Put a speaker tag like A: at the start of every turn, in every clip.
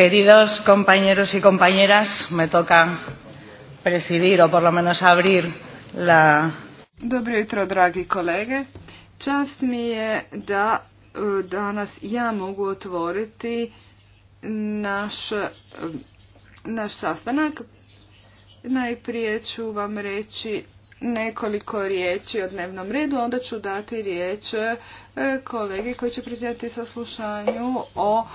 A: queridos
B: compañeros y compañeras me toca presidir o por lo menos abrir
C: la Dobro jutro dragi kolege čast mi je da e, danas ja mogu otvoriti naš e, naš sastanak najprije ću vam reći nekoliko riječi o dnevnom redu, onda ću dati riječ e, kolegi koji će sa saslušanju o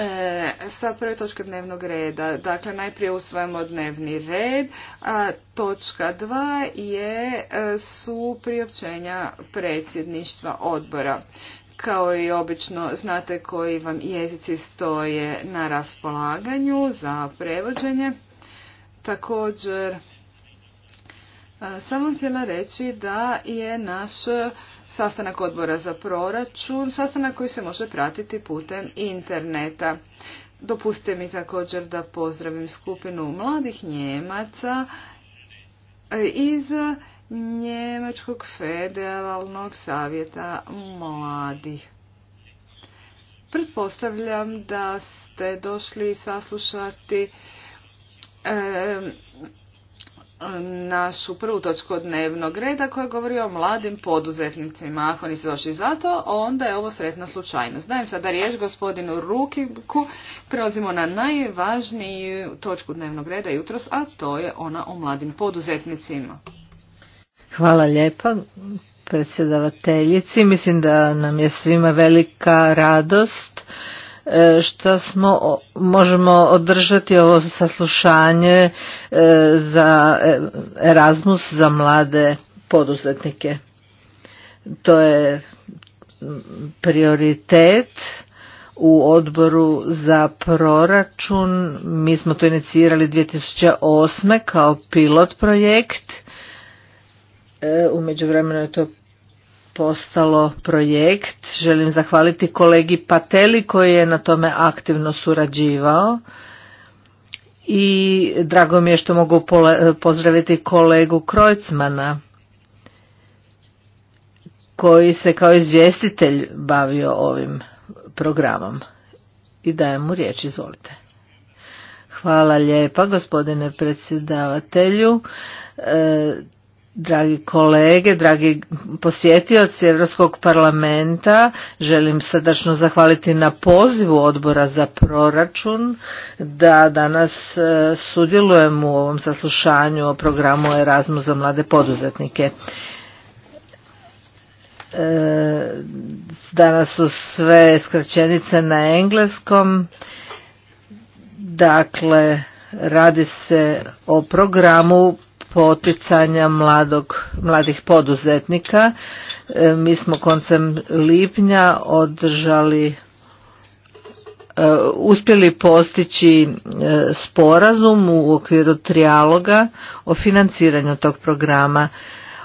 C: E, sa prve točke dnevnog reda. Dakle, najprije usvajamo dnevni red, a točka dva je, e, su priopćenja predsjedništva odbora. Kao i obično, znate koji vam jezici stoje na raspolaganju za prevođenje. Također, e, samo htjela reći da je naš sastanak odbora za proračun, sastanak koji se može pratiti putem interneta. Dopustite mi također da pozdravim skupinu mladih Njemaca iz Njemačkog federalnog savjeta mladih. Pretpostavljam da ste došli saslušati našu prvu točku dnevnog reda koja govori o mladim poduzetnicima. Ako niste došli za to, onda je ovo sretna slučajnost. Dajem sada riječ gospodinu Rukiku. Prelazimo na najvažniju točku dnevnog reda jutros, a to je ona o mladim poduzetnicima.
B: Hvala lijepa predsjedavateljici. Mislim da nam je svima velika radost E, što smo možemo održati ovo saslušanje e, za e, Erasmus za mlade poduzetnike. To je prioritet u odboru za proračun. Mi smo to inicirali 2008. kao pilot projekt. U međuvremenu je to postalo projekt. Želim zahvaliti kolegi Pateli koji je na tome aktivno surađivao. I drago mi je što mogu pozdraviti kolegu Krojcmana koji se kao izvjestitelj bavio ovim programom. I dajem mu riječ, izvolite. Hvala lijepa gospodine predsjedavatelju. E, Dragi kolege, dragi posjetioci Europskog parlamenta, želim srdačno zahvaliti na pozivu odbora za proračun da danas e, sudjelujem u ovom saslušanju o programu Erasmus za mlade poduzetnike. E, danas su sve skraćenice na engleskom, dakle radi se o programu poticanja mladog, mladih poduzetnika. E, mi smo koncem lipnja održali e, uspjeli postići e, sporazum u okviru trijaloga o financiranju tog programa.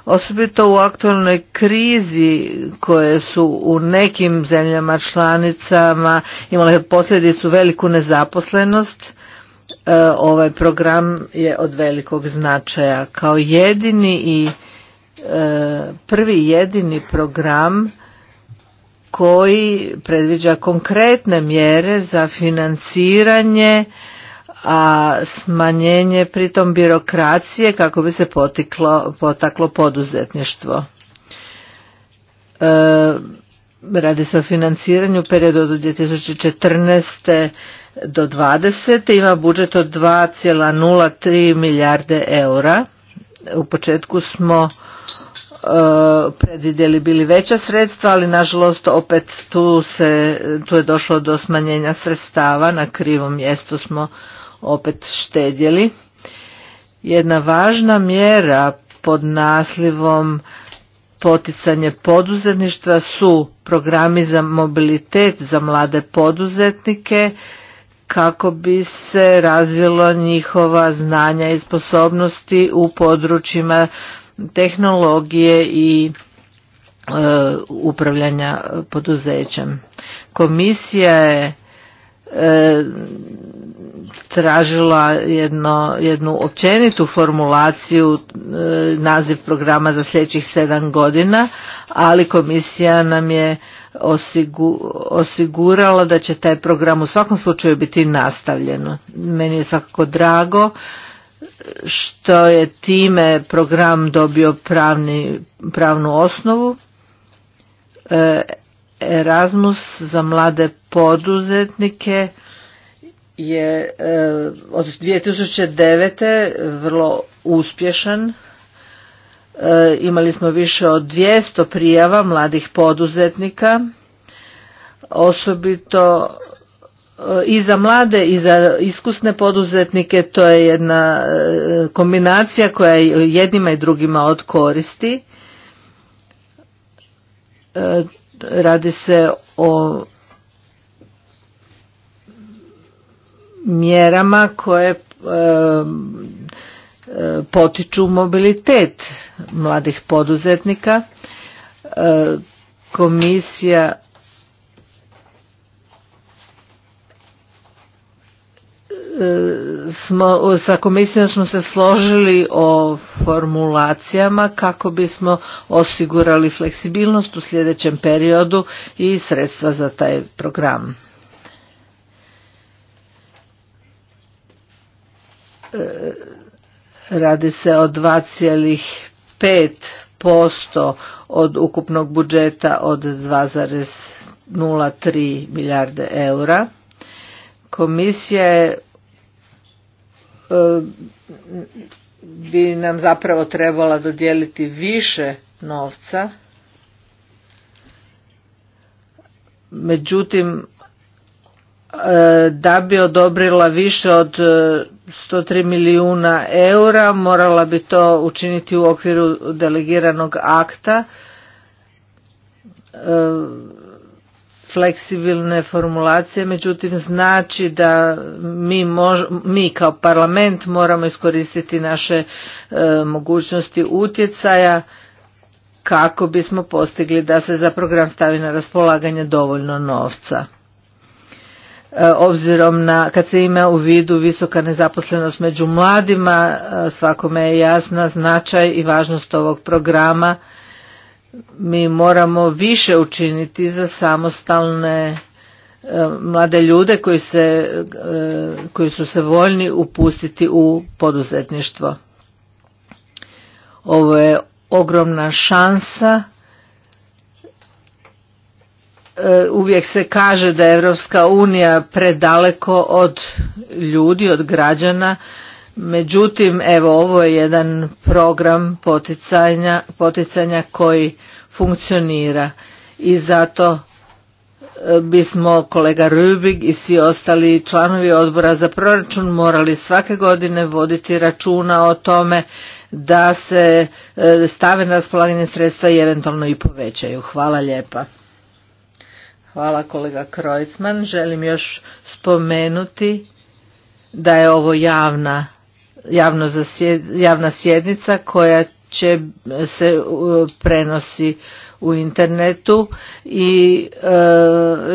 B: Osobito u aktualnoj krizi koje su u nekim zemljama članicama imale posljedicu veliku nezaposlenost, E, ovaj program je od velikog značaja. Kao jedini i e, prvi jedini program koji predviđa konkretne mjere za financiranje a smanjenje pritom birokracije kako bi se potiklo, potaklo poduzetništvo. E, radi se o financiranju periodu od 2014 do 20. Ima budžet od 2,03 milijarde eura. U početku smo e, predvidjeli bili veća sredstva, ali nažalost opet tu, se, tu je došlo do smanjenja sredstava, na krivom mjestu smo opet štedjeli. Jedna važna mjera pod naslivom poticanje poduzetništva su programi za mobilitet za mlade poduzetnike, kako bi se razvilo njihova znanja i sposobnosti u područjima tehnologije i e, upravljanja poduzećem. Komisija je e, tražila jednu općenitu formulaciju e, naziv programa za sljedećih sedam godina, ali komisija nam je osiguralo da će taj program u svakom slučaju biti nastavljeno. Meni je svakako drago što je time program dobio pravni, pravnu osnovu. E, Erasmus za mlade poduzetnike je e, od 2009. vrlo uspješan E, imali smo više od 200 prijava mladih poduzetnika, osobito e, i za mlade i za iskusne poduzetnike to je jedna e, kombinacija koja je jednima i drugima od koristi. Radi se o mjerama koje potiču mobilitet mladih poduzetnika. E, komisija e, smo, sa komisijom smo se složili o formulacijama kako bismo osigurali fleksibilnost u sljedećem periodu i sredstva za taj program. E, Radi se o 2,5% od ukupnog budžeta od 2,03 milijarde eura. Komisija e, bi nam zapravo trebala dodijeliti više novca. Međutim, E, da bi odobrila više od 103 e, milijuna eura morala bi to učiniti u okviru delegiranog akta e, fleksibilne formulacije međutim znači da mi, mi kao parlament moramo iskoristiti naše mogućnosti utjecaja kako bismo postigli da se za program stavi na raspolaganje dovoljno novca E, obzirom na kad se ima u vidu visoka nezaposlenost među mladima e, svakome je jasna značaj i važnost ovog programa mi moramo više učiniti za samostalne e, mlade ljude koji, se, koji su se voljni upustiti u poduzetništvo. Ovo je ogromna šansa E, uvijek se kaže da je Europska unija predaleko od ljudi, od građana. Međutim, evo ovo je jedan program poticanja, poticanja koji funkcionira i zato e, bismo kolega Rubig i svi ostali članovi odbora za proračun morali svake godine voditi računa o tome da se e, stave na raspolaganje sredstva i eventualno i povećaju. Hvala lijepa. Hvala kolega Krojcman. Želim još spomenuti da je ovo javna, javno zasjed, javna sjednica koja će se e, prenosi u internetu i e,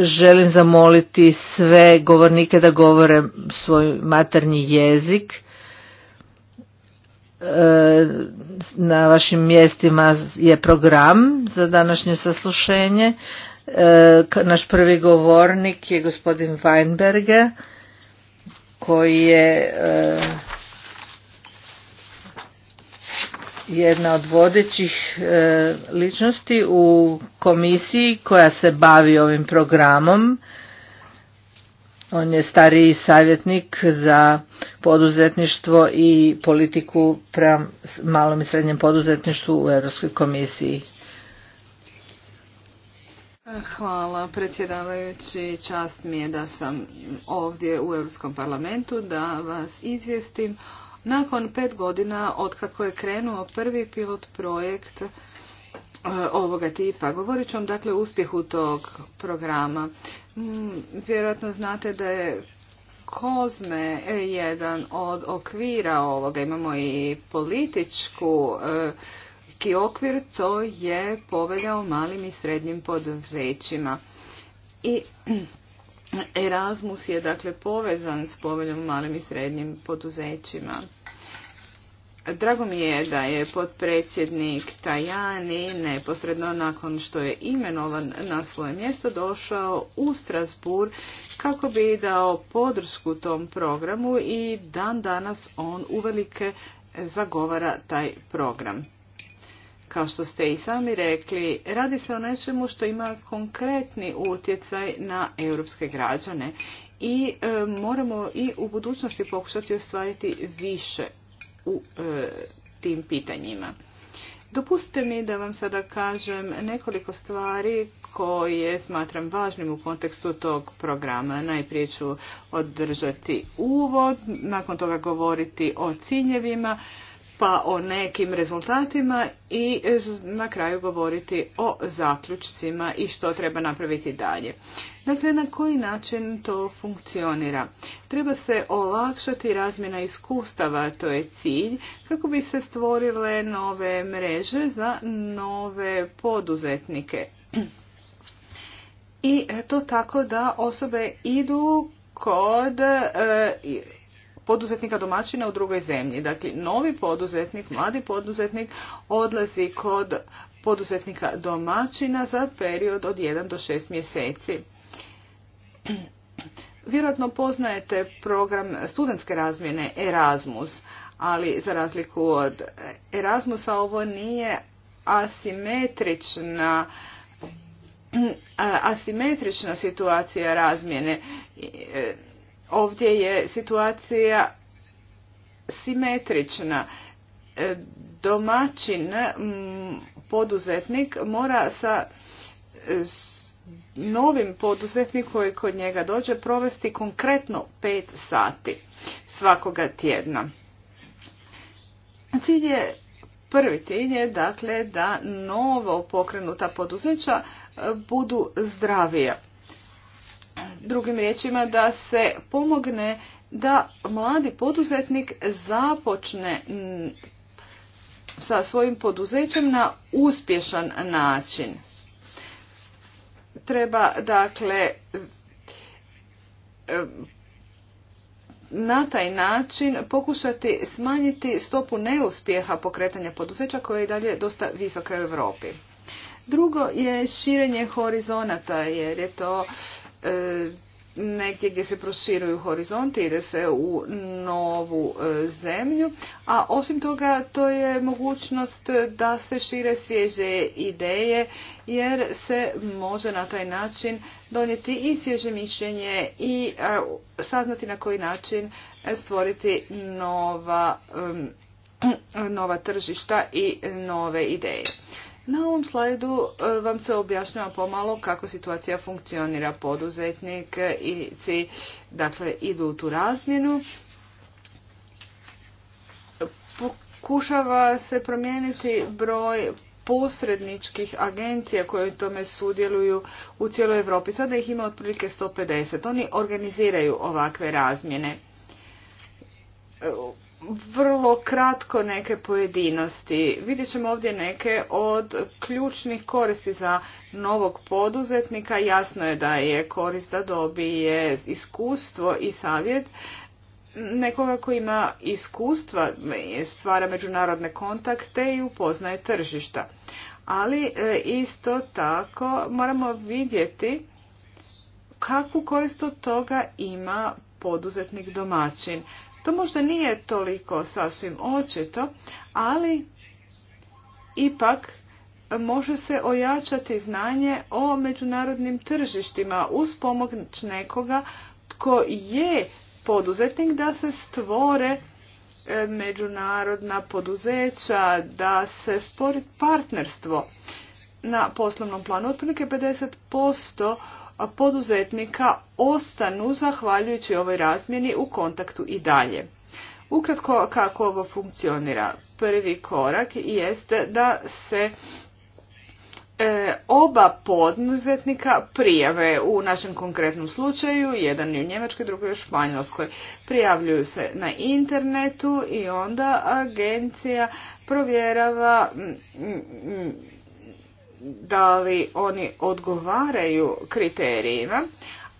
B: želim zamoliti sve govornike da govore svoj maternji jezik. E, na vašim mjestima je program za današnje saslušenje. Naš prvi govornik je gospodin Weinberger koji je e, jedna od vodećih e, ličnosti u komisiji koja se bavi ovim programom. On je stariji savjetnik za poduzetništvo i politiku prema malom i srednjem poduzetništvu u Europskoj komisiji.
C: Hvala predsjedavajući. Čast mi je da sam ovdje u Europskom parlamentu da vas izvijestim. Nakon pet godina od kako je krenuo prvi pilot projekt e, ovoga tipa. Govorit ću vam dakle uspjehu tog programa. Mm, vjerojatno znate da je Kozme jedan od okvira ovoga. Imamo i političku e, okvir, to je povelja o malim i srednjim poduzećima. I Erasmus je dakle povezan s poveljom malim i srednjim poduzećima. Drago mi je da je potpredsjednik Tajani neposredno nakon što je imenovan na svoje mjesto došao u strasbourg kako bi dao podršku tom programu i dan danas on uvelike zagovara taj program kao što ste i sami rekli, radi se o nečemu što ima konkretni utjecaj na europske građane i e, moramo i u budućnosti pokušati ostvariti više u e, tim pitanjima. Dopustite mi da vam sada kažem nekoliko stvari koje smatram važnim u kontekstu tog programa. Najprije ću održati uvod, nakon toga govoriti o ciljevima, pa o nekim rezultatima i e, na kraju govoriti o zaključcima i što treba napraviti dalje. Dakle, na koji način to funkcionira? Treba se olakšati razmjena iskustava, to je cilj, kako bi se stvorile nove mreže za nove poduzetnike. I to tako da osobe idu kod e, poduzetnika domaćina u drugoj zemlji. Dakle, novi poduzetnik, mladi poduzetnik odlazi kod poduzetnika domaćina za period od 1 do 6 mjeseci. Vjerojatno poznajete program studentske razmjene Erasmus, ali za razliku od Erasmusa ovo nije asimetrična asimetrična situacija razmjene Ovdje je situacija simetrična. E, domaćin poduzetnik mora sa e, novim poduzetnikom koji kod njega dođe provesti konkretno 5 sati svakoga tjedna. Cilj je Prvi cilj je dakle da novo pokrenuta poduzeća e, budu zdravija drugim riječima da se pomogne da mladi poduzetnik započne sa svojim poduzećem na uspješan način. Treba dakle na taj način pokušati smanjiti stopu neuspjeha pokretanja poduzeća koja je dalje dosta visoka u Europi. Drugo je širenje horizonata jer je to E, negdje gdje se proširuju horizonti, ide se u novu e, zemlju, a osim toga to je mogućnost da se šire svježe ideje jer se može na taj način donijeti i svježe mišljenje i saznati na koji način stvoriti nova, nova tržišta i nove ideje. Na ovom slajdu e, vam se objašnjava pomalo kako situacija funkcionira. Poduzetnik i ci, dakle, idu u tu razmjenu. Pokušava se promijeniti broj posredničkih agencija koje u tome sudjeluju u cijeloj Europi. Sada ih ima otprilike 150. Oni organiziraju ovakve razmjene e, vrlo kratko neke pojedinosti. Vidjet ćemo ovdje neke od ključnih koristi za novog poduzetnika. Jasno je da je korist da dobije iskustvo i savjet nekoga koji ima iskustva, stvara međunarodne kontakte i upoznaje tržišta. Ali e, isto tako moramo vidjeti kakvu korist od toga ima poduzetnik domaćin. To možda nije toliko sasvim očito, ali ipak može se ojačati znanje o međunarodnim tržištima uz pomoć nekoga tko je poduzetnik da se stvore e, međunarodna poduzeća, da se stvori partnerstvo na poslovnom planu. Otprilike 50% poduzetnika ostanu zahvaljujući ovoj razmjeni u kontaktu i dalje. Ukratko kako ovo funkcionira. Prvi korak jeste da se e, oba poduzetnika prijave u našem konkretnom slučaju, jedan je u Njemačkoj, drugi je u Španjolskoj. Prijavljuju se na internetu i onda agencija provjerava da li oni odgovaraju kriterijima,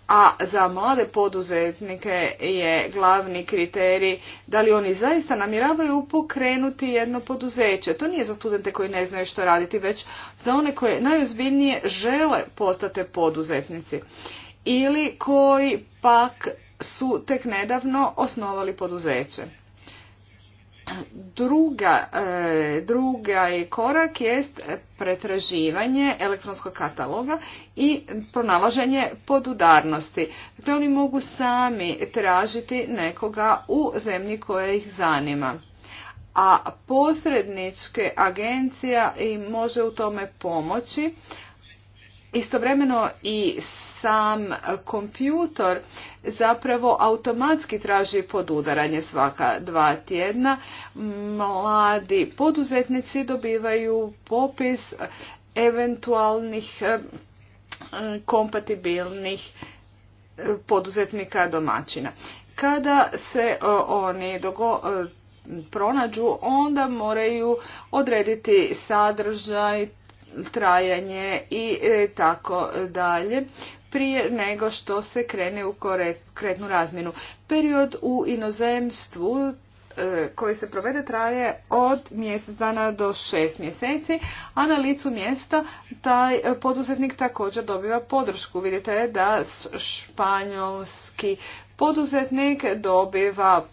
C: a za mlade poduzetnike je glavni kriterij da li oni zaista namjeravaju pokrenuti jedno poduzeće. To nije za studente koji ne znaju što raditi, već za one koje najozbiljnije žele postati poduzetnici ili koji pak su tek nedavno osnovali poduzeće. Druga, e, druga je korak jest pretraživanje elektronskog kataloga i pronalaženje podudarnosti. Dakle, oni mogu sami tražiti nekoga u zemlji koja ih zanima. A posredničke agencija im može u tome pomoći Istovremeno i sam kompjutor zapravo automatski traži podudaranje svaka dva tjedna. Mladi poduzetnici dobivaju popis eventualnih eh, kompatibilnih eh, poduzetnika domaćina. Kada se eh, oni dogo pronađu, onda moraju odrediti sadržaj, trajanje i e, tako dalje prije nego što se krene u kretnu razmjenu. Period u inozemstvu e, koji se provede traje od mjesec dana do šest mjeseci, a na licu mjesta taj poduzetnik također dobiva podršku. Vidite da španjolski poduzetnik dobiva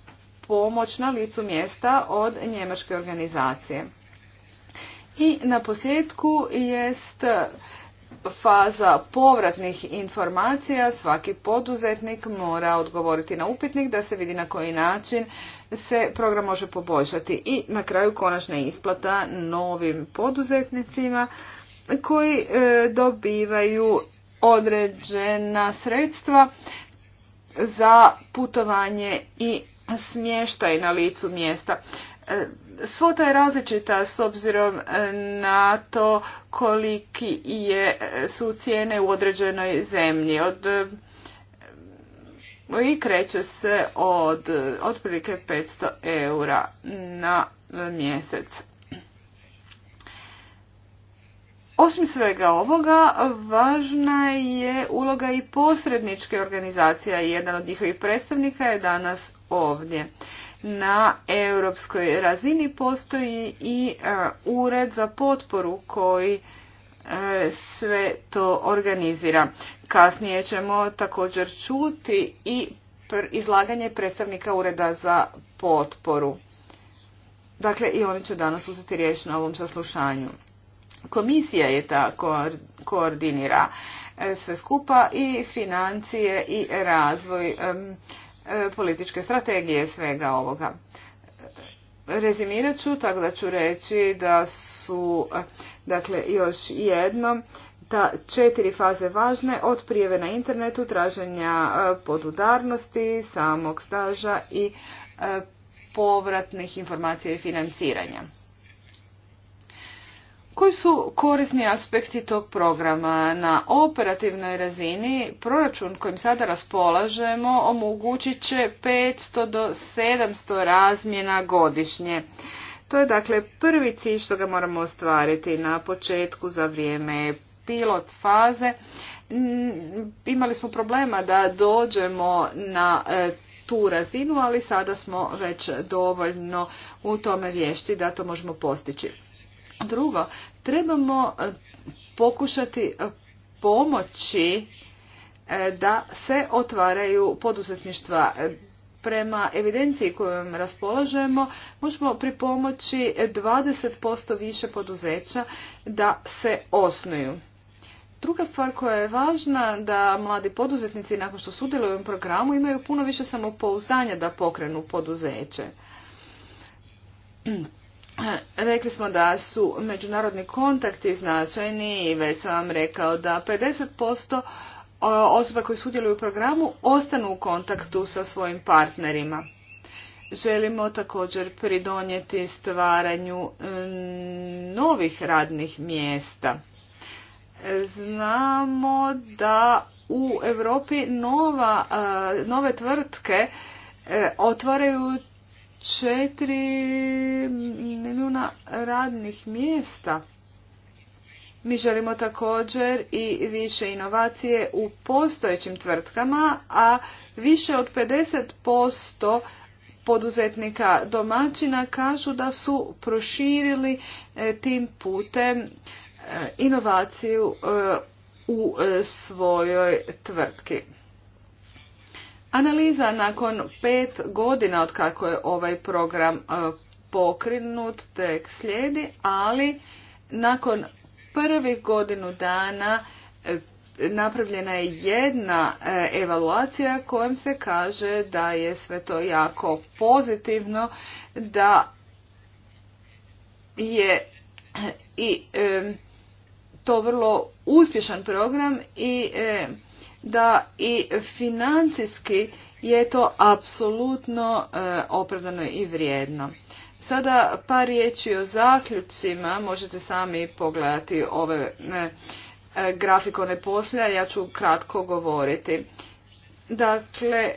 C: pomoć na licu mjesta od njemačke organizacije. I na posljedku jest faza povratnih informacija. Svaki poduzetnik mora odgovoriti na upitnik da se vidi na koji način se program može poboljšati. I na kraju konačna isplata novim poduzetnicima koji e, dobivaju određena sredstva za putovanje i smještaj na licu mjesta. E, Svota je različita s obzirom e, na to koliki je, e, su cijene u određenoj zemlji. Od, e, I kreće se od otprilike 500 eura na mjesec. Osim svega ovoga, važna je uloga i posredničke organizacija. Jedan od njihovih predstavnika je danas ovdje na europskoj razini postoji i e, ured za potporu koji e, sve to organizira. Kasnije ćemo također čuti i izlaganje predstavnika ureda za potporu. Dakle, i oni će danas uzeti riječ na ovom saslušanju. Komisija je ta koordinira e, sve skupa i financije i razvoj političke strategije svega ovoga. Rezimirat ću tako da ću reći da su, dakle još jedno, ta četiri faze važne od prijeve na internetu, traženja e, podudarnosti, samog staža i e, povratnih informacija i financiranja. Koji su korisni aspekti tog programa? Na operativnoj razini proračun kojim sada raspolažemo omogućit će 500 do 700 razmjena godišnje. To je dakle prvi cilj što ga moramo ostvariti na početku za vrijeme pilot faze. Mm, imali smo problema da dođemo na e, tu razinu, ali sada smo već dovoljno u tome vješti da to možemo postići. Drugo, trebamo e, pokušati e, pomoći e, da se otvaraju poduzetništva prema evidenciji kojom raspolažemo možemo pripomoći 20% više poduzeća da se osnuju. Druga stvar koja je važna da mladi poduzetnici nakon što sudjeluju u programu imaju puno više samopouzdanja da pokrenu poduzeće. Rekli smo da su međunarodni kontakti značajni i već sam vam rekao da 50% osoba koji sudjeluju u programu ostanu u kontaktu sa svojim partnerima. Želimo također pridonijeti stvaranju novih radnih mjesta. Znamo da u Europi nove tvrtke e, otvaraju Četiri milijuna radnih mjesta. Mi želimo također i više inovacije u postojećim tvrtkama, a više od 50% poduzetnika domaćina kažu da su proširili e, tim putem e, inovaciju e, u svojoj tvrtki. Analiza nakon pet godina od kako je ovaj program e, pokrenut tek slijedi, ali nakon prvih godinu dana e, napravljena je jedna e, evaluacija kojom se kaže da je sve to jako pozitivno, da je i to vrlo uspješan program i da i financijski je to apsolutno e, opravdano i vrijedno. Sada par riječi o zaključcima, možete sami pogledati ove e, e, grafikone poslije, ja ću kratko govoriti. Dakle,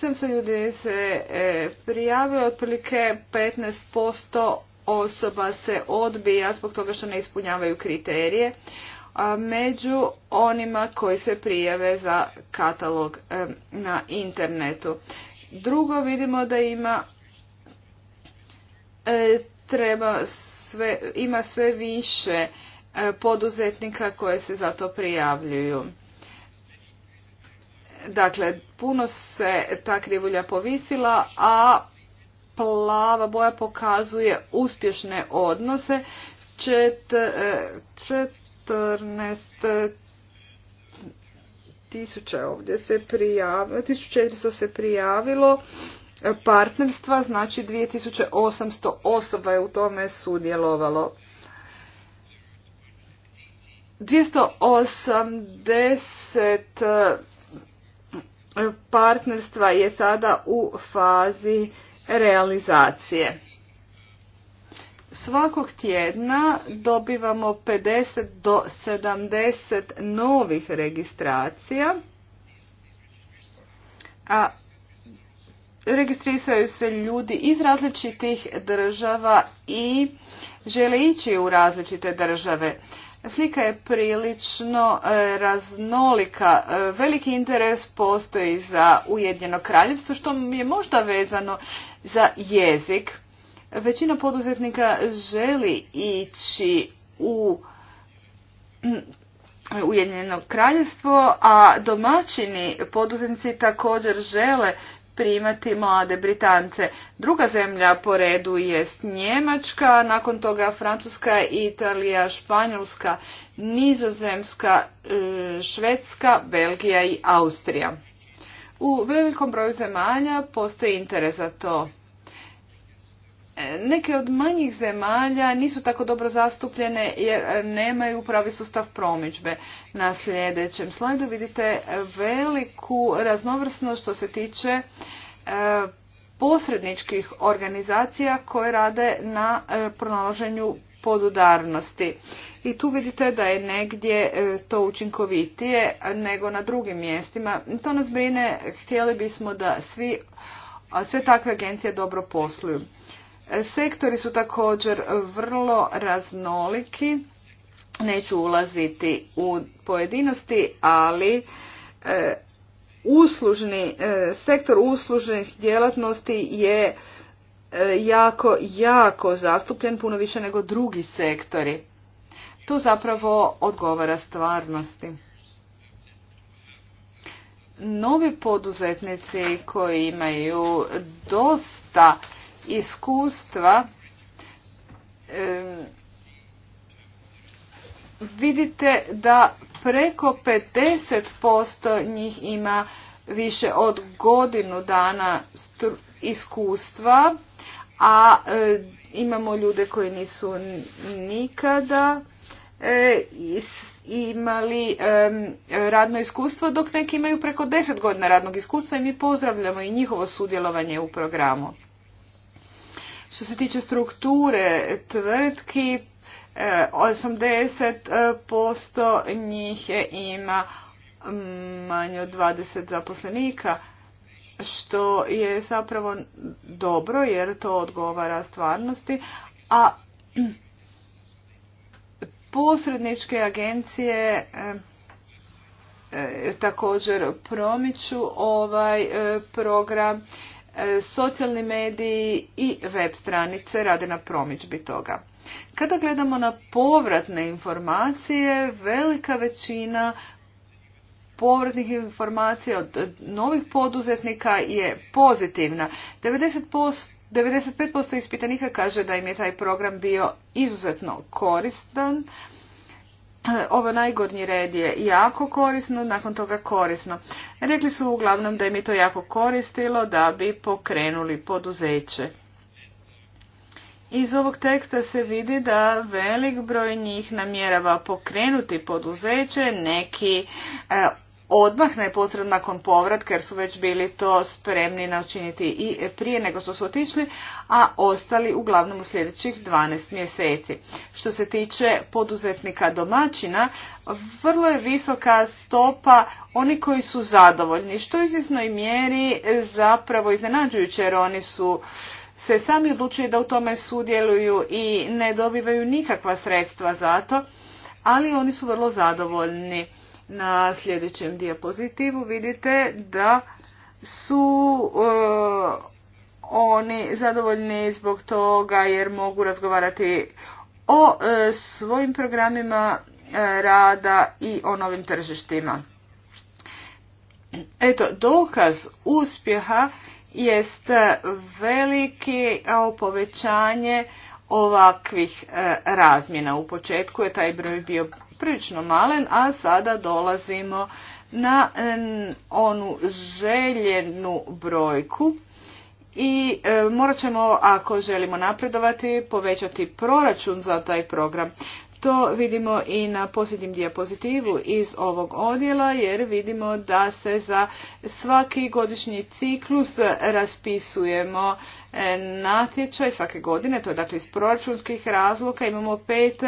C: sam se ljudi se prijavio, otprilike 15% osoba se odbija zbog toga što ne ispunjavaju kriterije a među onima koji se prijave za katalog e, na internetu. Drugo vidimo da ima e, treba sve, ima sve više e, poduzetnika koje se za to prijavljuju. Dakle, puno se ta krivulja povisila, a plava boja pokazuje uspješne odnose. Čet, čet 14.000 tisuća ovdje se prijavilo, se prijavilo e, partnerstva, znači 2800 osoba je u tome sudjelovalo. 280 e, partnerstva je sada u fazi realizacije. Svakog tjedna dobivamo 50 do 70 novih registracija, a registriraju se ljudi iz različitih država i žele ići u različite države. Slika je prilično e, raznolika. E, veliki interes postoji za Ujedinjeno kraljevstvo, što je možda vezano za jezik. Većina poduzetnika želi ići u mm, Ujedinjeno kraljevstvo, a domaćini poduzetnici također žele primati mlade Britance. Druga zemlja po redu jest Njemačka, nakon toga Francuska, Italija, Španjolska, Nizozemska, e, Švedska, Belgija i Austrija. U velikom broju zemalja postoji interes za to. Neke od manjih zemalja nisu tako dobro zastupljene jer nemaju pravi sustav promičbe. Na sljedećem slajdu vidite veliku raznovrsnost što se tiče e, posredničkih organizacija koje rade na e, pronalaženju podudarnosti. I tu vidite da je negdje e, to učinkovitije nego na drugim mjestima. To nas brine, htjeli bismo da svi, sve takve agencije dobro posluju. Sektori su također vrlo raznoliki. Neću ulaziti u pojedinosti, ali e, uslužni, e, sektor uslužnih djelatnosti je e, jako, jako zastupljen, puno više nego drugi sektori. To zapravo odgovara stvarnosti. Novi poduzetnici koji imaju dosta iskustva vidite da preko 50% njih ima više od godinu dana iskustva, a e, imamo ljude koji nisu nikada e, imali radno iskustvo, dok neki imaju preko 10 godina radnog iskustva i mi pozdravljamo i njihovo sudjelovanje u programu. Što se tiče strukture tvrtki, 80% e, njih ima manje od 20 zaposlenika, što je zapravo dobro jer to odgovara stvarnosti, a posredničke agencije e, e, također promiču ovaj program E, socijalni mediji i web stranice rade na promičbi toga. Kada gledamo na povratne informacije, velika većina povratnih informacija od novih poduzetnika je pozitivna. 90%, 95% ispitanika kaže da im je taj program bio izuzetno koristan, E, ovo najgornji red je jako korisno, nakon toga korisno. Rekli su uglavnom da je mi to jako koristilo da bi pokrenuli poduzeće. Iz ovog teksta se vidi da velik broj njih namjerava pokrenuti poduzeće, neki e, odmah neposredno nakon povratka jer su već bili to spremni naučiniti i prije nego što su otišli, a ostali uglavnom u sljedećih 12 mjeseci. Što se tiče poduzetnika domaćina, vrlo je visoka stopa oni koji su zadovoljni, što u izvjesnoj mjeri zapravo iznenađujuće jer oni su se sami odlučili da u tome sudjeluju i ne dobivaju nikakva sredstva za to, ali oni su vrlo zadovoljni. Na sljedećem dijapozitivu vidite da su e, oni zadovoljni zbog toga jer mogu razgovarati o e, svojim programima e, rada i o novim tržištima. Eto, dokaz uspjeha jest veliki povećanje ovakvih e, razmjena. U početku je taj broj bio prilično malen, a sada dolazimo na e, onu željenu brojku i e, morat ćemo, ako želimo napredovati, povećati proračun za taj program. To vidimo i na posljednjem diapozitivu iz ovog odjela jer vidimo da se za svaki godišnji ciklus raspisujemo e, natječaj svake godine, to je dakle iz proračunskih razloga, imamo pet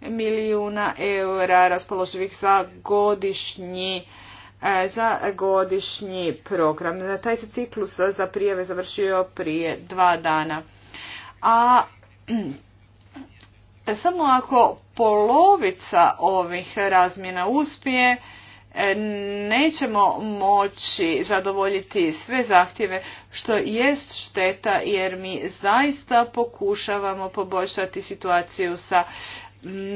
C: milijuna eura raspoloživih za godišnji e, za godišnji program. E, taj se ciklus za prijave završio prije dva dana. A E, samo ako polovica ovih razmjena uspije, e, nećemo moći zadovoljiti sve zahtjeve što jest šteta jer mi zaista pokušavamo poboljšati situaciju sa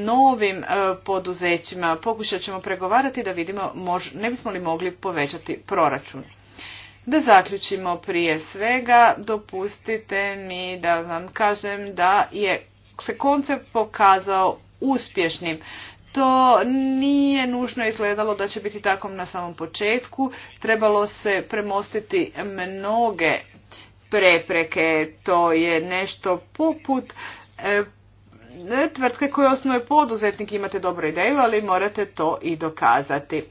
C: novim e, poduzećima. Pokušat ćemo pregovarati da vidimo ne bismo li mogli povećati proračun. Da zaključimo prije svega, dopustite mi da vam kažem da je se koncept pokazao uspješnim. To nije nužno izgledalo da će biti tako na samom početku. Trebalo se premostiti mnoge prepreke. To je nešto poput e, tvrtke koje osnuje poduzetnik. Imate dobru ideju, ali morate to i dokazati.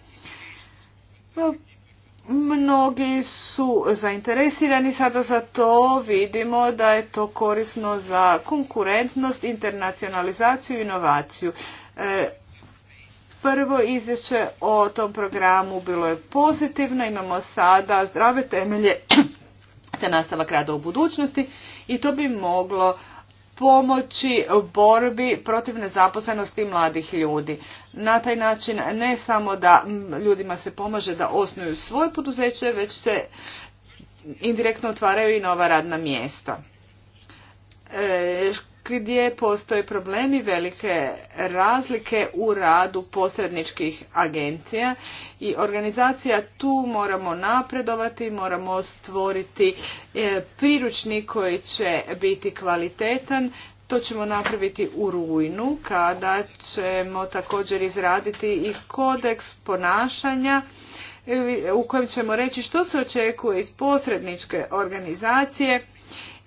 C: Mnogi su zainteresirani sada za to, vidimo da je to korisno za konkurentnost, internacionalizaciju i inovaciju. E, prvo izvješće o tom programu bilo je pozitivno, imamo sada zdrave temelje za nastavak rada u budućnosti i to bi moglo pomoći borbi protiv nezaposlenosti mladih ljudi. Na taj način ne samo da ljudima se pomaže da osnuju svoje poduzeće, već se indirektno otvaraju i nova radna mjesta. E, gdje postoje problemi velike razlike u radu posredničkih agencija i organizacija tu moramo napredovati, moramo stvoriti e, priručnik koji će biti kvalitetan. To ćemo napraviti u rujnu kada ćemo također izraditi i kodeks ponašanja e, u kojem ćemo reći što se očekuje iz posredničke organizacije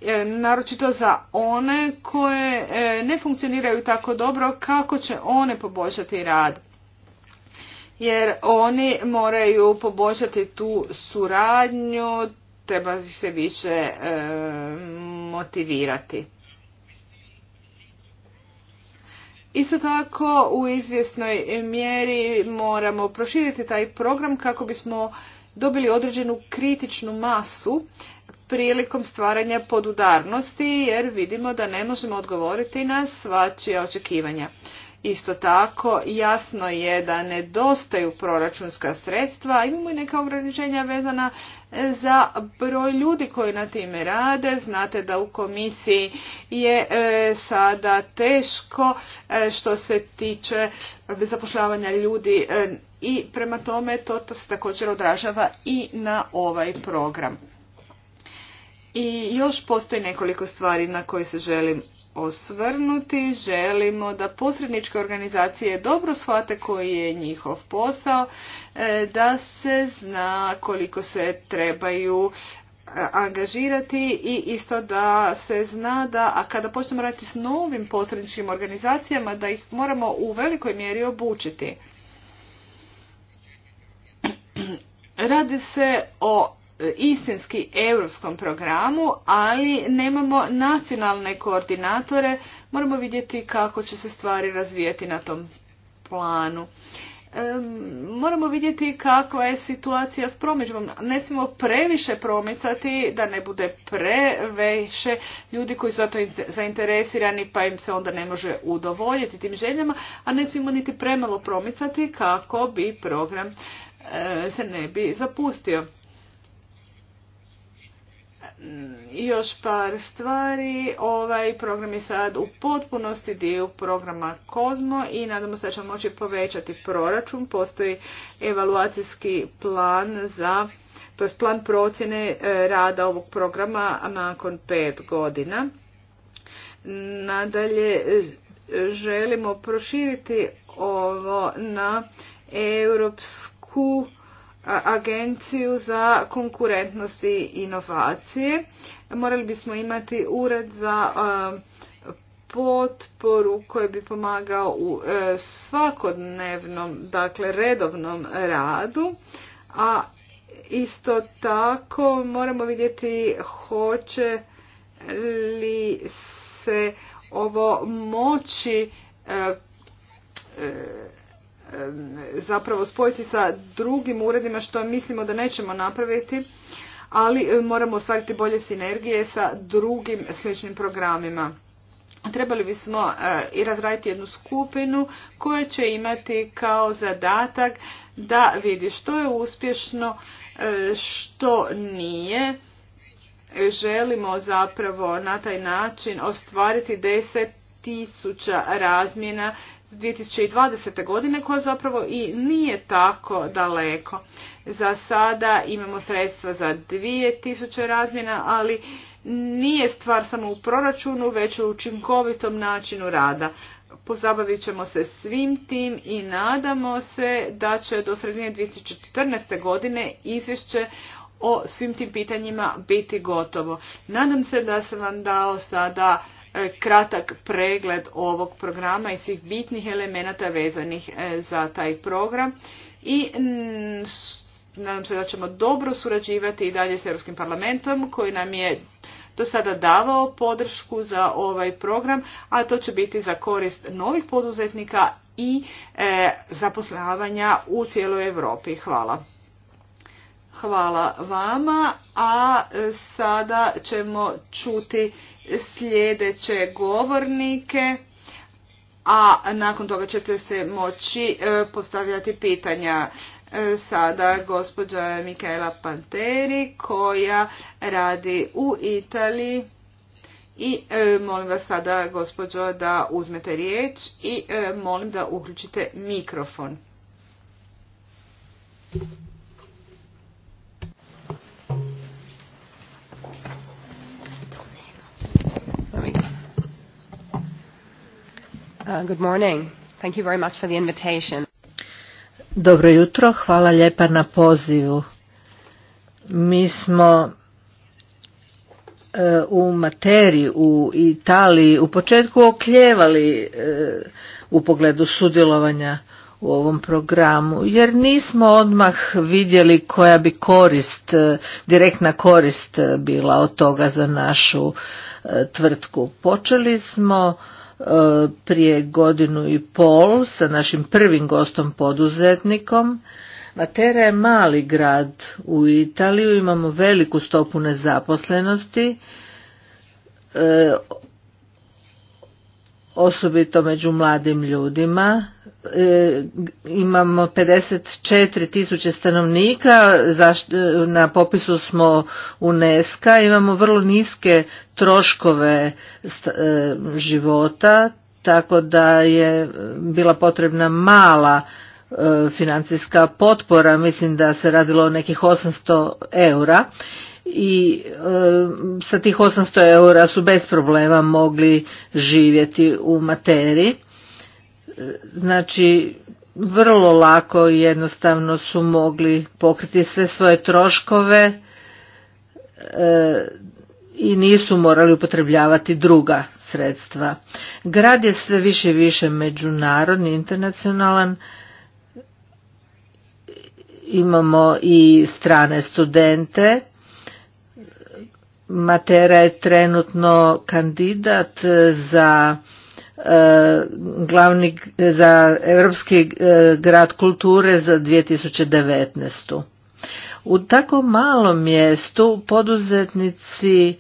C: E, naročito za one koje e, ne funkcioniraju tako dobro, kako će one poboljšati rad. Jer oni moraju poboljšati tu suradnju, treba se više e, motivirati. Isto tako u izvjesnoj mjeri moramo proširiti taj program kako bismo dobili određenu kritičnu masu prilikom stvaranja podudarnosti jer vidimo da ne možemo odgovoriti na svačija očekivanja. Isto tako jasno je da nedostaju proračunska sredstva, imamo i neka ograničenja vezana za broj ljudi koji na time rade. Znate da u komisiji je e, sada teško e, što se tiče zapošljavanja ljudi e, i prema tome to, to se također odražava i na ovaj program. I još postoji nekoliko stvari na koje se želim osvrnuti. Želimo da posredničke organizacije dobro shvate koji je njihov posao, e, da se zna koliko se trebaju e, angažirati i isto da se zna da, a kada počnemo raditi s novim posredničkim organizacijama, da ih moramo u velikoj mjeri obučiti. Radi se o E, istinski europskom programu, ali nemamo nacionalne koordinatore, moramo vidjeti kako će se stvari razvijeti na tom planu. E, moramo vidjeti kakva je situacija s promidžbom. Ne smijemo previše promicati da ne bude previše ljudi koji su za zainteresirani pa im se onda ne može udovoljiti tim željama, a ne smijemo niti premalo promicati kako bi program e, se ne bi zapustio. Mm, još par stvari. Ovaj program je sad u potpunosti dio programa Kozmo i nadamo se da ćemo moći povećati proračun. Postoji evaluacijski plan za to je plan procjene e, rada ovog programa nakon pet godina. Nadalje e, želimo proširiti ovo na europsku agenciju za konkurentnost i inovacije. Morali bismo imati ured za potporu koji bi pomagao u e, svakodnevnom, dakle redovnom radu, a isto tako moramo vidjeti hoće li se ovo moći e, e, zapravo spojiti sa drugim uredima što mislimo da nećemo napraviti, ali moramo ostvariti bolje sinergije sa drugim sličnim programima. Trebali bismo e, i razraditi jednu skupinu koja će imati kao zadatak da vidi što je uspješno, e, što nije. Želimo zapravo na taj način ostvariti deset tisuća razmjena 2020. godine koja zapravo i nije tako daleko. Za sada imamo sredstva za 2000 razmjena, ali nije stvar samo u proračunu, već u učinkovitom načinu rada. Pozabavit ćemo se svim tim i nadamo se da će do sredine 2014. godine izvješće o svim tim pitanjima biti gotovo. Nadam se da sam vam dao sada E, kratak pregled ovog programa i svih bitnih elemenata vezanih e, za taj program i nadam se da ćemo dobro surađivati i dalje s Europskim parlamentom koji nam je do sada davao podršku za ovaj program, a to će biti za korist novih poduzetnika i e, zaposlavanja u cijeloj Europi. Hvala. Hvala vama, a sada ćemo čuti sljedeće govornike, a nakon toga ćete se moći e, postavljati pitanja. E, sada gospođa Mikaela Panteri koja radi u Italiji i e, molim vas sada gospođo da uzmete riječ i molim da uključite mikrofon.
D: Uh, good morning.
B: Dobro jutro, hvala lijepa na pozivu. Mi smo uh, u materiji u Italiji u početku okljevali uh, u pogledu sudjelovanja u ovom programu jer nismo odmah vidjeli koja bi korist, direktna korist bila od toga za našu tvrtku. Počeli smo prije godinu i pol sa našim prvim gostom poduzetnikom. Matera je mali grad u Italiju, imamo veliku stopu nezaposlenosti, e, osobito među mladim ljudima. E, imamo 54 tisuće stanovnika, e, na popisu smo UNESCO, imamo vrlo niske troškove e, života, tako da je bila potrebna mala financijska potpora, mislim da se radilo o nekih 800 eura i sa tih 800 eura su bez problema mogli živjeti u materiji znači vrlo lako i jednostavno su mogli pokriti sve svoje troškove e, i nisu morali upotrebljavati druga sredstva. Grad je sve više i više međunarodni, internacionalan. Imamo i strane studente. Matera je trenutno kandidat za E, glavni za europski e, grad kulture za 2019. U tako malom mjestu poduzetnici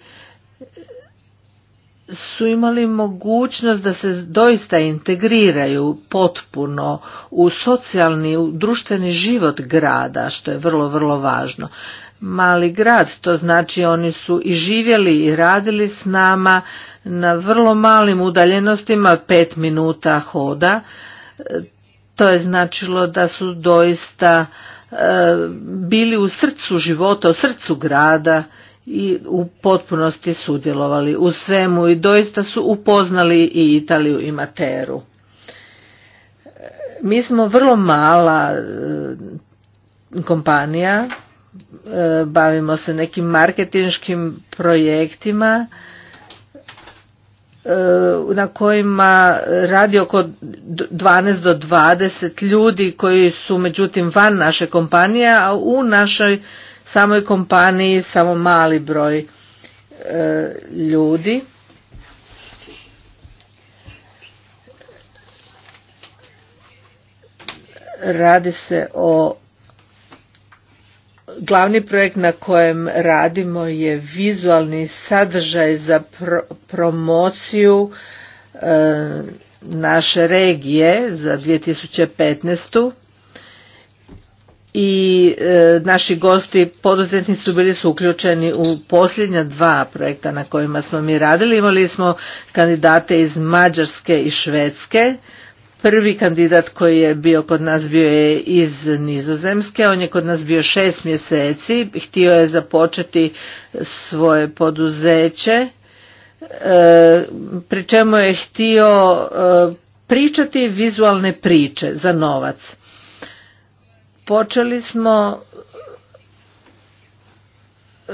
B: su imali mogućnost da se doista integriraju potpuno u socijalni, u društveni život grada, što je vrlo, vrlo važno. Mali grad, to znači oni su i živjeli i radili s nama, na vrlo malim udaljenostima pet minuta hoda. E, to je značilo da su doista e, bili u srcu života, u srcu grada i u potpunosti sudjelovali u svemu i doista su upoznali i Italiju i Materu. E, mi smo vrlo mala kompanija, bavimo se nekim marketinškim projektima E, na kojima radi oko 12 do 20 ljudi koji su međutim van naše kompanije, a u našoj samoj kompaniji samo mali broj e, ljudi. Radi se o glavni projekt na kojem radimo je vizualni sadržaj za promociju e, naše regije za 2015. I e, naši gosti poduzetnici bili su uključeni u posljednja dva projekta na kojima smo mi radili. Imali smo kandidate iz Mađarske i Švedske Prvi kandidat koji je bio kod nas bio je iz Nizozemske, on je kod nas bio šest mjeseci, htio je započeti svoje poduzeće, e, pri čemu je htio e, pričati vizualne priče za novac. Počeli smo e,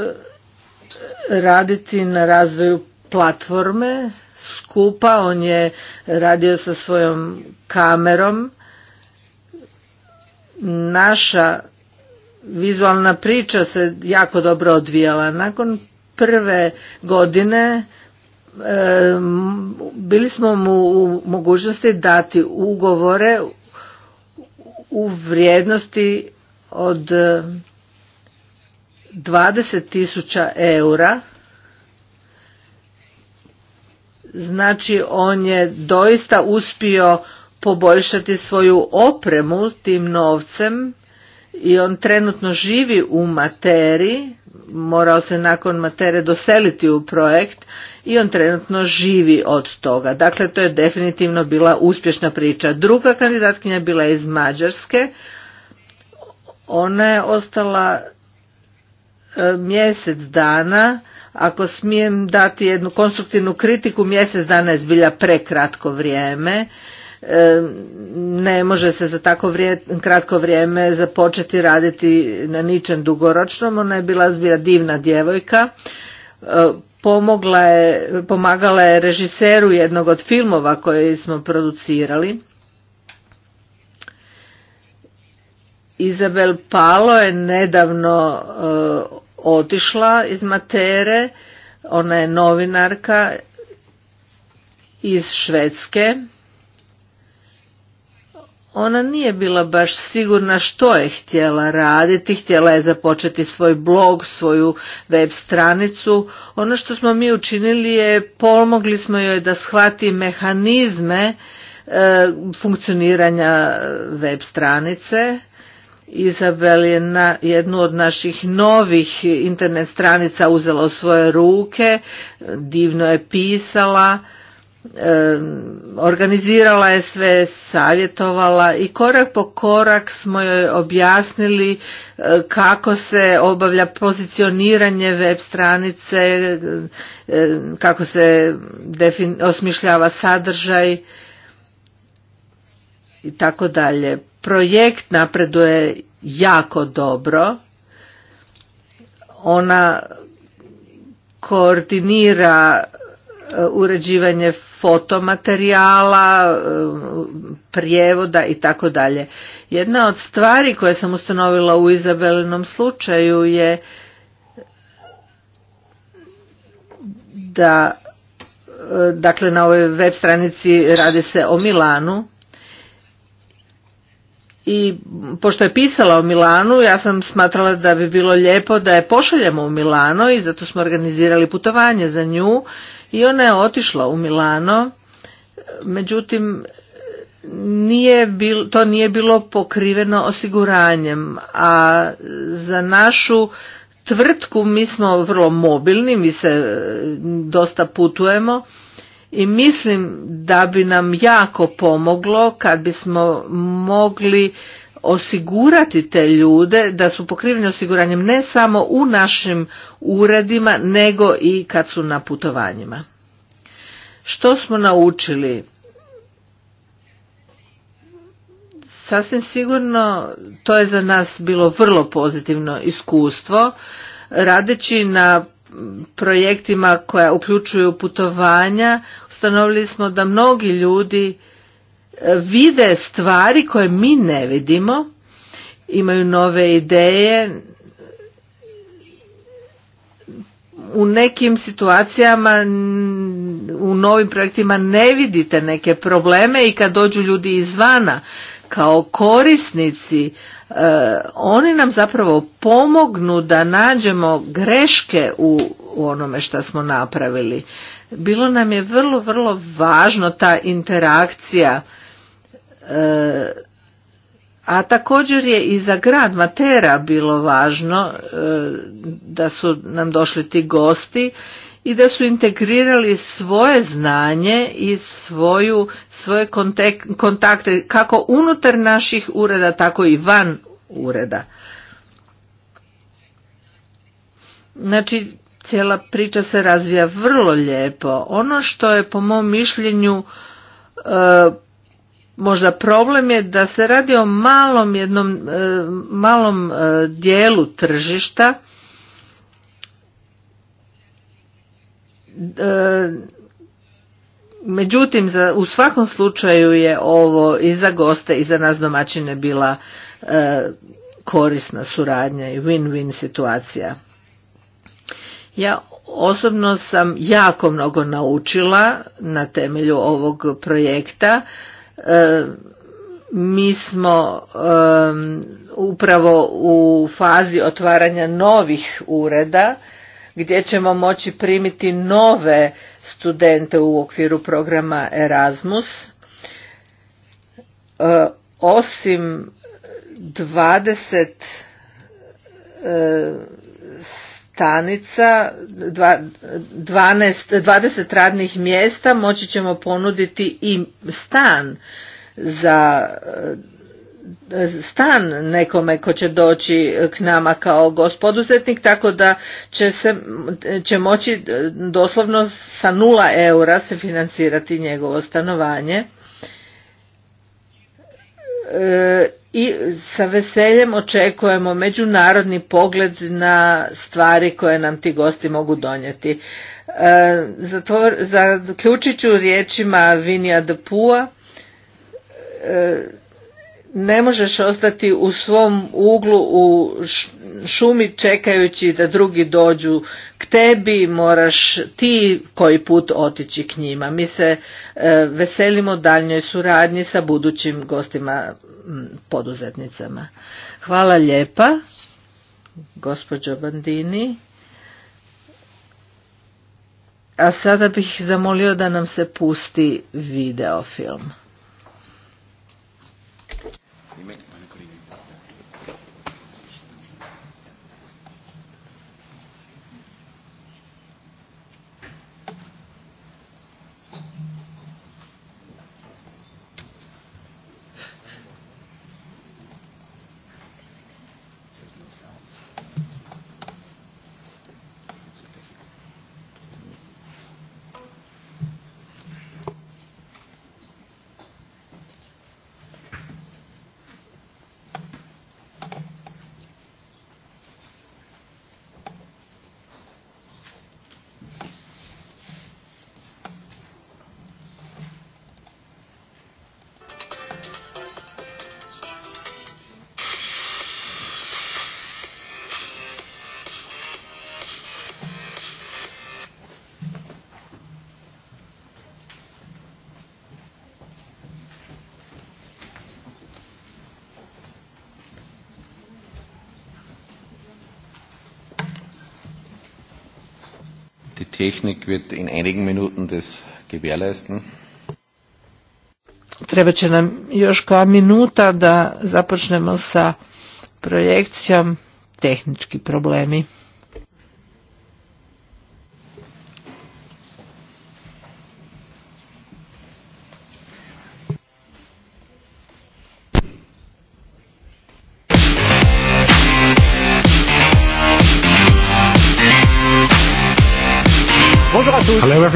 B: raditi na razvoju platforme kupa, on je radio sa svojom kamerom. Naša vizualna priča se jako dobro odvijala. Nakon prve godine bili smo mu u mogućnosti dati ugovore u vrijednosti od 20.000 eura Znači on je doista uspio poboljšati svoju opremu tim novcem i on trenutno živi u materi, morao se nakon matere doseliti u projekt i on trenutno živi od toga. Dakle, to je definitivno bila uspješna priča. Druga kandidatkinja bila iz Mađarske, ona je ostala e, mjesec dana ako smijem dati jednu konstruktivnu kritiku, mjesec dana je zbilja prekratko vrijeme. E, ne može se za tako kratko vrijeme započeti raditi na ničem dugoročnom. Ona je bila zbilja divna djevojka. E, pomogla je, pomagala je režiseru jednog od filmova koje smo producirali. Izabel Palo je nedavno e, otišla iz Matere, ona je novinarka iz Švedske. Ona nije bila baš sigurna što je htjela raditi, htjela je započeti svoj blog, svoju web stranicu. Ono što smo mi učinili je pomogli smo joj da shvati mehanizme e, funkcioniranja e, web stranice Izabel je na jednu od naših novih internet stranica uzela u svoje ruke, divno je pisala, organizirala je sve, savjetovala i korak po korak smo joj objasnili eh, kako se obavlja pozicioniranje web stranice, kako se osmišljava sadržaj i tako dalje projekt napreduje jako dobro. Ona koordinira e, uređivanje fotomaterijala, e, prijevoda i tako dalje. Jedna od stvari koje sam ustanovila u Izabelinom slučaju je da e, dakle na ovoj web stranici radi se o Milanu i pošto je pisala o Milanu, ja sam smatrala da bi bilo lijepo da je pošaljemo u Milano i zato smo organizirali putovanje za nju i ona je otišla u Milano, međutim nije to nije bilo pokriveno osiguranjem, a za našu tvrtku mi smo vrlo mobilni, mi se e, dosta putujemo i mislim da bi nam jako pomoglo kad bismo mogli osigurati te ljude da su pokriveni osiguranjem ne samo u našim uredima nego i kad su na putovanjima. Što smo naučili? Sasvim sigurno to je za nas bilo vrlo pozitivno iskustvo radeći na projektima koja uključuju putovanja ustanovili smo da mnogi ljudi e, vide stvari koje mi ne vidimo imaju nove ideje u nekim situacijama u novim projektima ne vidite neke probleme i kad dođu ljudi izvana kao korisnici E, oni nam zapravo pomognu da nađemo greške u, onome što smo napravili. Bilo nam je vrlo, vrlo važno ta interakcija e, a također je i za grad Matera bilo važno e, da su nam došli ti gosti i da su integrirali svoje znanje i svoju, svoje kontakte kako unutar naših ureda, tako i van ureda. Znači, cijela priča se razvija vrlo lijepo. Ono što je po mom mišljenju e, možda problem je da se radi o malom jednom e, malom e, dijelu tržišta E, međutim u svakom slučaju je ovo i za goste i za nas domaćine bila e, korisna suradnja i win-win situacija ja osobno sam jako mnogo naučila na temelju ovog projekta e, mi smo upravo u fazi otvaranja novih ureda gdje ćemo moći primiti nove studente u okviru programa Erasmus. E, osim 20 e, stanica, 12, 20 radnih mjesta moći ćemo ponuditi i stan za stan nekome ko će doći k nama kao gospoduzetnik, tako da će, se, će moći e, doslovno sa nula eura se financirati njegovo stanovanje. E, i sa veseljem očekujemo međunarodni pogled na stvari koje nam ti gosti mogu donijeti. E, zaključit ću riječima Vinija de ne možeš ostati u svom uglu u šumi čekajući da drugi dođu k tebi, moraš ti koji put otići k njima. Mi se e, veselimo daljnjoj suradnji sa budućim gostima poduzetnicama. Hvala lijepa, gospođo Bandini. A sada bih zamolio da nam se pusti videofilm.
D: Technik wird in einigen Minuten das gewährleisten.
B: Treba će nam još koja minuta da započnemo sa projekcijom tehnički problemi.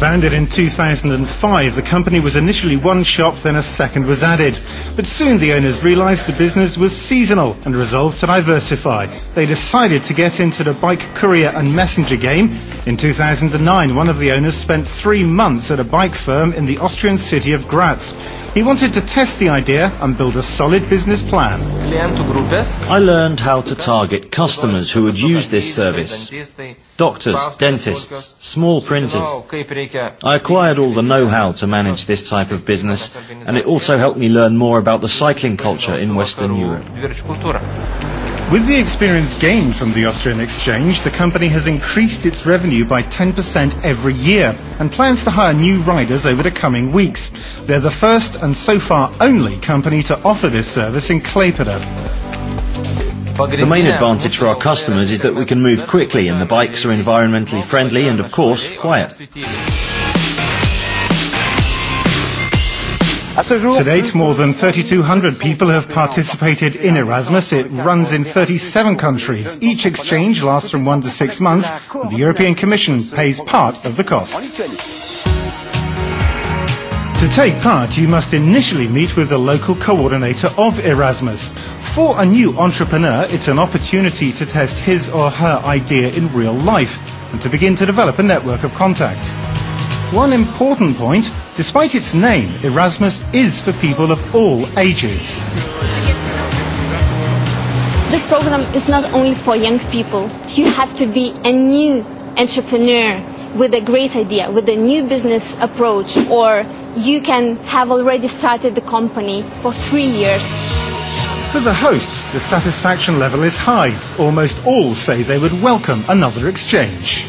A: Founded in 2005, the company was initially one shop, then a second was added. But soon the owners realized the business was seasonal and resolved to diversify. They decided to get into the bike courier and messenger game. In 2009, one of the owners spent three months at a bike firm in the Austrian city of Graz. He wanted to test the idea and build a solid business plan. I learned how to target customers who would use this service. Doctors, dentists, small printers. I acquired all the know-how to manage this type of business and it also helped me learn more about the cycling culture in Western Europe. With the experience gained from the Austrian exchange, the company has increased its revenue by 10% every year and plans to hire new riders over the coming weeks. They're the first and so far only company to offer this service in Klaipeda. The main advantage for our customers is that we can move quickly and the bikes are environmentally friendly and, of course, quiet. To date, more than 3,200 people have participated in Erasmus. It runs in 37 countries. Each exchange lasts from one to six months, the European Commission pays part of the cost. To take part, you must initially meet with the local coordinator of Erasmus. For a new entrepreneur, it's an opportunity to test his or her idea in real life and to begin to develop a network of contacts. One important point, despite its name, Erasmus is for people of all ages.
E: This program is not only for young people. You have to be a new entrepreneur with a great idea, with a new business approach, or you can have already started the company for three years.
A: For the hosts, the satisfaction level is high. Almost all say they would welcome another exchange.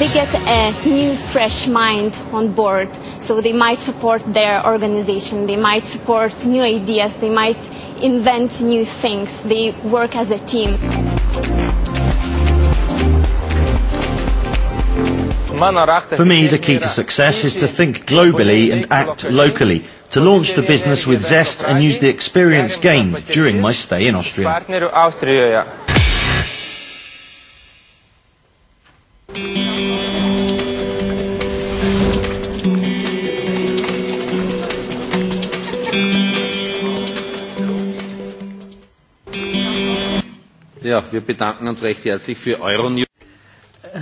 E: They get a new, fresh mind on board, so they might support their organization, they might support new ideas, they might invent new things, they work as a team.
A: For me, the key to success is to think globally and act locally, to launch the business with zest and use the experience gained during my stay in Austria.
D: Ja,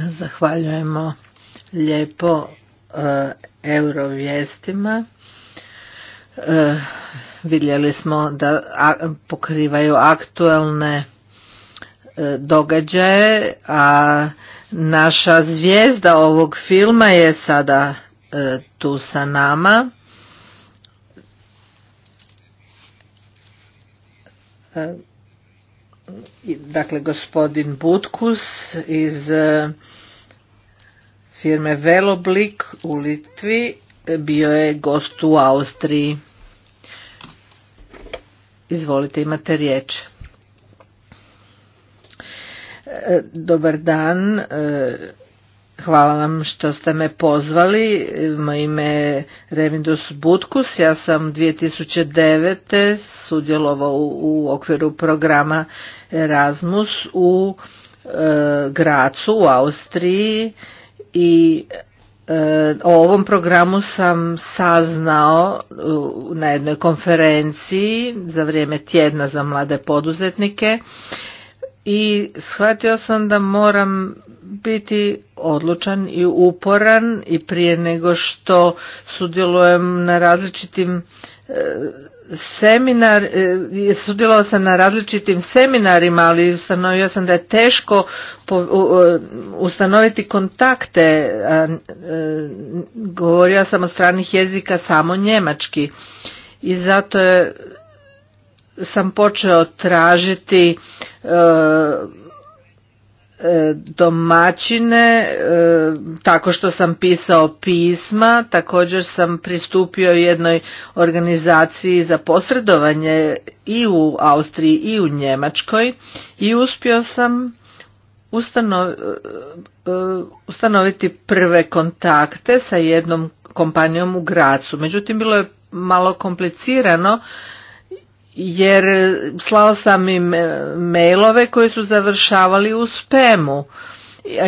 B: wir Zahvaljujemo lijepo e, eurovijestima. E, vidjeli smo da pokrivaju aktualne e, događaje, a naša zvijezda ovog filma je sada tu sa nama. dakle, gospodin Butkus iz firme Veloblik u Litvi bio je gost u Austriji. Izvolite, imate riječ. E, dobar dan, e, hvala vam što ste me pozvali. Moje ime je Remindus Butkus, ja sam 2009. sudjelovao u okviru programa Erasmus u e, Gracu u Austriji i e, o ovom programu sam saznao na jednoj konferenciji za vrijeme tjedna za mlade poduzetnike i shvatio sam da moram biti odlučan i uporan i prije nego što sudjelujem na različitim e, seminar, e, sudjelovao sam na različitim seminarima, ali ustanovio sam da je teško ustanoviti kontakte. E, govorio sam o stranih jezika samo njemački i zato je sam počeo tražiti e, E, domaćine e, tako što sam pisao pisma također sam pristupio jednoj organizaciji za posredovanje i u Austriji i u Njemačkoj i uspio sam e, ustanoviti prve kontakte sa jednom kompanijom u Gracu međutim bilo je malo komplicirano jer slao sam im e, mailove koji su završavali u spemu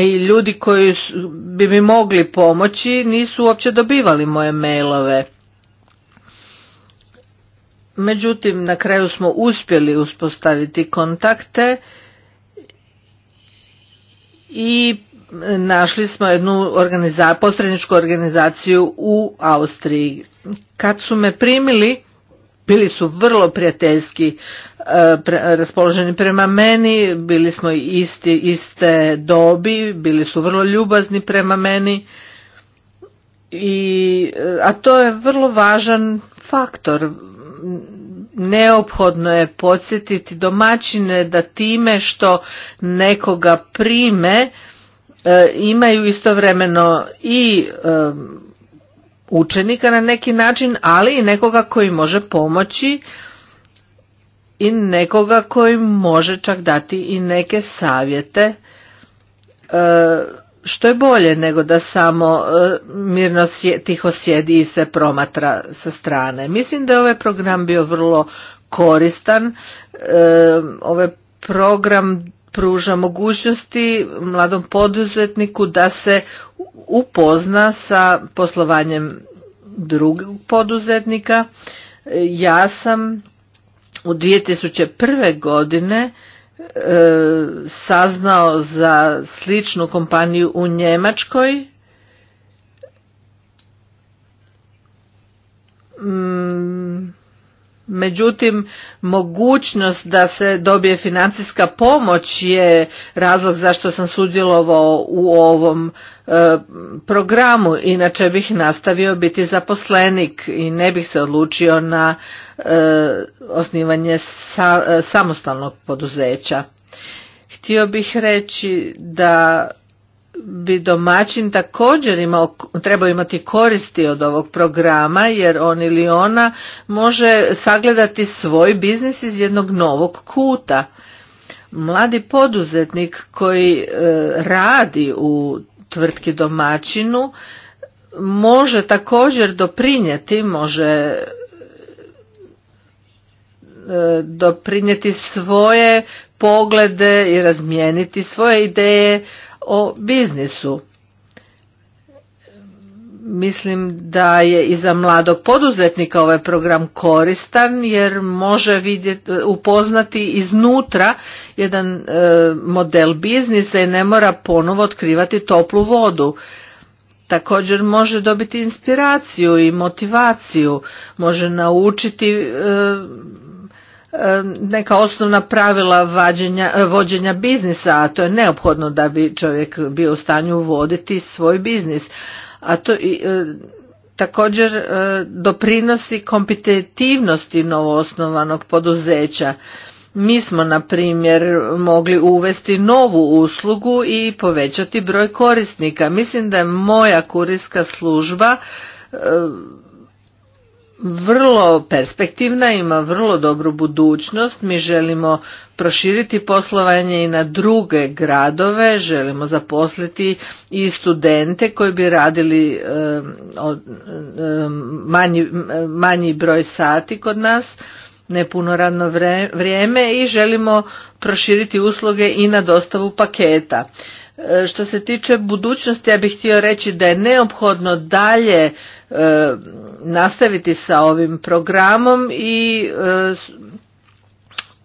B: i ljudi koji bi mi mogli pomoći nisu uopće dobivali moje mailove. Međutim, na kraju smo uspjeli uspostaviti kontakte i našli smo jednu organiza posredničku organizaciju u Austriji. Kad su me primili, bili su vrlo prijateljski e, raspoloženi prema meni, bili smo isti, iste dobi, bili su vrlo ljubazni prema meni. I, e, a to je vrlo važan faktor. Neophodno je podsjetiti domaćine da time što nekoga prime e, imaju istovremeno i učenika na neki način, ali i nekoga koji može pomoći i nekoga koji može čak dati i neke savjete e, što je bolje nego da samo e, mirno tiho sjedi i se promatra sa strane. Mislim da je ovaj program bio vrlo koristan. E, ovaj program pruža mogućnosti mladom poduzetniku da se upozna sa poslovanjem drugog poduzetnika. Ja sam u 2001. godine e, saznao za sličnu kompaniju u Njemačkoj. Mm, Međutim, mogućnost da se dobije financijska pomoć je razlog zašto sam sudjelovao u ovom e, programu, inače bih nastavio biti zaposlenik i ne bih se odlučio na e, osnivanje e, samostalnog poduzeća. Htio bih reći da bi domaćin također imao, trebao imati koristi od ovog programa jer on ili ona može sagledati svoj biznis iz jednog novog kuta. Mladi poduzetnik koji e, radi u tvrtki domaćinu može također doprinijeti, može e, doprinijeti svoje poglede i razmijeniti svoje ideje o biznisu. Mislim da je i za mladog poduzetnika ovaj program koristan jer može vidjeti, upoznati iznutra jedan e, model biznisa i ne mora ponovo otkrivati toplu vodu. Također može dobiti inspiraciju i motivaciju, može naučiti e, neka osnovna pravila e, vođenja biznisa, a to je neophodno da bi čovjek bio u stanju voditi svoj biznis. A to e, također e, doprinosi kompetitivnosti novoosnovanog poduzeća. Mi smo, na primjer, mogli uvesti novu uslugu i povećati broj korisnika. Mislim da je moja kurijska služba vrlo perspektivna, ima vrlo dobru budućnost. Mi želimo proširiti poslovanje i na druge gradove, želimo zaposliti i studente koji bi radili manji, manji broj sati kod nas, ne puno radno vrijeme i želimo proširiti usluge i na dostavu paketa. E, što se tiče budućnosti, ja bih htio reći da je neophodno dalje e, nastaviti sa ovim programom i e,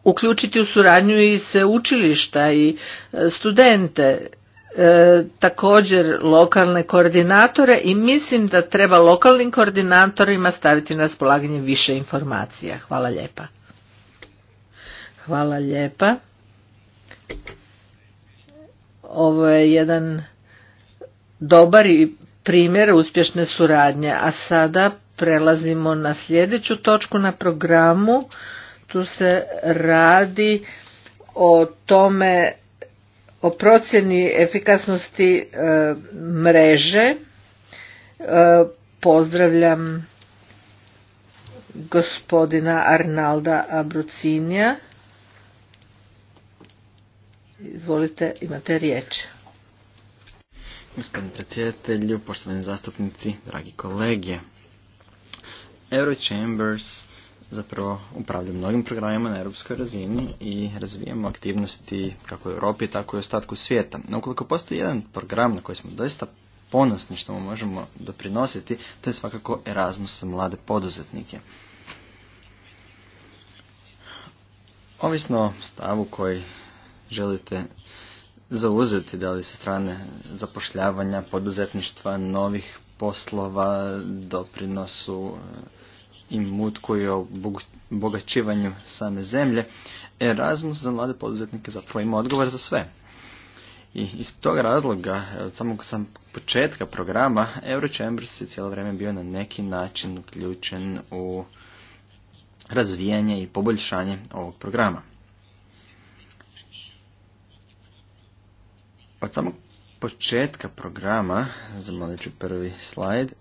B: uključiti u suradnju i učilišta i e, studente e, također lokalne koordinatore i mislim da treba lokalnim koordinatorima staviti na raspolaganje više informacija. Hvala lijepa. Hvala lijepa. Ovo je jedan dobar primjer uspješne suradnje, a sada prelazimo na sljedeću točku na programu. Tu se radi o tome, o procjeni efikasnosti e, mreže. E, pozdravljam gospodina Arnalda Abrucinija. Izvolite, imate riječ.
E: Gospodin predsjedatelju, poštovani zastupnici, dragi kolege. Eurochambers zapravo upravlja mnogim programima na europskoj razini i razvijamo aktivnosti kako u Europi, tako i ostatku svijeta. No ukoliko postoji jedan program na koji smo doista ponosni što mu možemo doprinositi, to je svakako Erasmus za mlade poduzetnike. Ovisno o stavu koji želite zauzeti, da li sa strane zapošljavanja, poduzetništva, novih poslova, doprinosu i mutku o bogaćivanju same zemlje, Erasmus za mlade poduzetnike zapravo ima odgovor za sve. I iz tog razloga, od samog sam početka programa, Eurochambers je cijelo vrijeme bio na neki način uključen u razvijanje i poboljšanje ovog programa. Od samog početka programa, zamolit ću prvi slajd,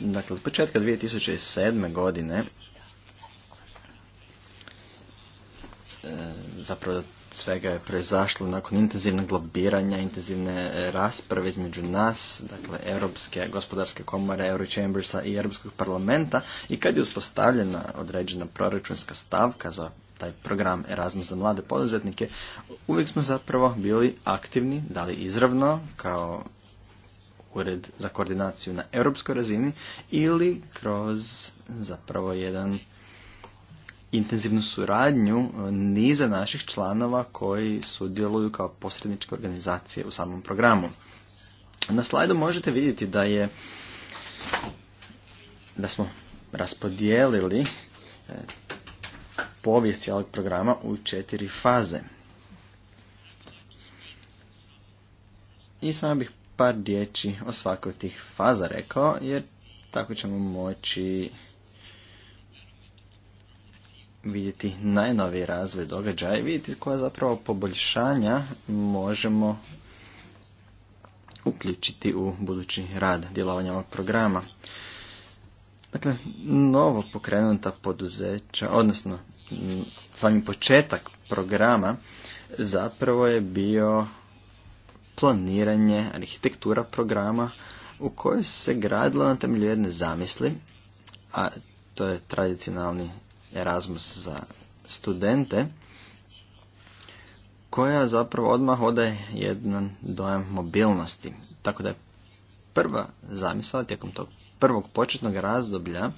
E: Dakle, od početka 2007. godine e, zapravo svega je proizašlo nakon intenzivnog globiranja, intenzivne e, rasprave između nas, dakle Europske gospodarske komore, Eurochambersa i Europskog parlamenta i kad je uspostavljena određena proračunska stavka za taj program Erasmus za mlade poduzetnike, uvijek smo zapravo bili aktivni, da li izravno kao ured za koordinaciju na europskoj razini ili kroz zapravo jedan intenzivnu suradnju niza naših članova koji sudjeluju kao posredničke organizacije u samom programu. Na slajdu možete vidjeti da je da smo raspodijelili e, povijest cijelog programa u četiri faze. I samo bih par riječi o svakoj tih faza rekao, jer tako ćemo moći vidjeti najnoviji razvoj događaja i vidjeti koja zapravo poboljšanja možemo uključiti u budući rad djelovanja ovog programa. Dakle, novo pokrenuta poduzeća, odnosno sami početak programa zapravo je bio planiranje, arhitektura programa u kojoj se gradilo na temelju jedne zamisli, a to je tradicionalni Erasmus za studente, koja zapravo odmah odaje jedan dojam mobilnosti. Tako da je prva zamisla tijekom tog prvog početnog razdoblja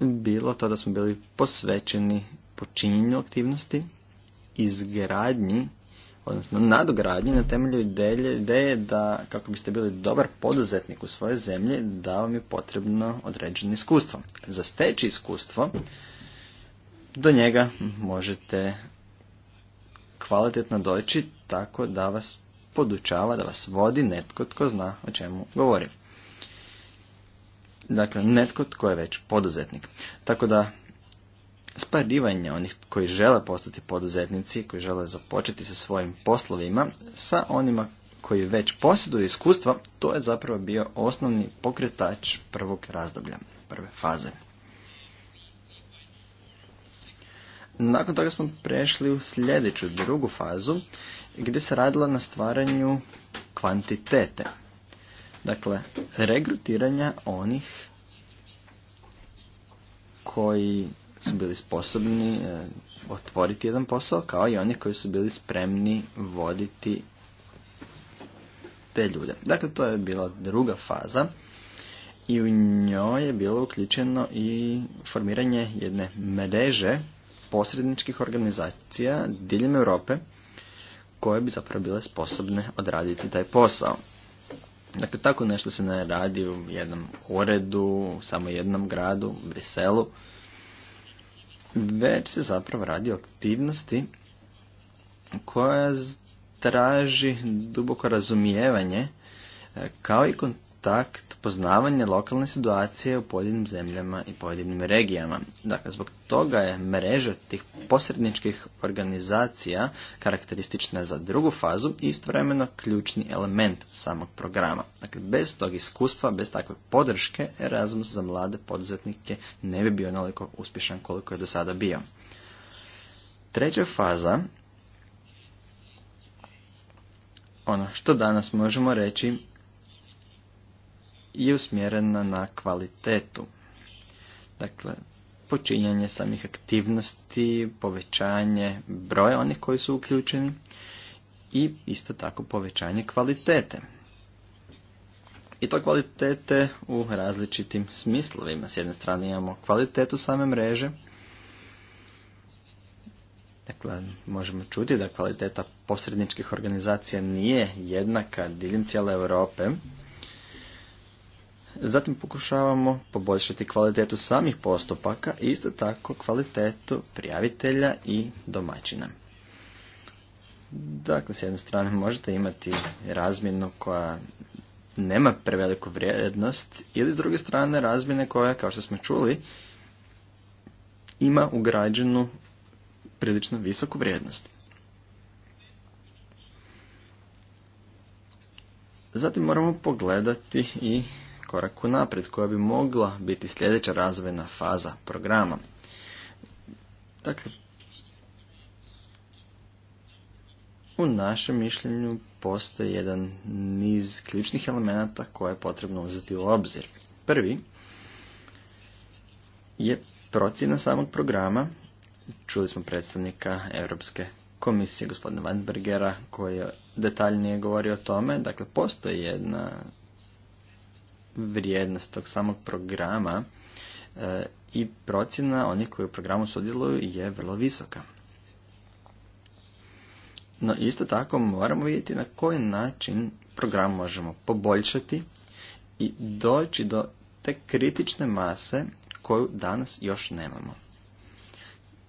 E: bilo to da smo bili posvećeni počinjenju aktivnosti, izgradnji odnosno nadogradnji na temelju ideje da kako biste bili dobar poduzetnik u svojoj zemlji, da vam je potrebno određeno iskustvo. Za steći iskustvo, do njega možete kvalitetno doći tako da vas podučava, da vas vodi netko tko zna o čemu govori. Dakle, netko tko je već poduzetnik. Tako da sparivanje onih koji žele postati poduzetnici, koji žele započeti sa svojim poslovima, sa onima koji već posjeduju iskustva, to je zapravo bio osnovni pokretač prvog razdoblja, prve faze. Nakon toga smo prešli u sljedeću drugu fazu gdje se radilo na stvaranju kvantitete. Dakle, regrutiranja onih koji su bili sposobni e, otvoriti jedan posao kao i oni koji su bili spremni voditi te ljude. Dakle, to je bila druga faza i u njoj je bilo uključeno i formiranje jedne mreže posredničkih organizacija diljem Europe koje bi zapravo bile sposobne odraditi taj posao. Dakle, tako nešto se ne radi u jednom uredu, u samo jednom gradu, u Briselu, već se zapravo radi o aktivnosti koja traži duboko razumijevanje e, kao i kontakt kontakt, poznavanje lokalne situacije u pojedinim zemljama i pojedinim regijama. Dakle, zbog toga je mreža tih posredničkih organizacija karakteristična za drugu fazu i istovremeno ključni element samog programa. Dakle, bez tog iskustva, bez takve podrške, Erasmus za mlade poduzetnike ne bi bio naliko uspješan koliko je do sada bio. Treća faza ono što danas možemo reći i usmjerena na kvalitetu. Dakle, počinjanje samih aktivnosti, povećanje broja onih koji su uključeni i isto tako povećanje kvalitete. I to kvalitete u različitim smislovima. S jedne strane imamo kvalitetu same mreže, Dakle, možemo čuti da kvaliteta posredničkih organizacija nije jednaka diljem cijele Europe, Zatim pokušavamo poboljšati kvalitetu samih postupaka i isto tako kvalitetu prijavitelja i domaćina. Dakle, s jedne strane možete imati razmjenu koja nema preveliku vrijednost ili s druge strane razmjene koja, kao što smo čuli, ima ugrađenu prilično visoku vrijednost. Zatim moramo pogledati i korak unaprijed koja bi mogla biti sljedeća razvojna faza programa. Dakle, u našem mišljenju postoji jedan niz ključnih elemenata koje je potrebno uzeti u obzir. Prvi je procjena samog programa. Čuli smo predstavnika Europske komisije, gospodina Weinbergera, koji je detaljnije govorio o tome. Dakle, postoji jedna vrijednost tog samog programa e, i procjena onih koji u programu sudjeluju je vrlo visoka. No isto tako moramo vidjeti na koji način program možemo poboljšati i doći do te kritične mase koju danas još nemamo.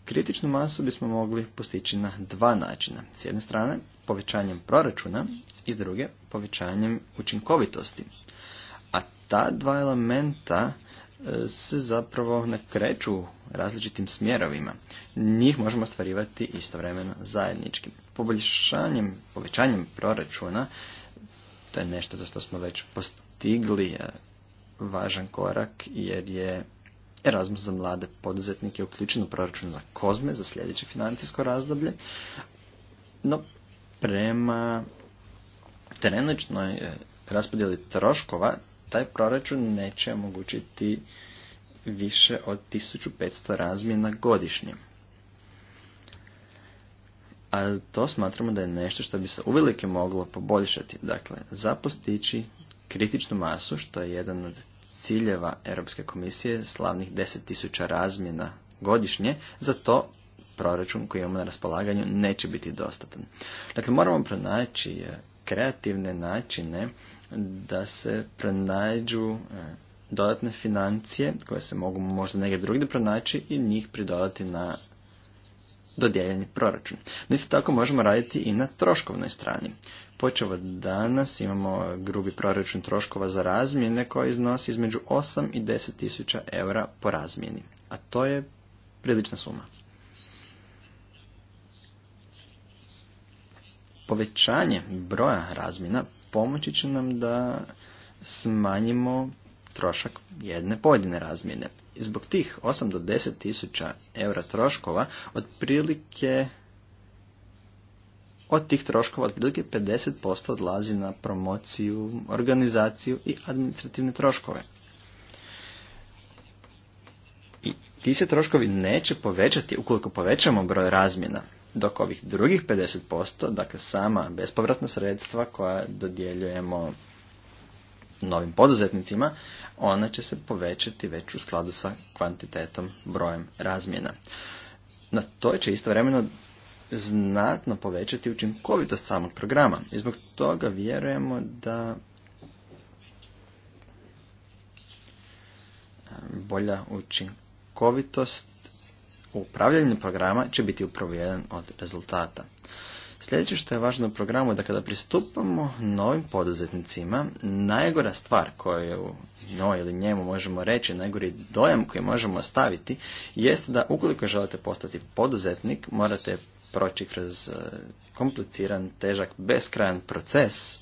E: Kritičnu masu bismo mogli postići na dva načina. S jedne strane povećanjem proračuna i s druge povećanjem učinkovitosti ta dva elementa e, se zapravo ne kreću različitim smjerovima. Njih možemo ostvarivati istovremeno zajedničkim. Poboljšanjem, povećanjem proračuna, to je nešto za što smo već postigli e, važan korak, jer je Erasmus za mlade poduzetnike uključen u proračun za kozme za sljedeće financijsko razdoblje. No, prema trenutnoj e, raspodjeli troškova taj proračun neće omogućiti više od 1500 razmjena godišnje. A to smatramo da je nešto što bi se uvelike moglo poboljšati. Dakle, postići kritičnu masu, što je jedan od ciljeva Europske komisije, slavnih 10.000 razmjena godišnje, za to proračun koji imamo na raspolaganju neće biti dostatan. Dakle, moramo pronaći eh, kreativne načine da se pronađu e, dodatne financije koje se mogu možda negdje drugdje pronaći i njih pridodati na dodijeljeni proračun. No isto tako možemo raditi i na troškovnoj strani. Počeo danas imamo grubi proračun troškova za razmjene koji iznosi između 8 i 10 tisuća eura po razmjeni. A to je prilična suma. Povećanje broja razmjena pomoći će nam da smanjimo trošak jedne pojedine razmjene. zbog tih 8 do 10 tisuća eura troškova, otprilike od tih troškova otprilike 50% odlazi na promociju, organizaciju i administrativne troškove. I ti se troškovi neće povećati ukoliko povećamo broj razmjena dok ovih drugih 50%, dakle sama bespovratna sredstva koja dodjeljujemo novim poduzetnicima, ona će se povećati već u skladu sa kvantitetom brojem razmjena. Na to će istovremeno znatno povećati učinkovitost samog programa i zbog toga vjerujemo da bolja učinkovitost upravljanje programa će biti upravo jedan od rezultata. Sljedeće što je važno u programu je da kada pristupamo novim poduzetnicima, najgora stvar koju njoj ili njemu možemo reći, najgori dojam koji možemo staviti jeste da ukoliko želite postati poduzetnik, morate proći kroz e, kompliciran, težak, beskrajan proces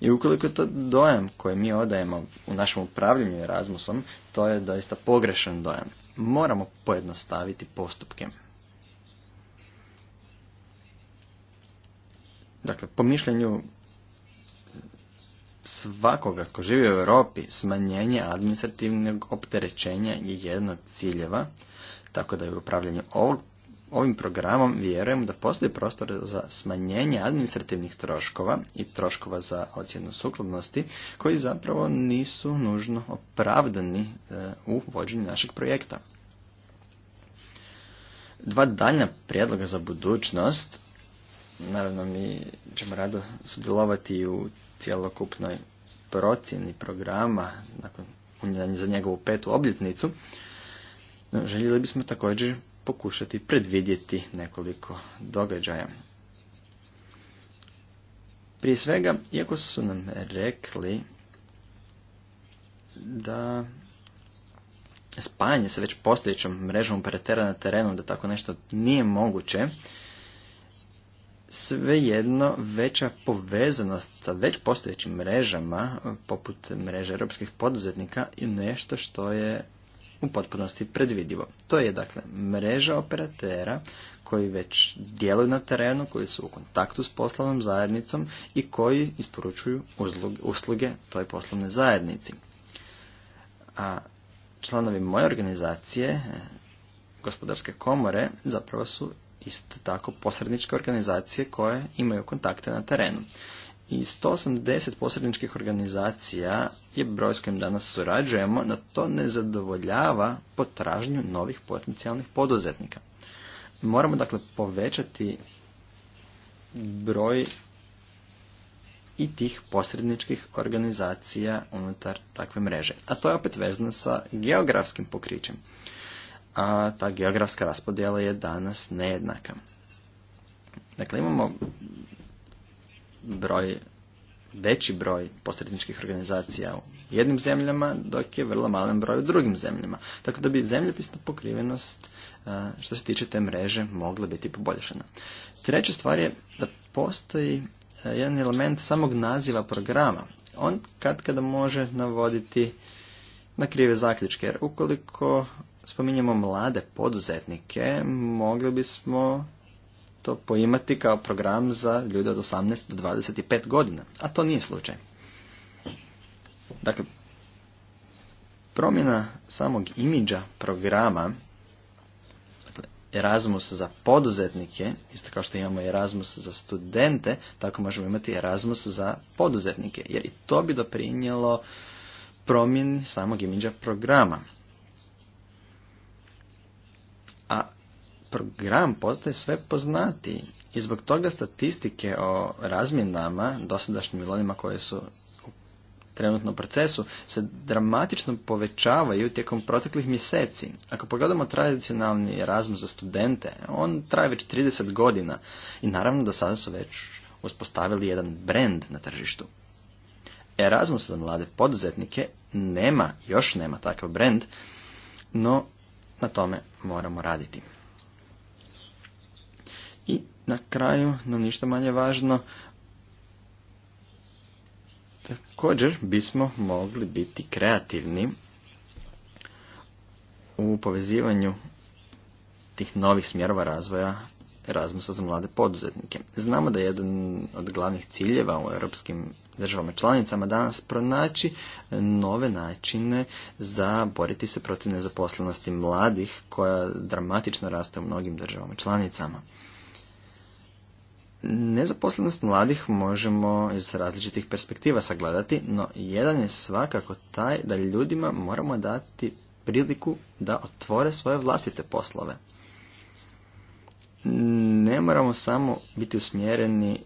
E: i ukoliko to dojam koji mi odajemo u našem upravljanju Erasmusom, to je doista pogrešan dojam moramo pojednostaviti postupke. Dakle, po mišljenju svakoga ko živi u Europi, smanjenje administrativnog opterećenja je jedno od ciljeva, tako da je upravljanje ovog ovim programom vjerujemo da postoji prostor za smanjenje administrativnih troškova i troškova za ocjenu sukladnosti koji zapravo nisu nužno opravdani e, u vođenju našeg projekta. Dva daljna prijedloga za budućnost. Naravno mi ćemo rado sudjelovati u cjelokupnoj procjeni programa nakon za njegovu petu obljetnicu. Željeli bismo također pokušati predvidjeti nekoliko događaja. Prije svega, iako su nam rekli da spajanje sa već postojećom mrežom operatera na terenu, da tako nešto nije moguće, svejedno veća povezanost sa već postojećim mrežama, poput mreže europskih poduzetnika, je nešto što je u potpunosti predvidivo. To je dakle mreža operatera koji već djeluju na terenu, koji su u kontaktu s poslovnom zajednicom i koji isporučuju usluge toj poslovne zajednici. A članovi moje organizacije, eh, gospodarske komore, zapravo su isto tako posredničke organizacije koje imaju kontakte na terenu i 180 posredničkih organizacija je broj s kojim danas surađujemo, no to ne zadovoljava potražnju novih potencijalnih poduzetnika. Moramo dakle povećati broj i tih posredničkih organizacija unutar takve mreže. A to je opet vezano sa geografskim pokrićem. A ta geografska raspodjela je danas nejednaka. Dakle, imamo broj, veći broj posredničkih organizacija u jednim zemljama, dok je vrlo malen broj u drugim zemljama. Tako da bi zemljopisna pokrivenost e, što se tiče te mreže mogla biti poboljšana. Treća stvar je da postoji e, jedan element samog naziva programa. On kad kada može navoditi na krive zaključke, jer ukoliko spominjemo mlade poduzetnike, mogli bismo to poimati kao program za ljude od 18 do 25 godina, a to nije slučaj. Dakle, promjena samog imidža programa dakle, Erasmus za poduzetnike, isto kao što imamo Erasmus za studente, tako možemo imati Erasmus za poduzetnike, jer i to bi doprinijelo promjeni samog imidža programa. A program postaje sve poznatiji i zbog toga statistike o razmjenama, dosadašnjim milonima koje su u trenutnom procesu, se dramatično povećavaju tijekom proteklih mjeseci. Ako pogledamo tradicionalni Erasmus za studente, on traje već 30 godina i naravno do sada su već uspostavili jedan brand na tržištu. Erasmus za mlade poduzetnike nema, još nema takav brand, no na tome moramo raditi. I na kraju, no ništa manje važno, također bismo mogli biti kreativni u povezivanju tih novih smjerova razvoja Erasmusa za mlade poduzetnike. Znamo da je jedan od glavnih ciljeva u europskim državama članicama danas pronaći nove načine za boriti se protiv nezaposlenosti mladih koja dramatično raste u mnogim državama članicama. Nezaposlenost mladih možemo iz različitih perspektiva sagledati, no jedan je svakako taj da ljudima moramo dati priliku da otvore svoje vlastite poslove. Ne moramo samo biti usmjereni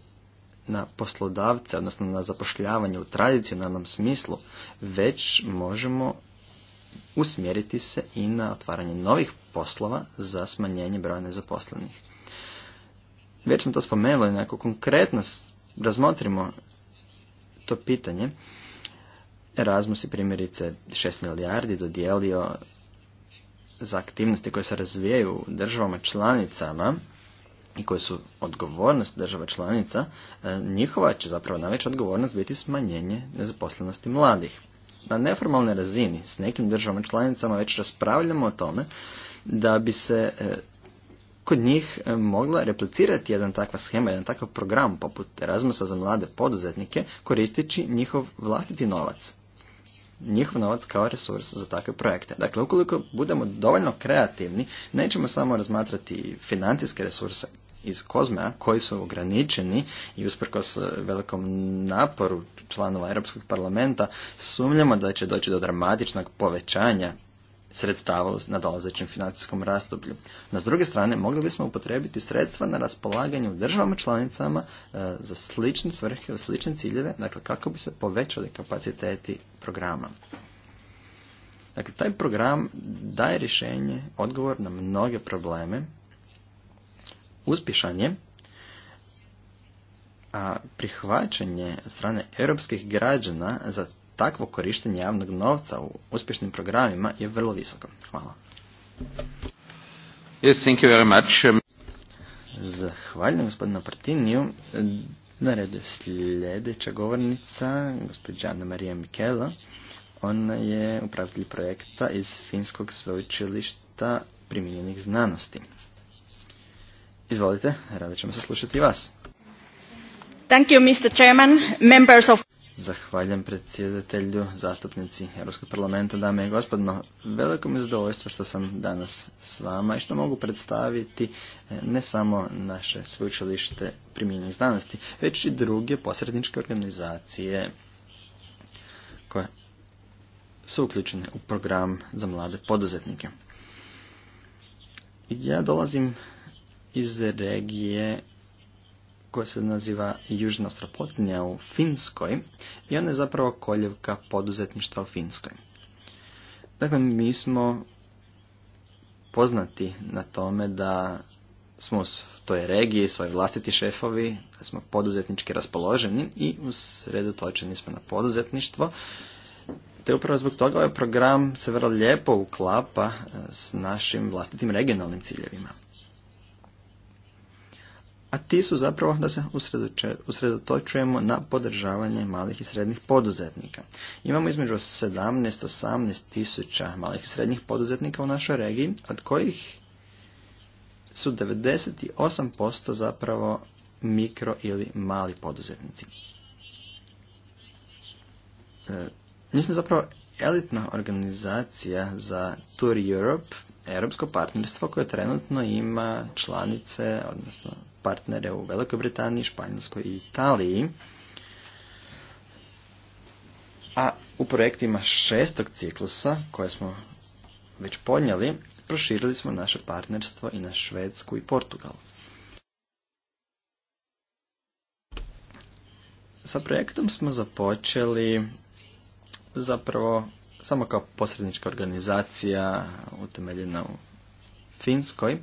E: na poslodavce, odnosno na zapošljavanje u tradicionalnom smislu, već možemo usmjeriti se i na otvaranje novih poslova za smanjenje broja nezaposlenih. Već smo to spomenuli, ako konkretno razmotrimo to pitanje, Erasmus je primjerice 6 milijardi dodijelio za aktivnosti koje se razvijaju u državama članicama i koje su odgovornost država članica, e, njihova će zapravo najveća odgovornost biti smanjenje nezaposlenosti mladih. Na neformalnoj razini s nekim državama članicama već raspravljamo o tome da bi se e, kod njih e, mogla replicirati jedan takva schema, jedan takav program poput Erasmusa za mlade poduzetnike koristići njihov vlastiti novac. Njihov novac kao resurs za takve projekte. Dakle, ukoliko budemo dovoljno kreativni, nećemo samo razmatrati financijske resurse iz Kozmea koji su ograničeni i usprkos e, velikom naporu članova Europskog parlamenta sumljamo da će doći do dramatičnog povećanja sredstava u nadolazećem financijskom rastoblju. No, s druge strane, mogli bismo upotrebiti sredstva na raspolaganju državama članicama e, za slične svrhe, slične ciljeve, dakle kako bi se povećali kapaciteti programa. Dakle, taj program daje rješenje, odgovor na mnoge probleme. Uspješan je, a prihvaćanje strane europskih građana za takvo korištenje javnog novca u uspješnim programima je vrlo visoko. Hvala.
D: Yes, thank you very much.
E: Zahvaljujem gospodinu Partiniju. Na redu sljedeća govornica, gospođa Anna Marija Mikela. Ona je upravitelj projekta iz Finskog sveučilišta primjenjenih znanosti. Izvolite, rado ćemo saslušati i vas.
C: Thank you, Mr. Chairman, members of...
E: Zahvaljujem predsjedatelju, zastupnici Europskog parlamenta, dame i gospodno. Veliko mi zadovoljstvo što sam danas s vama i što mogu predstaviti e, ne samo naše sveučilište primjenjenih znanosti, već i druge posredničke organizacije koje su uključene u program za mlade poduzetnike. Ja dolazim iz regije koja se naziva Južna u Finskoj i ona je zapravo koljevka poduzetništva u Finskoj. Dakle, mi smo poznati na tome da smo u toj regiji, svoji vlastiti šefovi, da smo poduzetnički raspoloženi i usredotočeni smo na poduzetništvo. Te upravo zbog toga ovaj program se vrlo lijepo uklapa e, s našim vlastitim regionalnim ciljevima a ti su zapravo da se usredotočujemo na podržavanje malih i srednjih poduzetnika. Imamo između 17-18 tisuća malih i srednjih poduzetnika u našoj regiji, od kojih su 98% zapravo mikro ili mali poduzetnici. E, mi smo zapravo elitna organizacija za Tour Europe, europsko partnerstvo koje trenutno ima članice, odnosno partnere u Velikoj Britaniji, Španjolskoj i Italiji. A u projektima šestog ciklusa koje smo već podnijeli, proširili smo naše partnerstvo i na Švedsku i Portugal. Sa projektom smo započeli zapravo samo kao posrednička organizacija utemeljena u Finskoj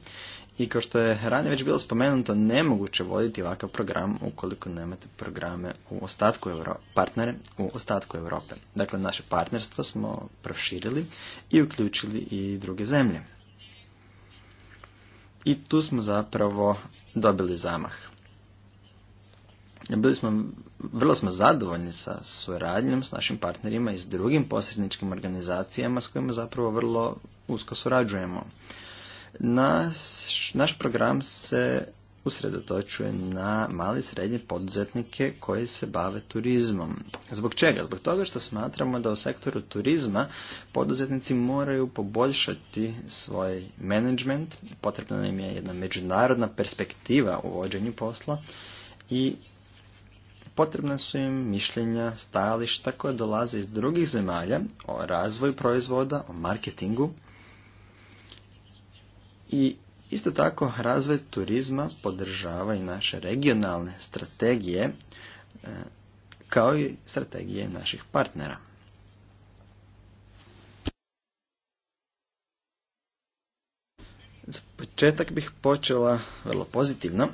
E: i kao što je ranije već bilo spomenuto, nemoguće voditi ovakav program ukoliko nemate programe u ostatku partnere u ostatku Europe. Dakle, naše partnerstvo smo proširili i uključili i druge zemlje. I tu smo zapravo dobili zamah. Bili smo, vrlo smo zadovoljni sa suradnjom s našim partnerima i s drugim posredničkim organizacijama s kojima zapravo vrlo usko surađujemo. Naš, naš program se usredotočuje na mali i srednje poduzetnike koji se bave turizmom. Zbog čega? Zbog toga što smatramo da u sektoru turizma poduzetnici moraju poboljšati svoj management, potrebna im je jedna međunarodna perspektiva u vođenju posla i potrebna su im mišljenja, stajališta koje dolaze iz drugih zemalja o razvoju proizvoda, o marketingu, i isto tako razvoj turizma podržava i naše regionalne strategije e, kao i strategije naših partnera. Za početak bih počela vrlo pozitivno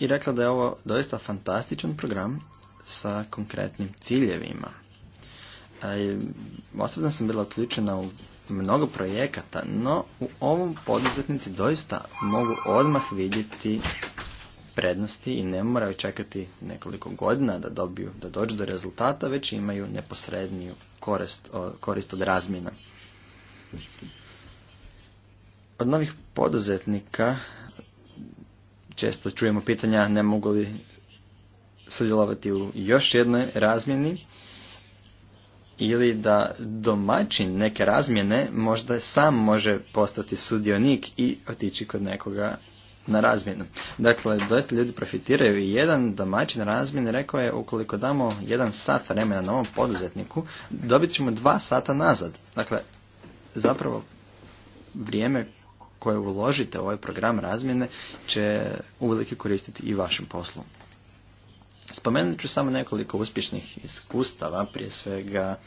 E: i rekla da je ovo doista fantastičan program sa konkretnim ciljevima. Osobno sam bila uključena u mnogo projekata, no u ovom poduzetnici doista mogu odmah vidjeti prednosti i ne moraju čekati nekoliko godina da dobiju, da dođu do rezultata, već imaju neposredniju korist, korist od razmjena. Od novih poduzetnika često čujemo pitanja ne mogu li sudjelovati u još jednoj razmjeni, ili da domaćin neke razmjene možda sam može postati sudionik i otići kod nekoga na razmjenu. Dakle, doista ljudi profitiraju i jedan domaćin razmjene rekao je ukoliko damo jedan sat vremena novom poduzetniku, dobit ćemo dva sata nazad. Dakle, zapravo vrijeme koje uložite u ovaj program razmjene će uvelike koristiti i vašem poslu. Spomenut ću samo nekoliko uspješnih iskustava, prije svega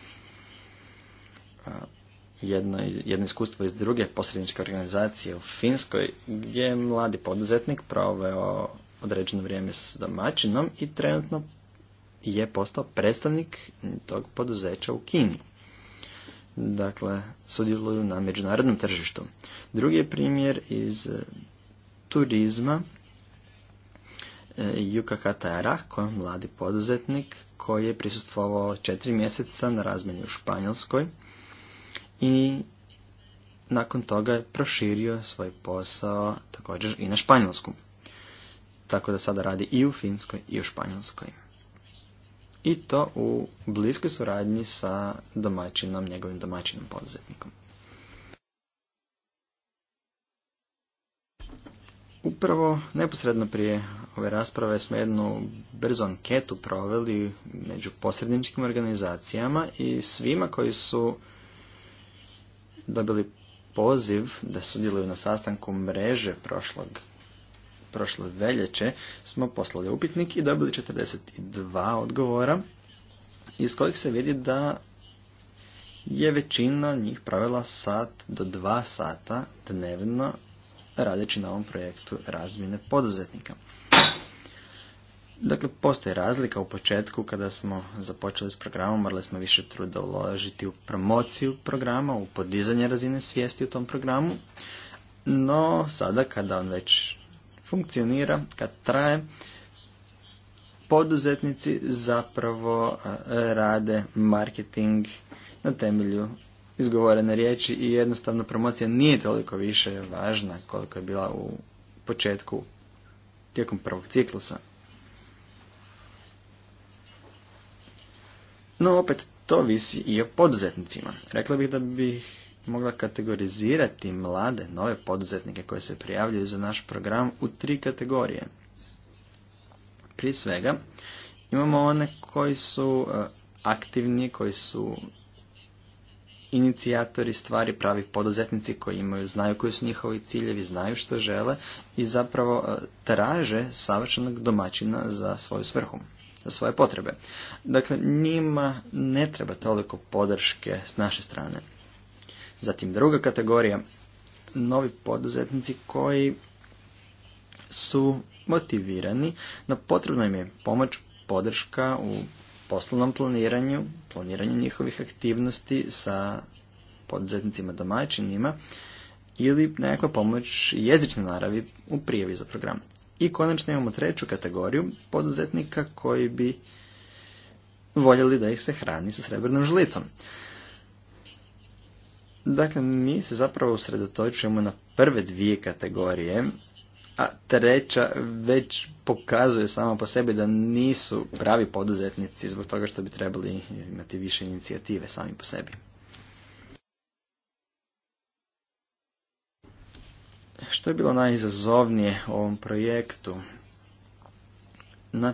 E: jedno, jedno iskustvo iz druge posredničke organizacije u Finskoj, gdje je mladi poduzetnik proveo određeno vrijeme s domaćinom i trenutno je postao predstavnik tog poduzeća u Kini. Dakle, sudjeluju na međunarodnom tržištu. Drugi je primjer iz turizma E, Juka Katara, koji je mladi poduzetnik koji je prisustvovao četiri mjeseca na razmjeni u Španjolskoj i nakon toga je proširio svoj posao također i na Španjolsku. Tako da sada radi i u Finskoj i u Španjolskoj. I to u bliskoj suradnji sa domaćinom, njegovim domaćinom poduzetnikom. Prvo, neposredno prije ove rasprave smo jednu brzu anketu proveli među posredničkim organizacijama i svima koji su dobili poziv da sudjeluju na sastanku mreže prošlog, prošle veljeće smo poslali upitnik i dobili 42 odgovora iz kojih se vidi da je većina njih pravila sat do dva sata dnevno radeći na ovom projektu razmjene poduzetnika. Dakle, postoji razlika u početku kada smo započeli s programom, morali smo više truda uložiti u promociju programa, u podizanje razine svijesti u tom programu, no sada kada on već funkcionira, kad traje, poduzetnici zapravo e, rade marketing na temelju izgovorene riječi i jednostavno promocija nije toliko više važna koliko je bila u početku tijekom prvog ciklusa. No opet to visi i o poduzetnicima. Rekla bih da bih mogla kategorizirati mlade, nove poduzetnike koje se prijavljuju za naš program u tri kategorije. Prije svega imamo one koji su e, aktivni, koji su inicijatori stvari, pravi poduzetnici koji imaju, znaju koji su njihovi ciljevi, znaju što žele i zapravo e, traže savršenog domaćina za svoju svrhu, za svoje potrebe. Dakle, njima ne treba toliko podrške s naše strane. Zatim druga kategorija, novi poduzetnici koji su motivirani, no potrebno im je pomoć, podrška u poslovnom planiranju, planiranju njihovih aktivnosti sa poduzetnicima domaćinima ili nekakva pomoć jezične naravi u prijavi za program. I konačno imamo treću kategoriju poduzetnika koji bi voljeli da ih se hrani sa srebrnom žlicom. Dakle, mi se zapravo usredotočujemo na prve dvije kategorije a treća već pokazuje samo po sebi da nisu pravi poduzetnici zbog toga što bi trebali imati više inicijative sami po sebi. Što je bilo najizazovnije u ovom projektu? Na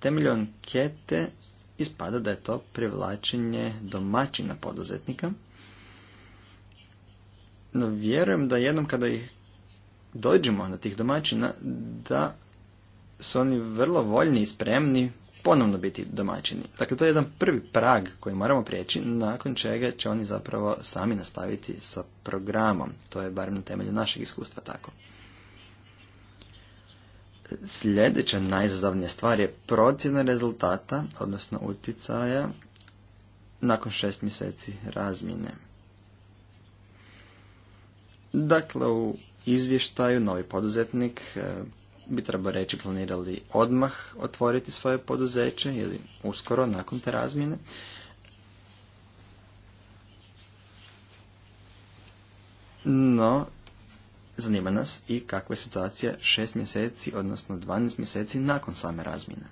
E: temelju ankete ispada da je to privlačenje domaćina poduzetnika. No vjerujem da jednom kada ih dođemo na tih domaćina da su oni vrlo voljni i spremni ponovno biti domaćini. Dakle, to je jedan prvi prag koji moramo prijeći, nakon čega će oni zapravo sami nastaviti sa programom. To je barem na temelju našeg iskustva tako. Sljedeća najzazavnija stvar je procjena rezultata, odnosno utjecaja, nakon šest mjeseci razmine. Dakle, u izvještaju novi poduzetnik e, bi trebao reći planirali odmah otvoriti svoje poduzeće ili uskoro nakon te razmjene. No, zanima nas i kakva je situacija šest mjeseci, odnosno 12 mjeseci nakon same razmjene.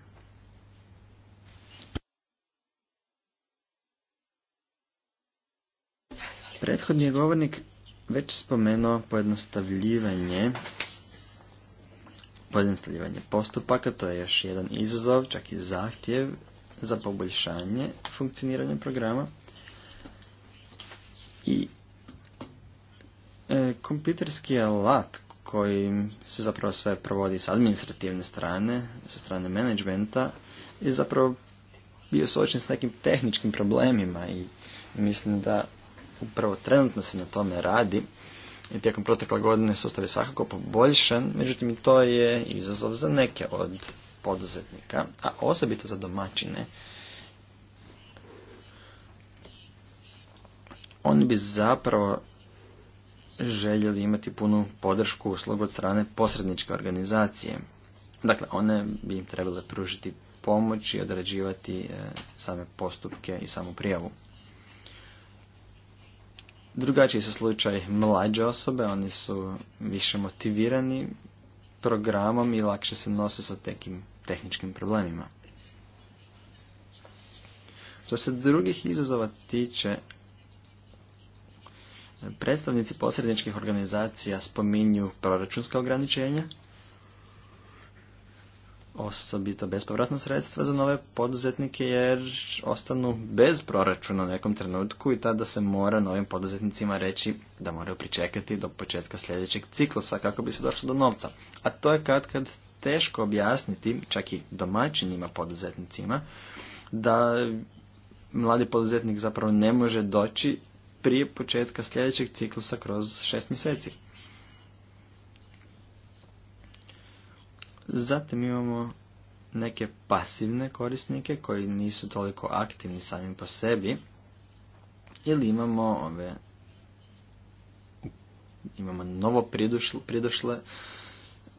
E: Prethodni je govornik već spomenuo pojednostavljivanje pojednostavljivanje postupaka, to je još jedan izazov, čak i zahtjev za poboljšanje funkcioniranja programa. I e, kompjuterski alat koji se zapravo sve provodi s administrativne strane, sa strane menadžmenta, je zapravo bio suočen s nekim tehničkim problemima i mislim da Upravo trenutno se na tome radi i tijekom protekle godine sustav je svakako poboljšan, međutim to je izazov za neke od poduzetnika, a osobito za domaćine. Oni bi zapravo željeli imati punu podršku uslugu od strane posredničke organizacije. Dakle, one bi im trebale pružiti pomoć i odrađivati e, same postupke i samu prijavu. Drugačiji su slučaj mlađe osobe, oni su više motivirani programom i lakše se nose sa tekim tehničkim problemima. Što se drugih izazova tiče, predstavnici posredničkih organizacija spominju proračunska ograničenja, osobito bespovratna sredstva za nove poduzetnike jer ostanu bez proračuna u nekom trenutku i tada se mora novim poduzetnicima reći da moraju pričekati do početka sljedećeg ciklusa kako bi se došlo do novca. A to je kad kad teško objasniti čak i domaćinima poduzetnicima da mladi poduzetnik zapravo ne može doći prije početka sljedećeg ciklusa kroz šest mjeseci. Zatim imamo neke pasivne korisnike koji nisu toliko aktivni samim po sebi. Ili imamo ove imamo novo pridošle, pridošle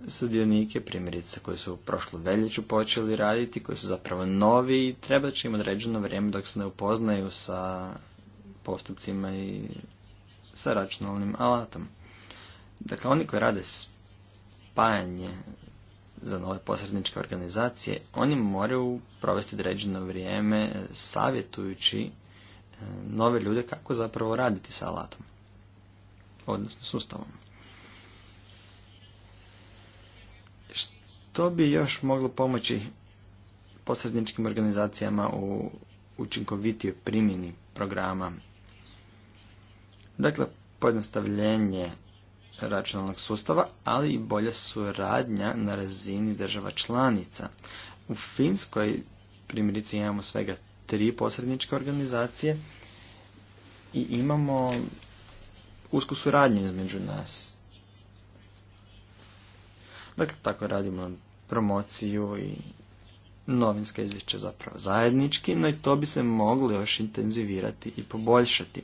E: sudionike, primjerice koji su u prošlu veljeću počeli raditi, koji su zapravo novi i treba će im određeno vrijeme dok se ne upoznaju sa postupcima i sa računalnim alatom. Dakle, oni koji rade spajanje za nove posredničke organizacije, oni moraju provesti određeno vrijeme e, savjetujući e, nove ljude kako zapravo raditi sa alatom, odnosno sustavom. Što bi još moglo pomoći posredničkim organizacijama u učinkovitijoj primjeni programa? Dakle, pojednostavljenje računalnog sustava, ali i bolja suradnja na razini država članica. U Finskoj primjerice imamo svega tri posredničke organizacije i imamo usku suradnju između nas. Dakle, tako radimo promociju i novinska izvješća zapravo zajednički, no i to bi se moglo još intenzivirati i poboljšati.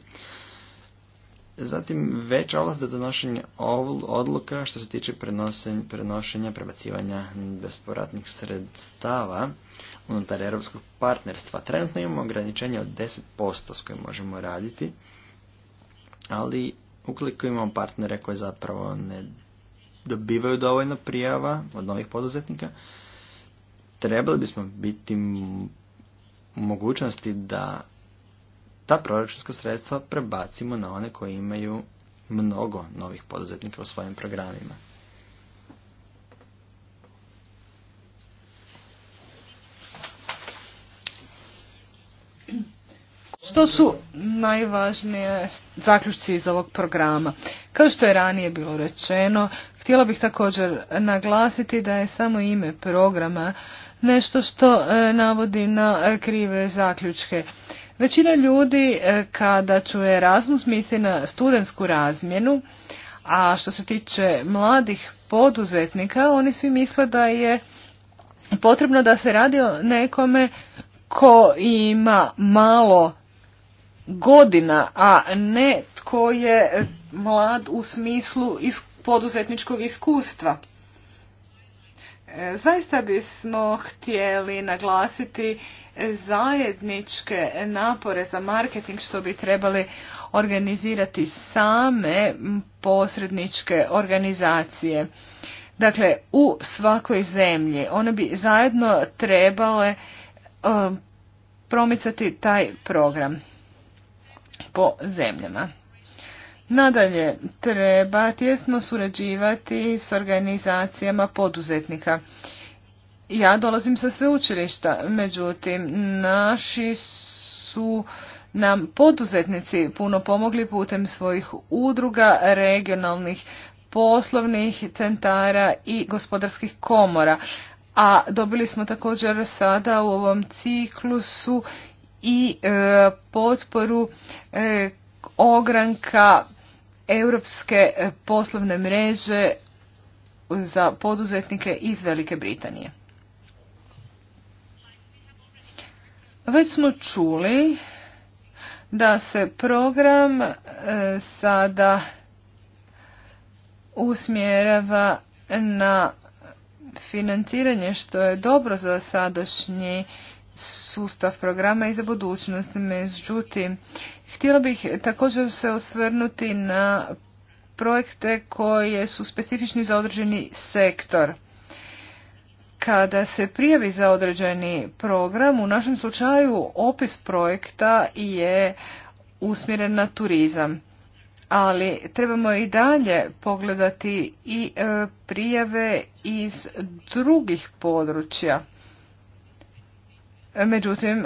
E: Zatim veća ovlast za donošenje odluka što se tiče prenošenja, prebacivanja bespovratnih sredstava unutar europskog partnerstva. Trenutno imamo ograničenje od 10% s kojim možemo raditi, ali ukoliko imamo partnere koji zapravo ne dobivaju dovoljno prijava od novih poduzetnika, trebali bismo biti u mogućnosti da ta proračunska sredstva prebacimo na one koji imaju mnogo novih poduzetnika u svojim programima.
C: Što su najvažnije zaključci iz ovog programa? Kao što je ranije bilo rečeno, htjela bih također naglasiti da je samo ime programa nešto što e, navodi na krive zaključke. Većina ljudi e, kada čuje Erasmus misli na studentsku razmjenu, a što se tiče mladih poduzetnika, oni svi misle da je potrebno da se radi o nekome ko ima malo godina, a ne tko je mlad u smislu poduzetničkog iskustva. E, zaista bismo htjeli naglasiti zajedničke napore za marketing što bi trebali organizirati same posredničke organizacije. Dakle, u svakoj zemlji one bi zajedno trebale e, promicati taj program po zemljama. Nadalje, treba tjesno surađivati s organizacijama poduzetnika. Ja dolazim sa sveučilišta, međutim, naši su nam poduzetnici puno pomogli putem svojih udruga, regionalnih poslovnih centara i gospodarskih komora. A dobili smo također sada u ovom ciklusu i e, potporu e, ogranka europske e, poslovne mreže za poduzetnike iz Velike Britanije. Već smo čuli da se program e, sada usmjerava na financiranje što je dobro za sadašnji sustav programa i za budućnost. Međutim, htjela bih također se osvrnuti na projekte koje su specifični za određeni sektor. Kada se prijavi za određeni program, u našem slučaju opis projekta je usmjeren na turizam. Ali trebamo i dalje pogledati i e, prijave iz drugih područja Međutim,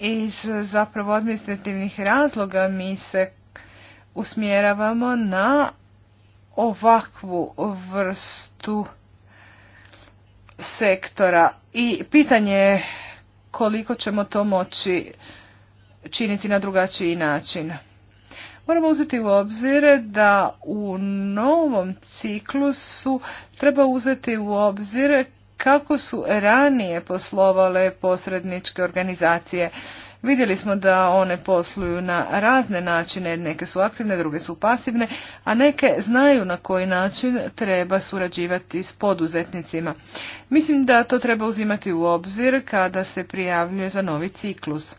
C: iz zapravo administrativnih razloga mi se usmjeravamo na ovakvu vrstu sektora i pitanje je koliko ćemo to moći činiti na drugačiji način. Moramo uzeti u obzir da u novom ciklusu treba uzeti u obzir kako su ranije poslovale posredničke organizacije. Vidjeli smo da one posluju na razne načine, neke su aktivne, druge su pasivne, a neke znaju na koji način treba surađivati s poduzetnicima. Mislim da to treba uzimati u obzir kada se prijavljuje za novi ciklus.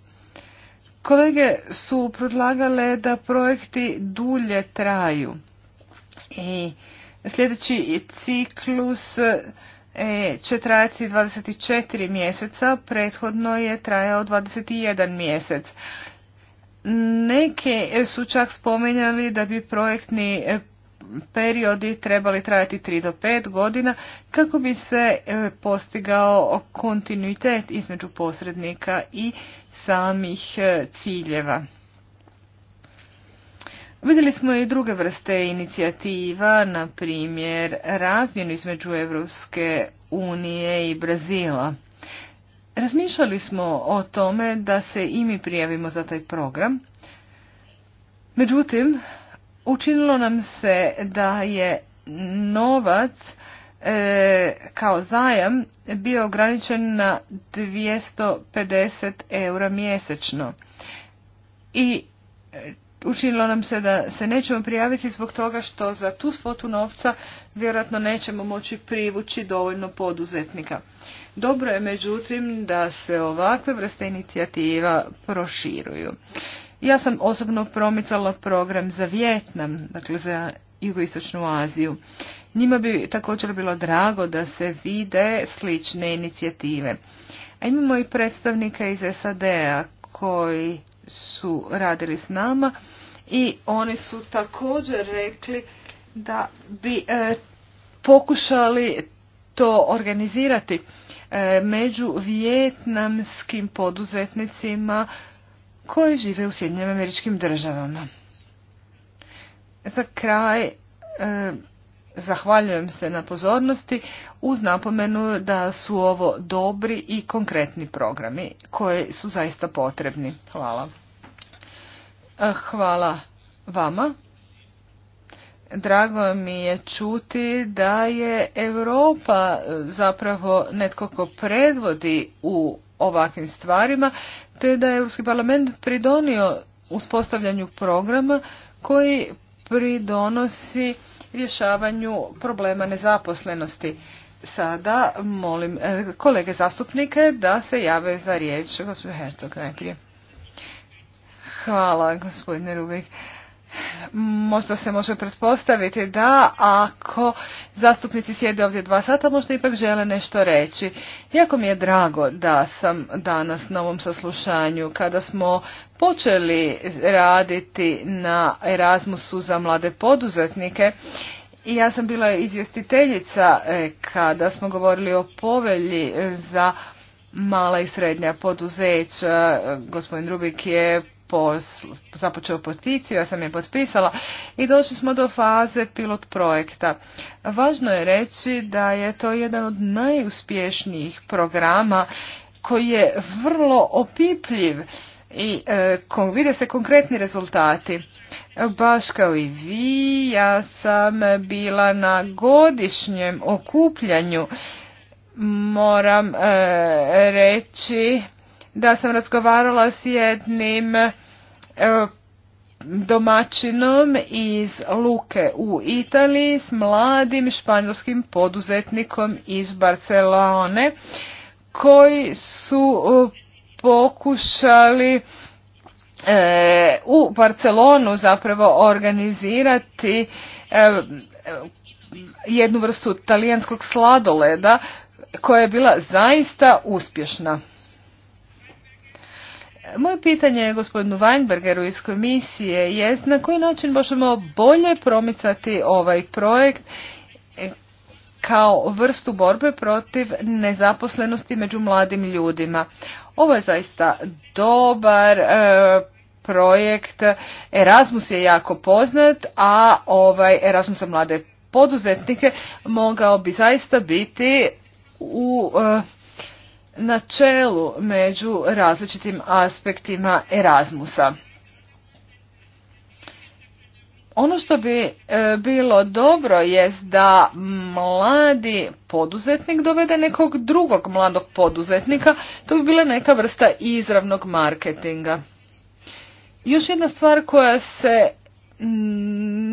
C: Kolege su predlagale da projekti dulje traju i sljedeći ciklus će trajati 24 mjeseca, prethodno je trajao 21 mjesec. Neke su čak spomenjali da bi projektni e, periodi trebali trajati 3 do 5 godina kako bi se e, postigao kontinuitet između posrednika i samih e, ciljeva. Vidjeli smo i druge vrste inicijativa, na primjer razmjenu između Europske unije i Brazila. Razmišljali smo o tome da se i mi prijavimo za taj program. Međutim, učinilo nam se da je novac e, kao zajam bio ograničen na 250 eura mjesečno. I učinilo nam se da se nećemo prijaviti zbog toga što za tu svotu novca vjerojatno nećemo moći privući dovoljno poduzetnika. Dobro je međutim da se ovakve vrste inicijativa proširuju. Ja sam osobno promicala program za Vjetnam, dakle za jugoistočnu Aziju. Njima bi također bilo drago da se vide slične inicijative. A imamo i predstavnika iz SAD-a koji su radili s nama i oni su također rekli da bi e, pokušali to organizirati e, među vijetnamskim poduzetnicima koji žive u Sjedinjenim američkim državama. Za kraj e, Zahvaljujem se na pozornosti uz napomenu da su ovo dobri i konkretni programi koji su zaista potrebni. Hvala. Eh, hvala vama. Drago mi je čuti da je Europa eh, zapravo netko ko predvodi u ovakvim stvarima, te da je Europski parlament pridonio uspostavljanju programa koji pridonosi rješavanju problema nezaposlenosti. Sada molim eh, kolege zastupnike da se jave za riječ. Gospodin Hercog najprije. Hvala gospodine Rubik možda se može pretpostaviti da ako zastupnici sjede ovdje dva sata možda ipak žele nešto reći. Jako mi je drago da sam danas na ovom saslušanju kada smo počeli raditi na Erasmusu za mlade poduzetnike i ja sam bila izvjestiteljica e, kada smo govorili o povelji za mala i srednja poduzeća. Gospodin Rubik je po, započeo poticiju, ja sam je potpisala i došli smo do faze pilot projekta. Važno je reći da je to jedan od najuspješnijih programa koji je vrlo opipljiv i e, vide se konkretni rezultati. Baš kao i vi, ja sam bila na godišnjem okupljanju. Moram e, reći da sam razgovarala s jednim e, domaćinom iz Luke u Italiji s mladim španjolskim poduzetnikom iz Barcelone koji su e, pokušali e, u Barcelonu zapravo organizirati jednu vrstu talijanskog sladoleda koja je bila zaista uspješna. Moje pitanje je gospodinu Weinbergeru iz komisije je na koji način možemo bolje promicati ovaj projekt e, kao vrstu borbe protiv nezaposlenosti među mladim ljudima. Ovo je zaista dobar e, projekt. Erasmus je jako poznat, a ovaj Erasmus za mlade poduzetnike mogao bi zaista biti u e, na čelu među različitim aspektima Erasmusa. Ono što bi e, bilo dobro jest da mladi poduzetnik dovede nekog drugog mladog poduzetnika, to bi bila neka vrsta izravnog marketinga. Još jedna stvar koja se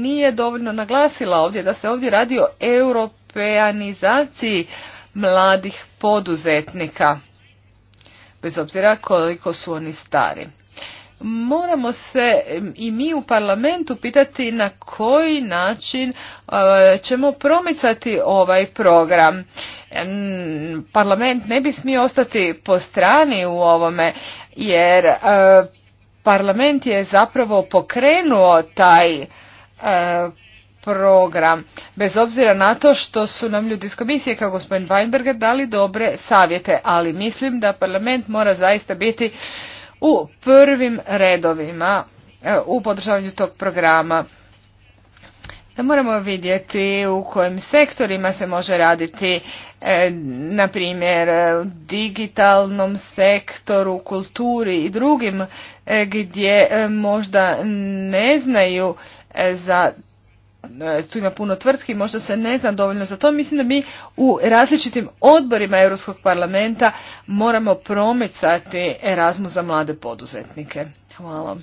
C: nije dovoljno naglasila ovdje, da se ovdje radi o europeanizaciji mladih poduzetnika, bez obzira koliko su oni stari. Moramo se i mi u parlamentu pitati na koji način ćemo promicati ovaj program. Parlament ne bi smio ostati po strani u ovome jer e, parlament je zapravo pokrenuo taj e, program, bez obzira na to što su nam ljudi iz komisije kao gospodin Weinberger dali dobre savjete, ali mislim da parlament mora zaista biti u prvim redovima e, u podržavanju tog programa. Da Moramo vidjeti u kojim sektorima se može raditi, e, na primjer e, u digitalnom sektoru, kulturi i drugim gdje možda ne znaju za E, tu ima puno tvrtki, možda se ne zna dovoljno za to. Mislim da mi u različitim odborima Europskog parlamenta moramo promicati Erasmus za mlade poduzetnike. Hvala.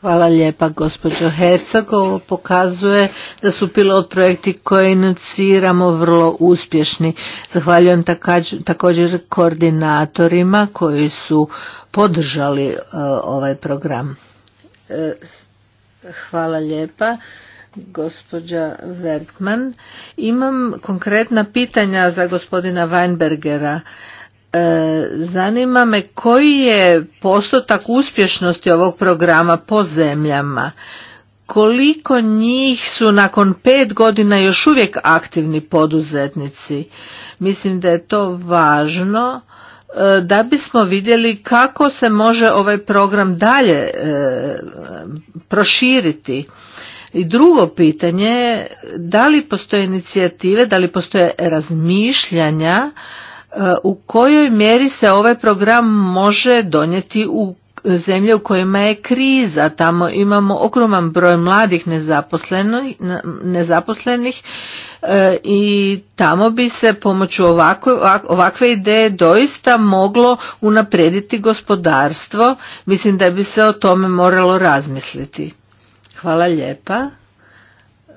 B: Hvala lijepa gospođo Herceg. Ovo pokazuje da su pilot projekti koje iniciramo vrlo uspješni. Zahvaljujem također koordinatorima koji su podržali e, ovaj program. E, Hvala lijepa gospođa Vertman. Imam konkretna pitanja za gospodina Weinbergera. E, zanima me koji je postotak uspješnosti ovog programa po zemljama? Koliko njih su nakon pet godina još uvijek aktivni poduzetnici? Mislim da je to važno E, da bismo vidjeli kako se može ovaj program dalje e, proširiti. I drugo pitanje, da li postoje inicijative, da li postoje razmišljanja e, u kojoj mjeri se ovaj program može donijeti u zemlje u kojima je kriza. Tamo imamo ogroman broj mladih nezaposlenih E, i tamo bi se pomoću ovakve, ovakve ideje doista moglo unaprediti gospodarstvo. Mislim da bi se o tome moralo razmisliti. Hvala lijepa.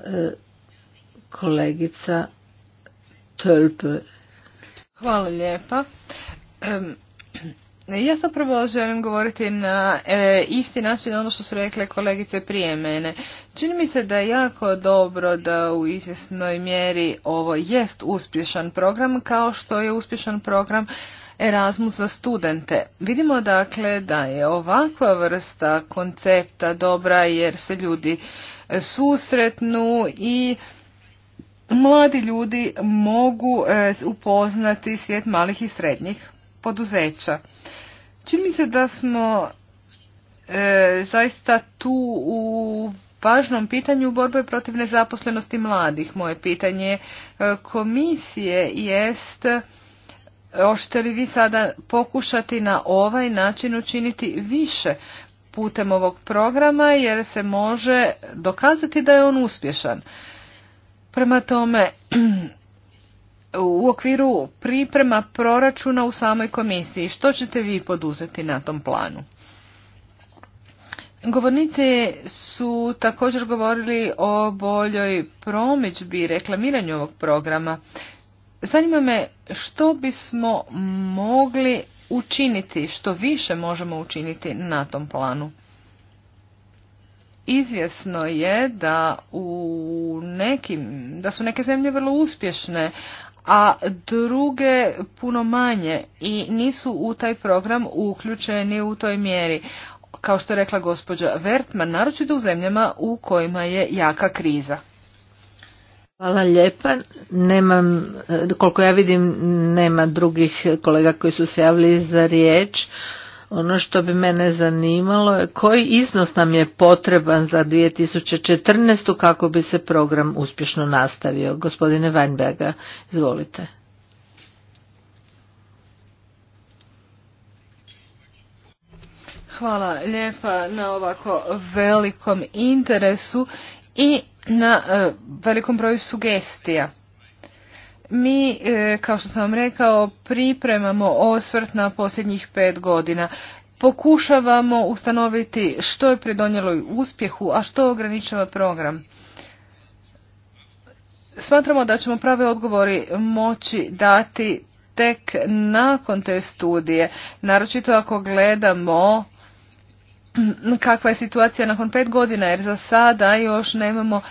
B: E, kolegica Tölpe.
C: Hvala lijepa. Ja zapravo želim govoriti na e, isti način ono što su rekle kolegice prije mene. Čini mi se da je jako dobro da u izvjesnoj mjeri ovo jest uspješan program kao što je uspješan program Erasmus za studente. Vidimo dakle da je ovakva vrsta koncepta dobra jer se ljudi susretnu i mladi ljudi mogu e, upoznati svijet malih i srednjih poduzeća. Čini mi se da smo e, zaista tu u važnom pitanju borbe protiv nezaposlenosti mladih. Moje pitanje e, komisije jest hoćete li vi sada pokušati na ovaj način učiniti više putem ovog programa jer se može dokazati da je on uspješan. Prema tome, u okviru priprema proračuna u samoj komisiji. Što ćete vi poduzeti na tom planu? Govornice su također govorili o boljoj i reklamiranju ovog programa. Zanima me što bismo mogli učiniti, što više možemo učiniti na tom planu. Izvjesno je da u nekim, da su neke zemlje vrlo uspješne, a druge puno manje i nisu u taj program uključeni u toj mjeri. Kao što je rekla gospođa Vertman, naročito u zemljama u kojima je jaka kriza. Hvala lijepa. Nemam,
B: koliko ja vidim, nema drugih kolega koji su se javili za riječ. Ono što bi mene zanimalo je koji iznos nam je potreban za 2014. kako bi se program uspješno nastavio. Gospodine Weinberga,
C: izvolite. Hvala lijepa na ovako velikom interesu i na e, velikom broju sugestija. Mi, e, kao što sam vam rekao, pripremamo osvrt na posljednjih pet godina. Pokušavamo ustanoviti što je pridonjelo uspjehu, a što ograničava program. Smatramo da ćemo prave odgovori moći dati tek nakon te studije, naročito ako gledamo kakva je situacija nakon pet godina, jer za sada još nemamo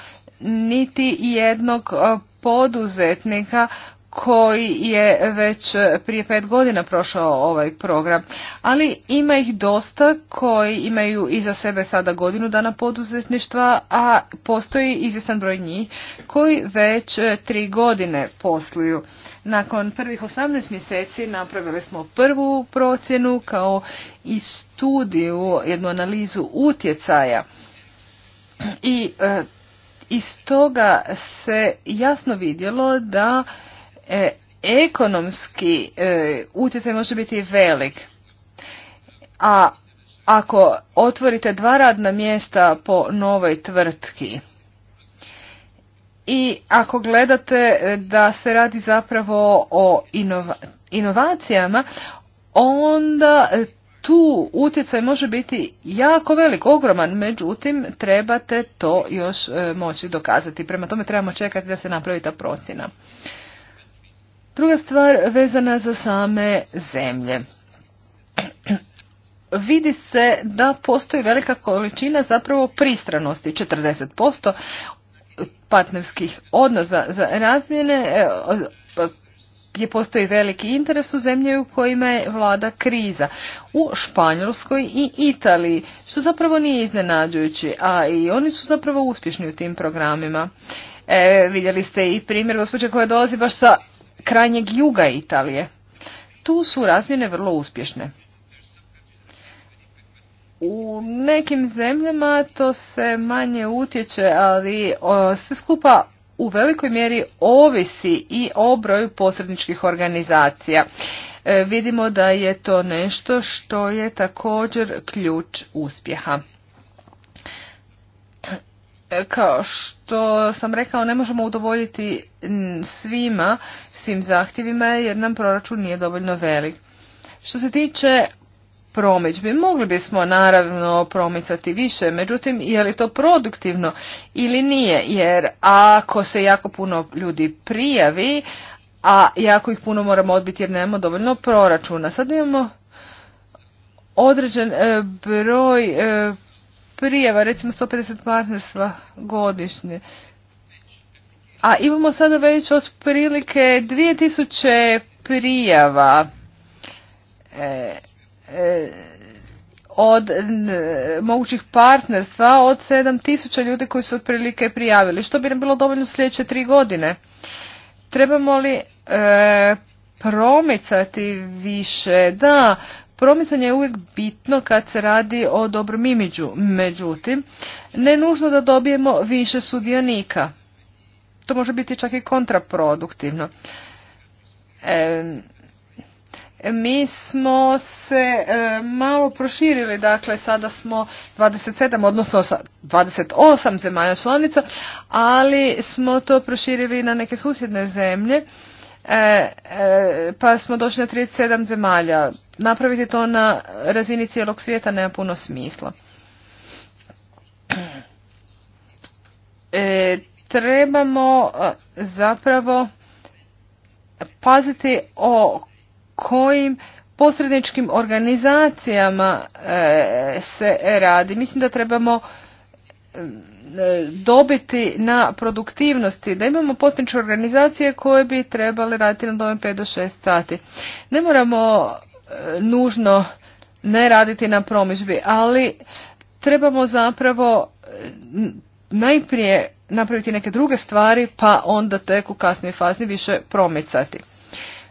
C: niti jednog poduzetnika koji je već prije pet godina prošao ovaj program. Ali ima ih dosta koji imaju iza sebe sada godinu dana poduzetništva, a postoji izvjestan broj njih koji već e, tri godine posluju. Nakon prvih 18 mjeseci napravili smo prvu procjenu kao i studiju, jednu analizu utjecaja i e, iz toga se jasno vidjelo da e, ekonomski e, utjecaj može biti velik. A ako otvorite dva radna mjesta po novoj tvrtki i ako gledate da se radi zapravo o inovacijama, onda tu utjecaj može biti jako velik, ogroman, međutim trebate to još e, moći dokazati. Prema tome trebamo čekati da se napravi ta procjena. Druga stvar vezana za same zemlje. Vidi se da postoji velika količina zapravo pristranosti, 40% partnerskih odnosa za razmjene e, gdje postoji veliki interes u zemlje u kojima je vlada kriza. U Španjolskoj i Italiji, što zapravo nije iznenađujući, a i oni su zapravo uspješni u tim programima. E, vidjeli ste i primjer gospođe koja dolazi baš sa krajnjeg juga Italije. Tu su razmjene vrlo uspješne. U nekim zemljama to se manje utječe, ali sve skupa u velikoj mjeri ovisi i o broju posredničkih organizacija. E, vidimo da je to nešto što je također ključ uspjeha. E, kao što sam rekao, ne možemo udovoljiti svima, svim zahtjevima jer nam proračun nije dovoljno velik. Što se tiče promidžbi. Mogli bismo naravno promicati više, međutim je li to produktivno ili nije, jer ako se jako puno ljudi prijavi, a jako ih puno moramo odbiti jer nemamo dovoljno proračuna. Sad imamo određen e, broj e, prijava, recimo 150 partnerstva godišnje. A imamo sada već otprilike 2000 prijava. E, E, od mogućih partnerstva od 7000 ljudi koji su otprilike prijavili. Što bi nam bilo dovoljno sljedeće tri godine? Trebamo li e, promicati više? Da, promicanje je uvijek bitno kad se radi o dobrom imidžu. Međutim, ne nužno da dobijemo više sudionika. To može biti čak i kontraproduktivno. E, mi smo se e, malo proširili, dakle sada smo 27, odnosno 28 zemalja članica, ali smo to proširili na neke susjedne zemlje, e, e, pa smo došli na 37 zemalja. Napraviti to na razini cijelog svijeta nema puno smisla. Trebamo zapravo paziti o kojim posredničkim organizacijama e, se radi. Mislim da trebamo e, dobiti na produktivnosti, da imamo posredničke organizacije koje bi trebale raditi na dome 5 do 6 sati. Ne moramo e, nužno ne raditi na promižbi, ali trebamo zapravo najprije napraviti neke druge stvari, pa onda tek u kasnije fazi više promicati.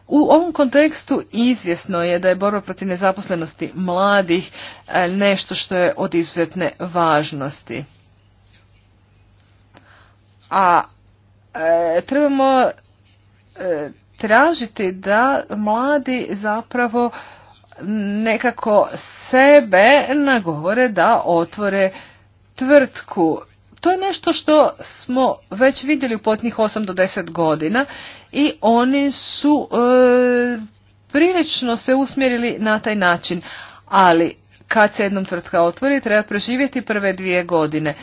C: U ovom kontekstu izvjesno je da je borba protiv nezaposlenosti mladih e, nešto što je od izuzetne važnosti. A e, trebamo e, tražiti da mladi zapravo nekako sebe nagovore da otvore tvrtku to je nešto što smo već vidjeli u posljednjih 8 do 10 godina i oni su e, prilično se usmjerili na taj način. Ali kad se jednom tvrtka otvori treba preživjeti prve dvije godine.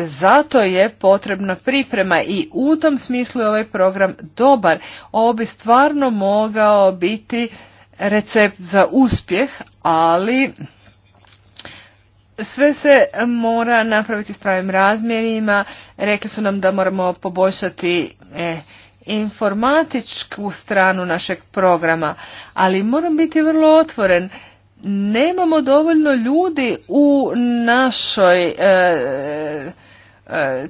C: Zato je potrebna priprema i u tom smislu je ovaj program dobar. Ovo bi stvarno mogao biti recept za uspjeh, ali sve se mora napraviti s pravim razmjerima. Rekli su nam da moramo poboljšati e, informatičku stranu našeg programa, ali moram biti vrlo otvoren. Nemamo dovoljno ljudi u našoj e, e,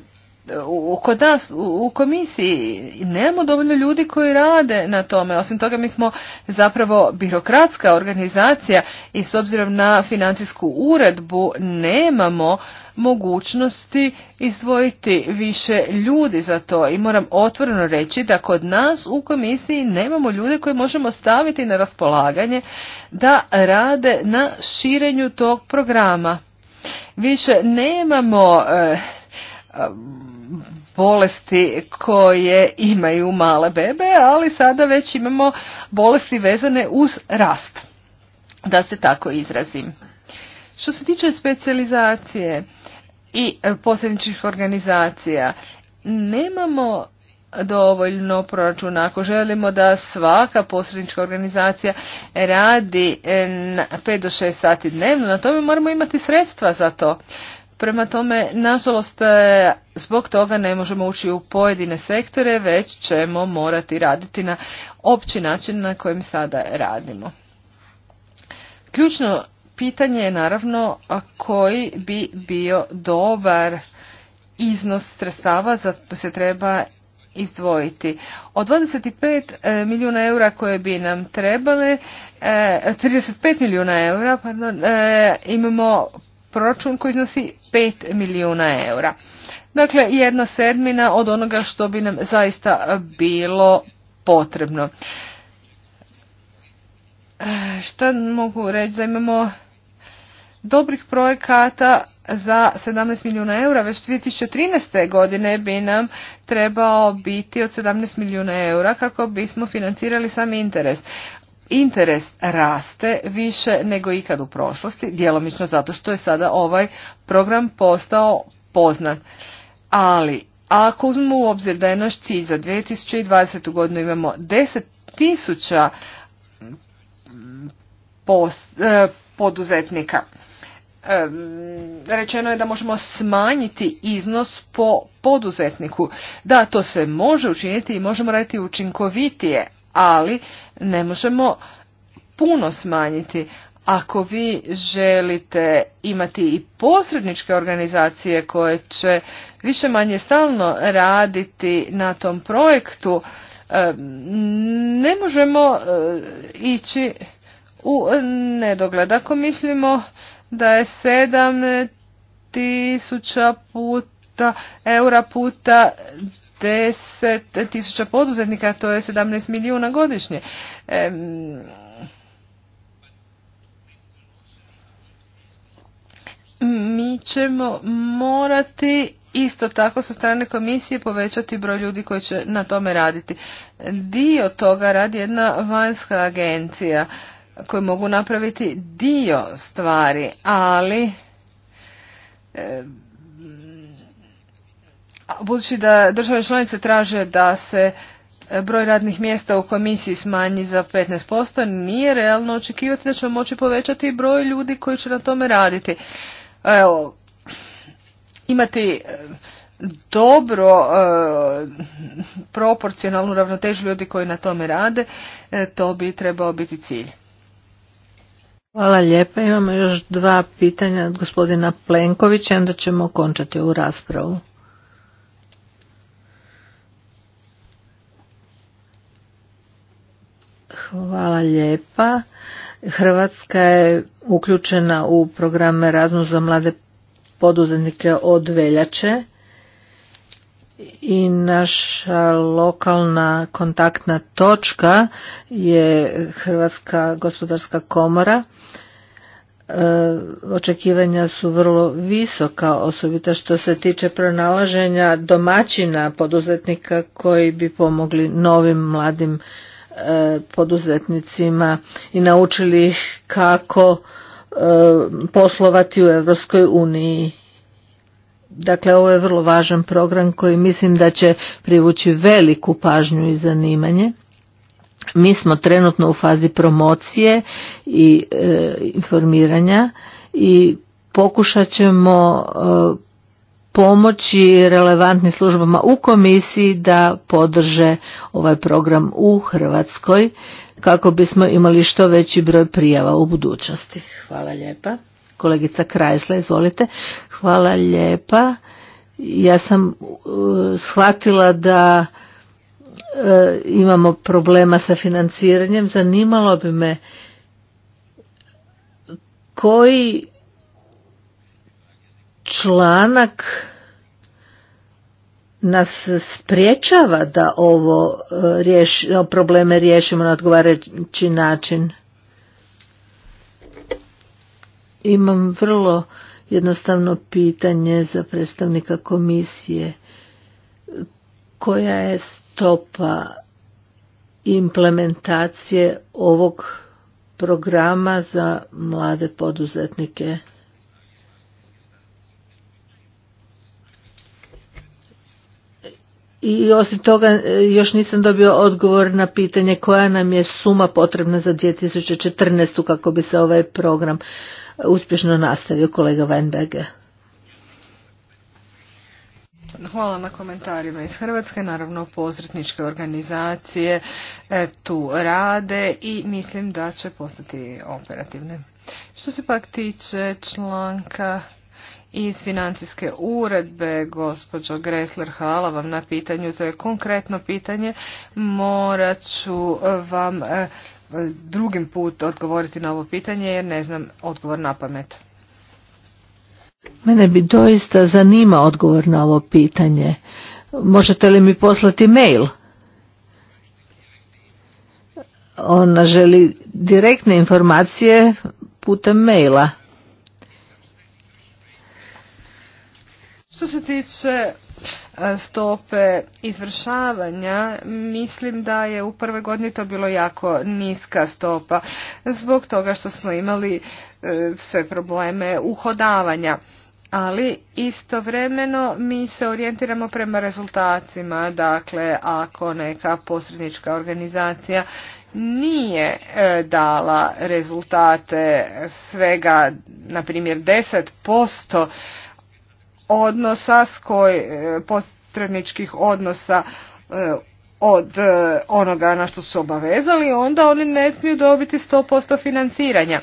C: u, kod nas u, komisiji nemamo dovoljno ljudi koji rade na tome. Osim toga mi smo zapravo birokratska organizacija i s obzirom na financijsku uredbu nemamo mogućnosti izdvojiti više ljudi za to i moram otvoreno reći da kod nas u komisiji nemamo ljude koje možemo staviti na raspolaganje da rade na širenju tog programa. Više nemamo eh, bolesti koje imaju male bebe, ali sada već imamo bolesti vezane uz rast, da se tako izrazim. Što se tiče specijalizacije i e, posredničkih organizacija, nemamo dovoljno proračuna. Ako želimo da svaka posrednička organizacija radi 5 e, do 6 sati dnevno, na tome moramo imati sredstva za to. Prema tome, nažalost, e, zbog toga ne možemo ući u pojedine sektore, već ćemo morati raditi na opći način na kojem sada radimo. Ključno pitanje je naravno koji bi bio dobar iznos sredstava za to se treba izdvojiti. Od 25 e, milijuna eura koje bi nam trebale, 35 e, milijuna eura, pardon, imamo proračun koji iznosi 5 milijuna eura. Dakle, jedna sedmina od onoga što bi nam zaista bilo potrebno. E, šta mogu reći da imamo dobrih projekata za 17 milijuna eura, već 2013. godine bi nam trebao biti od 17 milijuna eura kako bismo financirali sam interes interes raste više nego ikad u prošlosti, djelomično zato što je sada ovaj program postao poznat. Ali ako uzmemo u obzir da je naš cilj za 2020. godinu imamo 10.000 mm, e, poduzetnika, e, rečeno je da možemo smanjiti iznos po poduzetniku. Da, to se može učiniti i možemo raditi učinkovitije, ali ne možemo puno smanjiti. Ako vi želite imati i posredničke organizacije koje će više manje stalno raditi na tom projektu, e, ne možemo e, ići u nedogled. Ako mislimo da je 7 puta eura puta 10 tisuća poduzetnika, to je 17 milijuna godišnje. mi ćemo morati isto tako sa strane komisije povećati broj ljudi koji će na tome raditi. Dio toga radi jedna vanjska agencija koji mogu napraviti dio stvari, ali budući da države članice traže da se e, broj radnih mjesta u komisiji smanji za 15%, nije realno očekivati da ćemo moći povećati broj ljudi koji će na tome raditi. Evo, imati e, dobro e, proporcionalnu ravnotežu ljudi koji na tome rade, to bi trebao biti cilj.
B: Hvala lijepa. Imamo još dva pitanja od gospodina Plenkovića, onda ćemo končati ovu raspravu. Hvala lijepa. Hrvatska je uključena u programe Erasmus za mlade poduzetnike od veljače i naša lokalna kontaktna točka je Hrvatska gospodarska komora. E, očekivanja su vrlo visoka, osobito što se tiče pronalaženja domaćina poduzetnika koji bi pomogli novim mladim poduzetnicima i naučili ih kako e, poslovati u Europskoj uniji. Dakle, ovo je vrlo važan program koji mislim da će privući veliku pažnju i zanimanje. Mi smo trenutno u fazi promocije i e, informiranja i pokušat ćemo e, pomoći relevantnim službama u komisiji da podrže ovaj program u Hrvatskoj kako bismo imali što veći broj prijava u budućnosti. Hvala lijepa. Kolegica Krajsla, izvolite. Hvala lijepa. Ja sam uh, shvatila da uh, imamo problema sa financiranjem. Zanimalo bi me koji članak nas spriječava da ovo e, probleme riješimo na odgovarajući način. Imam vrlo jednostavno pitanje za predstavnika komisije. Koja je stopa implementacije ovog programa za mlade poduzetnike? i osim toga e, još nisam dobio odgovor na pitanje koja nam je suma potrebna za 2014. kako bi se ovaj program uspješno nastavio kolega Weinberger.
C: Hvala na komentarima iz Hrvatske. Naravno, pozretničke organizacije e, tu rade i mislim da će postati operativne. Što se pak tiče članka iz financijske uredbe, gospođo Gressler hvala vam na pitanju, to je konkretno pitanje, morat ću eh, vam eh, drugim put odgovoriti na ovo pitanje jer ne znam odgovor na pamet.
B: Mene bi doista zanima odgovor na ovo pitanje. Možete li mi poslati mail? Ona želi direktne informacije putem maila.
C: Što se tiče e, stope izvršavanja, mislim da je u prvoj godini to bilo jako niska stopa zbog toga što smo imali e, sve probleme uhodavanja. Ali istovremeno mi se orijentiramo prema rezultatima, dakle ako neka posrednička organizacija nije e, dala rezultate svega, na primjer 10% odnosa, s e, posredničkih odnosa e, od e, onoga na što su obavezali, onda oni ne smiju dobiti 100% financiranja.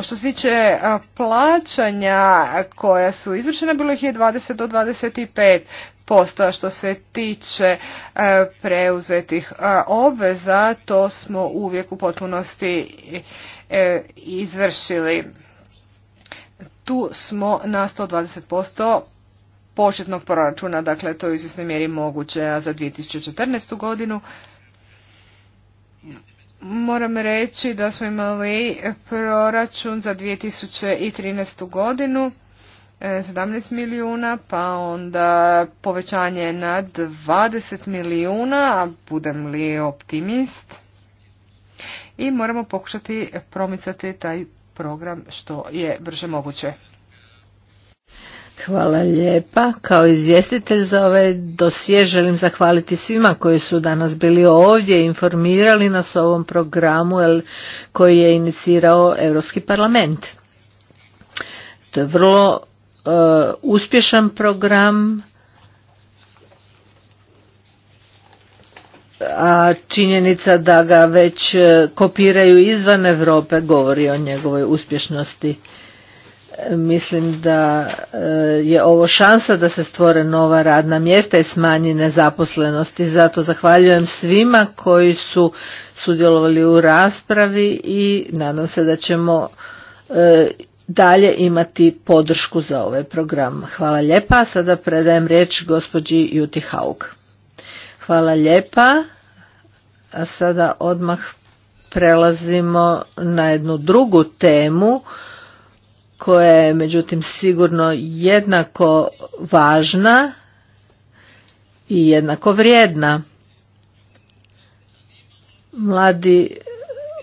C: Što se tiče plaćanja koja su izvršena, bilo ih je 20 do 25 posto. Što se tiče preuzetih obveza, to smo uvijek u potpunosti izvršili tu smo na 120% početnog proračuna, dakle to je u izvjesnoj mjeri moguće, a za 2014. godinu moram reći da smo imali proračun za 2013. godinu 17 e, milijuna, pa onda povećanje na 20 milijuna, budem li optimist. I moramo pokušati promicati taj program što je brže moguće.
B: Hvala lijepa. Kao izvjestitelj za ovaj dosje želim zahvaliti svima koji su danas bili ovdje i informirali nas o ovom programu koji je inicirao Europski parlament. To je vrlo e, uspješan program a činjenica da ga već e, kopiraju izvan Europe govori o njegovoj uspješnosti. E, mislim da e, je ovo šansa da se stvore nova radna mjesta i smanji nezaposlenost i zato zahvaljujem svima koji su sudjelovali u raspravi i nadam se da ćemo dalje imati podršku za ovaj program. Hvala lijepa, sada predajem riječ gospođi Juti Haug. Hvala lijepa. A sada odmah prelazimo na jednu drugu temu koja je međutim sigurno jednako važna i jednako vrijedna. Mladi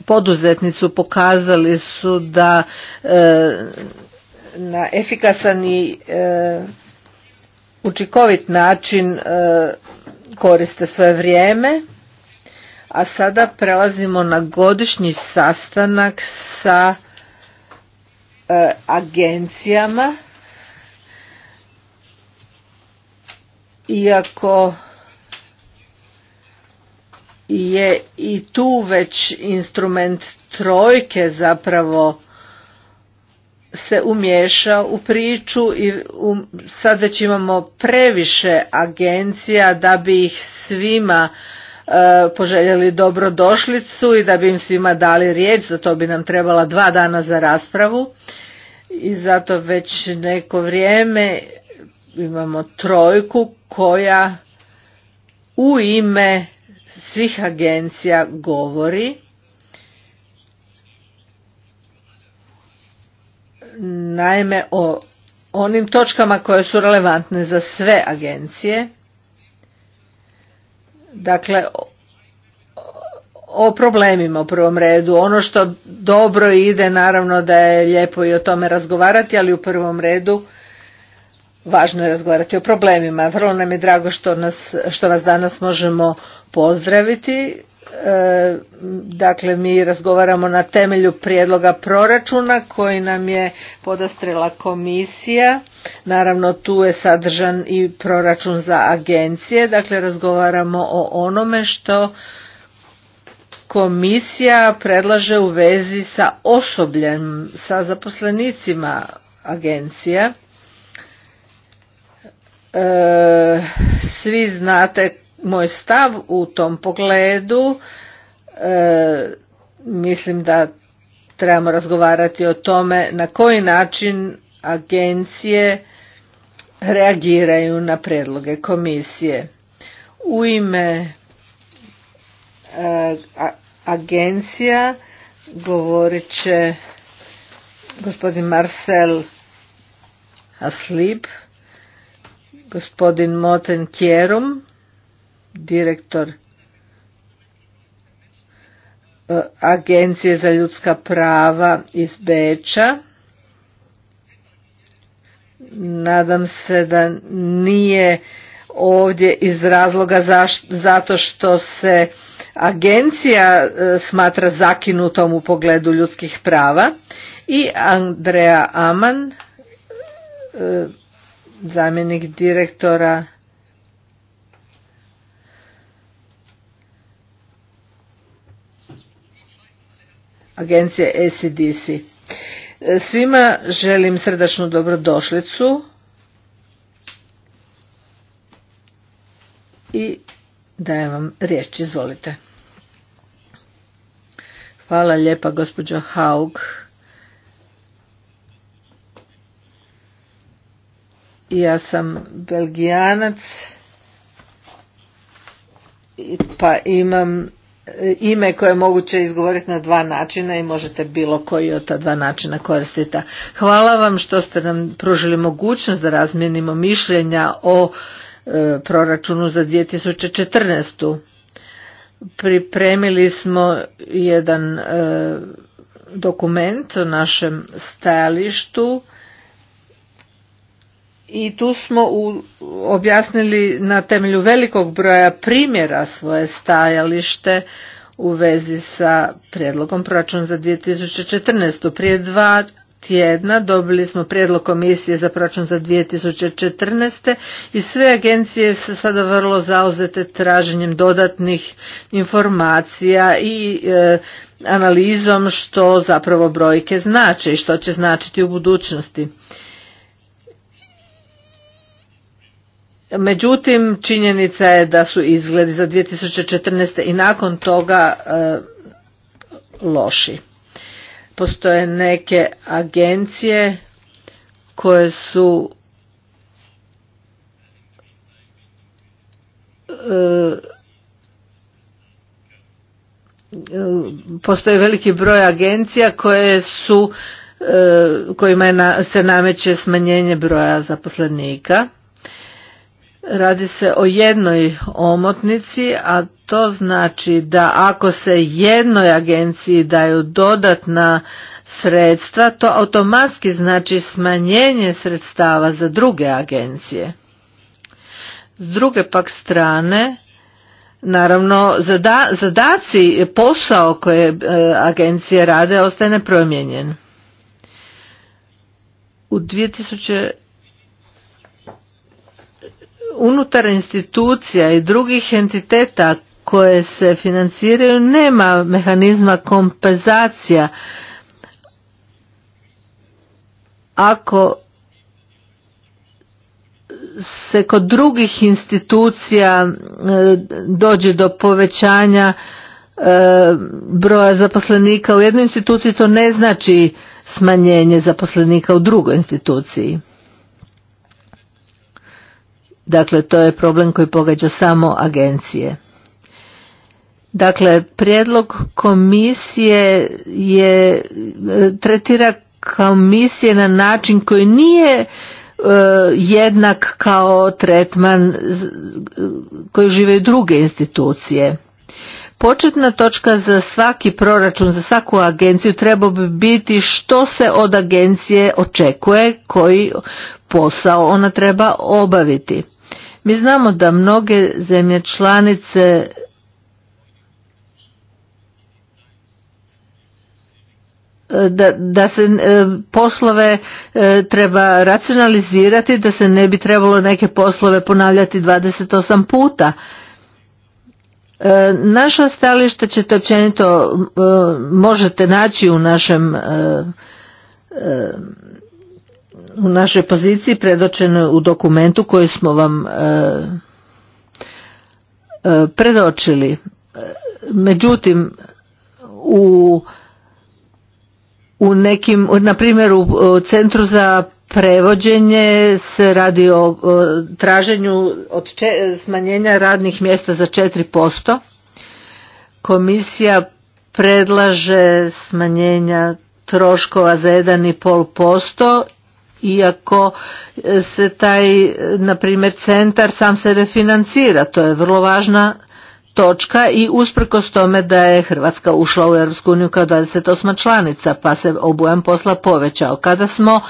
B: poduzetnicu pokazali su da e, na efikasan i e, učinkovit način e, koriste svoje vrijeme a sada prelazimo na godišnji sastanak sa e, agencijama. Iako je i tu već instrument trojke zapravo se umješa u priču i sad već imamo previše agencija da bi ih svima E, poželjeli dobrodošlicu i da bi im svima dali riječ, za to bi nam trebala dva dana za raspravu i zato već neko vrijeme imamo trojku koja u ime svih agencija govori naime o onim točkama koje su relevantne za sve agencije Dakle, o problemima u prvom redu. Ono što dobro ide, naravno da je lijepo i o tome razgovarati, ali u prvom redu važno je razgovarati o problemima. Vrlo nam je drago što, nas, što vas danas možemo pozdraviti. E, dakle, mi razgovaramo na temelju prijedloga proračuna koji nam je podastrela komisija Naravno tu je sadržan i proračun za agencije, dakle razgovaramo o onome što komisija predlaže u vezi sa osobljem, sa zaposlenicima agencija. E, svi znate moj stav u tom pogledu. E, mislim da trebamo razgovarati o tome na koji način agencije reagiraju na predloge komisije. U ime eh, agencija govorit će gospodin Marcel Aslip, gospodin Moten Kjerum, direktor eh, Agencije za ljudska prava iz Beča, nadam se da nije ovdje iz razloga zato što se agencija e, smatra zakinutom u pogledu ljudskih prava i Andrea Aman e, zamjenik direktora agencije ACDC. E, svima želim srdačnu dobrodošlicu i dajem vam riječ, izvolite. Hvala lijepa gospođo Haug. Ja sam belgijanac pa imam E, ime koje je moguće izgovoriti na dva načina i možete bilo koji od ta dva načina koristiti. Hvala vam što ste nam pružili mogućnost da razmijenimo mišljenja o e, proračunu za 2014. Pripremili smo jedan e, dokument o našem stajalištu i tu smo objasnili na temelju velikog broja primjera svoje stajalište u vezi sa prijedlogom proračuna za 2014. Prije dva tjedna dobili smo prijedlog komisije za proračun za 2014. i sve agencije su sada vrlo zauzete traženjem dodatnih informacija i e, analizom što zapravo brojke znače i što će značiti u budućnosti. Međutim, činjenica je da su izgledi za 2014. i nakon toga e, loši. Postoje neke agencije koje su e, e postoji veliki broj agencija koje su e, kojima je se nameće smanjenje broja zaposlenika Radi se o jednoj omotnici, a to znači da ako se jednoj agenciji daju dodatna sredstva, to automatski znači smanjenje sredstava za druge agencije. S druge pak strane, naravno, zadaci, posao koje e, agencije rade ostane promjenjen. U 2000 unutar institucija i drugih entiteta koje se financiraju nema mehanizma kompenzacija ako se kod drugih institucija e, dođe do povećanja e, broja zaposlenika u jednoj instituciji to ne znači smanjenje zaposlenika u drugoj instituciji Dakle, to je problem koji pogađa samo agencije. Dakle, prijedlog komisije je e, tretira komisije na način koji nije e, jednak kao tretman e, koji žive druge institucije. Početna točka za svaki proračun, za svaku agenciju treba bi biti što se od agencije očekuje, koji posao ona treba obaviti. Mi znamo da mnoge zemlje članice Da, da se e, poslove e, treba racionalizirati, da se ne bi trebalo neke poslove ponavljati 28 puta. E, naša stališta ćete općenito e, možete naći u našem e, u našoj poziciji predočeno u dokumentu koji smo vam predočili. Međutim, u u nekim, na primjer u Centru za prevođenje se radi o traženju od smanjenja radnih mjesta za 4%. Komisija predlaže smanjenja troškova za 1,5% iako se taj, na primjer, centar sam sebe financira. To je vrlo važna točka i usprkos tome da je Hrvatska ušla u Europsku uniju kao 28. članica pa se obujam posla povećao. Kada smo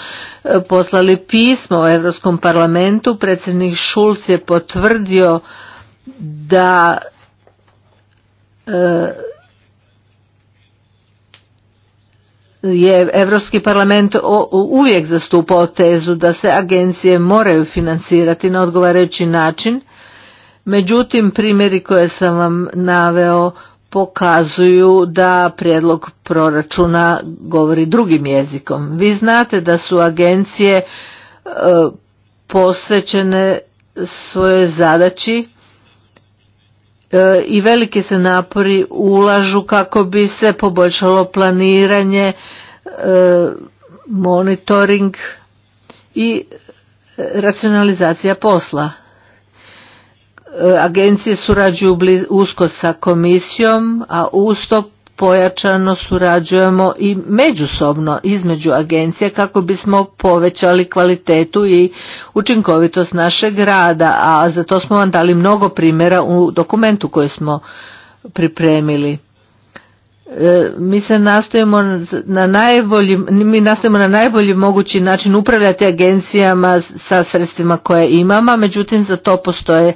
B: e, poslali pismo u Europskom parlamentu predsjednik Šulc je potvrdio da e, je Europski parlament uvijek zastupao tezu da se agencije moraju financirati na odgovarajući način Međutim, primjeri koje sam vam naveo pokazuju da prijedlog proračuna govori drugim jezikom. Vi znate da su agencije e, posvećene svojoj zadaći e, i veliki se napori ulažu kako bi se poboljšalo planiranje, e, monitoring i racionalizacija posla. E, agencije surađuju usko sa komisijom, a ustop pojačano surađujemo i međusobno između agencije kako bismo povećali kvalitetu i učinkovitost našeg rada, a za to smo vam dali mnogo primjera u dokumentu koji smo pripremili. E, mi se nastojimo na najbolji, mi nastojimo na najbolji mogući način upravljati agencijama sa sredstvima koje imamo, međutim za to postoje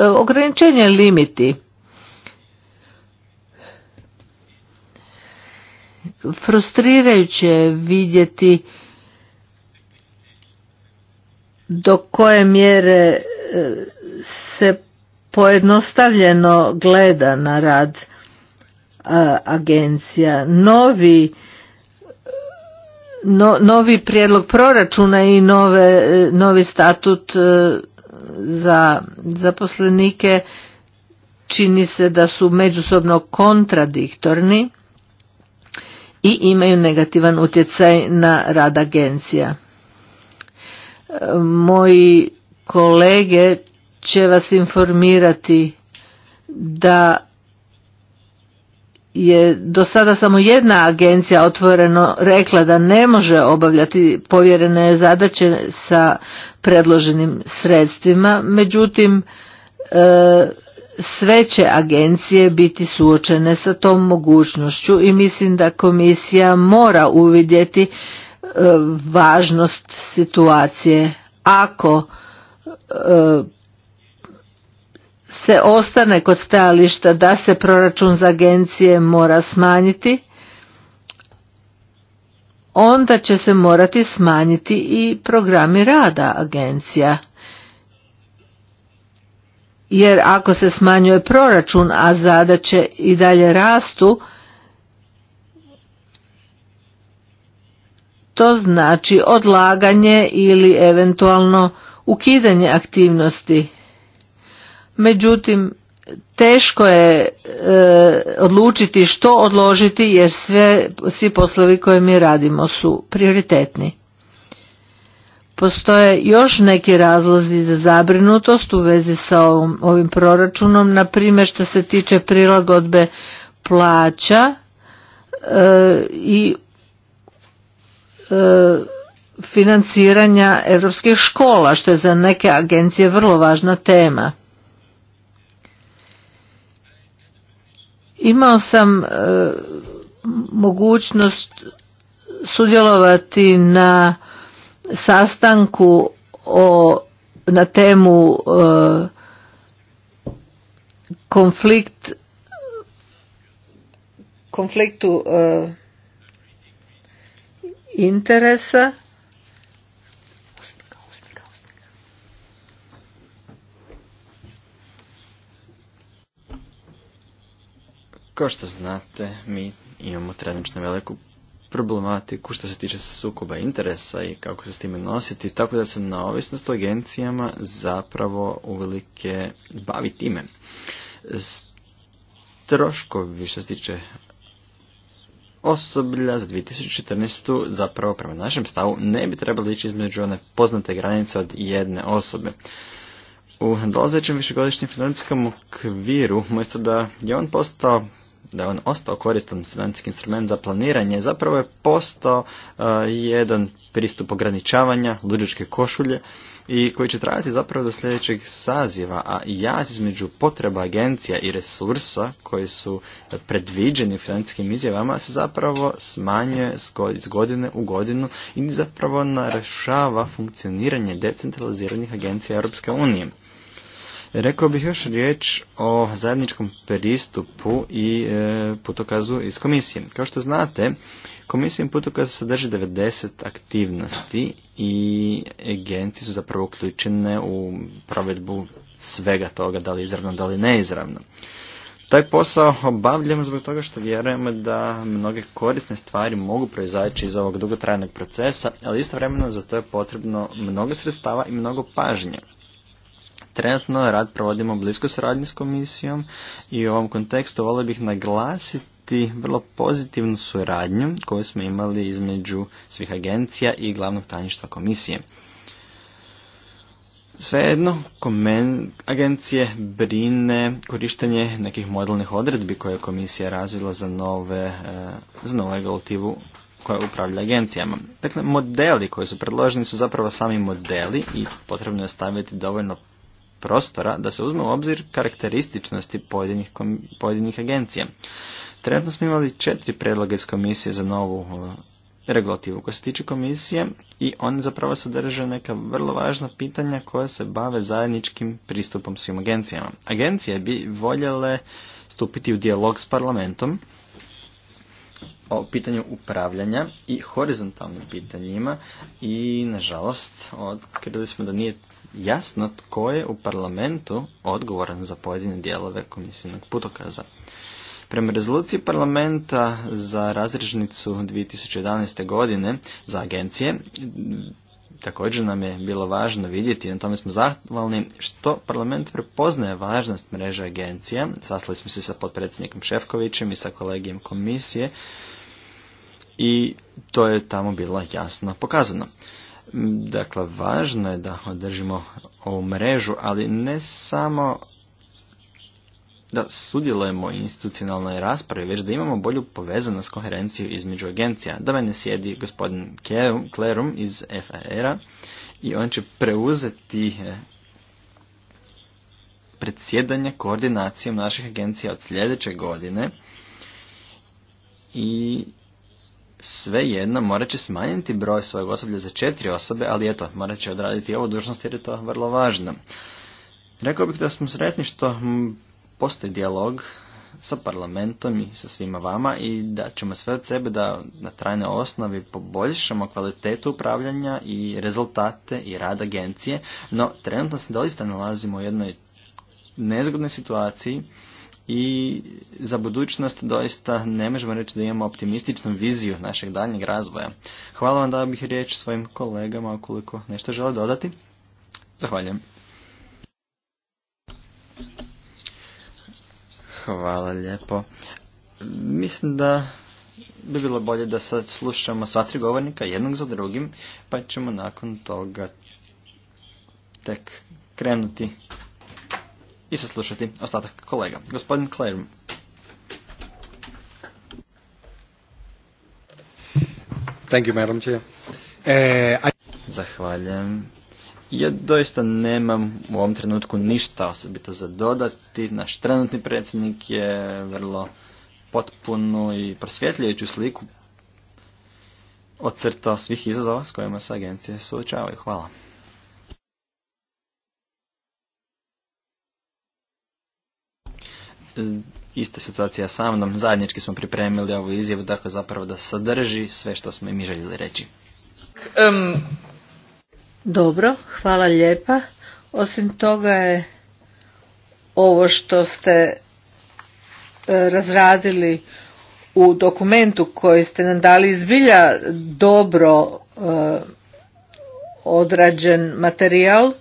B: E, ograničenje limiti. Frustrirajuće vidjeti do koje mjere e, se pojednostavljeno gleda na rad agencija. Novi novi prijedlog proračuna i nove, e, novi statut za zaposlenike čini se da su međusobno kontradiktorni i imaju negativan utjecaj na rad agencija. E, moji kolege će vas informirati da je do sada samo jedna agencija otvoreno rekla da ne može obavljati povjerene zadaće sa predloženim sredstvima, međutim e, sve će agencije biti suočene sa tom mogućnošću i mislim da komisija mora uvidjeti e, važnost situacije ako e, se ostane kod stajališta da se proračun za agencije mora smanjiti, onda će se morati smanjiti i programi rada agencija. Jer ako se smanjuje proračun, a zadaće i dalje rastu, to znači odlaganje ili eventualno ukidanje aktivnosti međutim teško je e, odlučiti što odložiti jer svi poslovi koje mi radimo su prioritetni. Postoje još neki razlozi za zabrinutost u vezi sa ovim proračunom, na primjer što se tiče prilagodbe plaća e, i e, financiranja europskih škola, što je za neke agencije vrlo važna tema. Imao sam e, mogućnost sudjelovati na sastanku na temu e, konfliktu e, interesa
E: Kao što znate, mi imamo trenutno veliku problematiku što se tiče sukoba interesa i kako se s time nositi, tako da se neovisnost o agencijama zapravo uvelike bavi time. Troškovi što se tiče osoblja za 2014. zapravo prema našem stavu ne bi trebali ići između one poznate granice od jedne osobe. U dolazećem višegodišnjem financijskom okviru, umjesto da je on postao da je on ostao koristan financijski instrument za planiranje, zapravo je postao e, jedan pristup ograničavanja ludičke košulje i koji će trajati zapravo do sljedećeg saziva, a jaz između potreba agencija i resursa koji su predviđeni u financijskim izjavama se zapravo smanjuje iz godine u godinu i zapravo narešava funkcioniranje decentraliziranih agencija Europske unije. Rekao bih još riječ o zajedničkom pristupu i e, putokazu iz komisije. Kao što znate, komisija putokaz sadrži 90 aktivnosti i agencije su zapravo uključene u provedbu svega toga, da li izravno, da li neizravno. Taj posao obavljamo zbog toga što vjerujemo da mnoge korisne stvari mogu proizaći iz ovog dugotrajnog procesa, ali istovremeno za to je potrebno mnogo sredstava i mnogo pažnje trenutno rad provodimo blisko s s komisijom i u ovom kontekstu volio bih naglasiti vrlo pozitivnu suradnju koju smo imali između svih agencija i glavnog tajništva komisije. Svejedno, komen, agencije brine korištenje nekih modelnih odredbi koje je komisija razvila za, nove, e, za novu regulativu koja upravlja agencijama. Dakle, modeli koji su predloženi su zapravo sami modeli i potrebno je staviti dovoljno prostora da se uzme u obzir karakterističnosti pojedinih, pojedinih agencija. Trenutno smo imali četiri predloga iz komisije za novu uh, regulativu koja se tiče komisije i oni zapravo sadrže neka vrlo važna pitanja koja se bave zajedničkim pristupom svim agencijama. Agencije bi voljele stupiti u dijalog s parlamentom o pitanju upravljanja i horizontalnim pitanjima i nažalost otkrili smo da nije jasno tko je u parlamentu odgovoran za pojedine dijelove komisijnog putokaza. Prema rezoluciji parlamenta za razrežnicu 2011. godine za agencije, također nam je bilo važno vidjeti, i na tome smo zahvalni, što parlament prepoznaje važnost mreže agencija. Sastali smo se sa potpredsjednikom Šefkovićem i sa kolegijem komisije i to je tamo bilo jasno pokazano. Dakle, važno je da održimo ovu mrežu, ali ne samo da sudjelujemo u institucionalnoj raspravi, već da imamo bolju povezanost koherenciju između agencija. Do mene sjedi gospodin Klerum iz FAR-a i on će preuzeti eh, predsjedanje koordinacijom naših agencija od sljedeće godine i svejedno morat će smanjiti broj svojeg osoblja za četiri osobe, ali eto, morat će odraditi ovu dužnost jer je to vrlo važno. Rekao bih da smo sretni što postoji dijalog sa parlamentom i sa svima vama i da ćemo sve od sebe da na trajnoj osnovi poboljšamo kvalitetu upravljanja i rezultate i rad agencije, no trenutno se doista nalazimo u jednoj nezgodnoj situaciji i za budućnost doista ne možemo reći da imamo optimističnu viziju našeg daljnjeg razvoja. Hvala vam da bih riječ svojim kolegama ukoliko nešto žele dodati. Zahvaljujem. Hvala lijepo. Mislim da bi bilo bolje da sad slušamo sva tri govornika jednog za drugim, pa ćemo nakon toga tek krenuti i saslušati ostatak kolega. Gospodin Claire. Thank you, madam chair. Eh, I... Zahvaljujem. Ja doista nemam u ovom trenutku ništa osobito za dodati. Naš trenutni predsjednik je vrlo potpuno i prosvjetljajuću sliku ocrtao svih izazova s kojima se agencije suočavaju. Hvala. E, ista situacija sa mnom. Zajednički smo pripremili ovu izjavu, dakle zapravo da sadrži sve što smo i mi željeli reći.
B: Dobro, hvala lijepa. Osim toga je ovo što ste e, razradili u dokumentu koji ste nam dali izbilja dobro e, odrađen materijal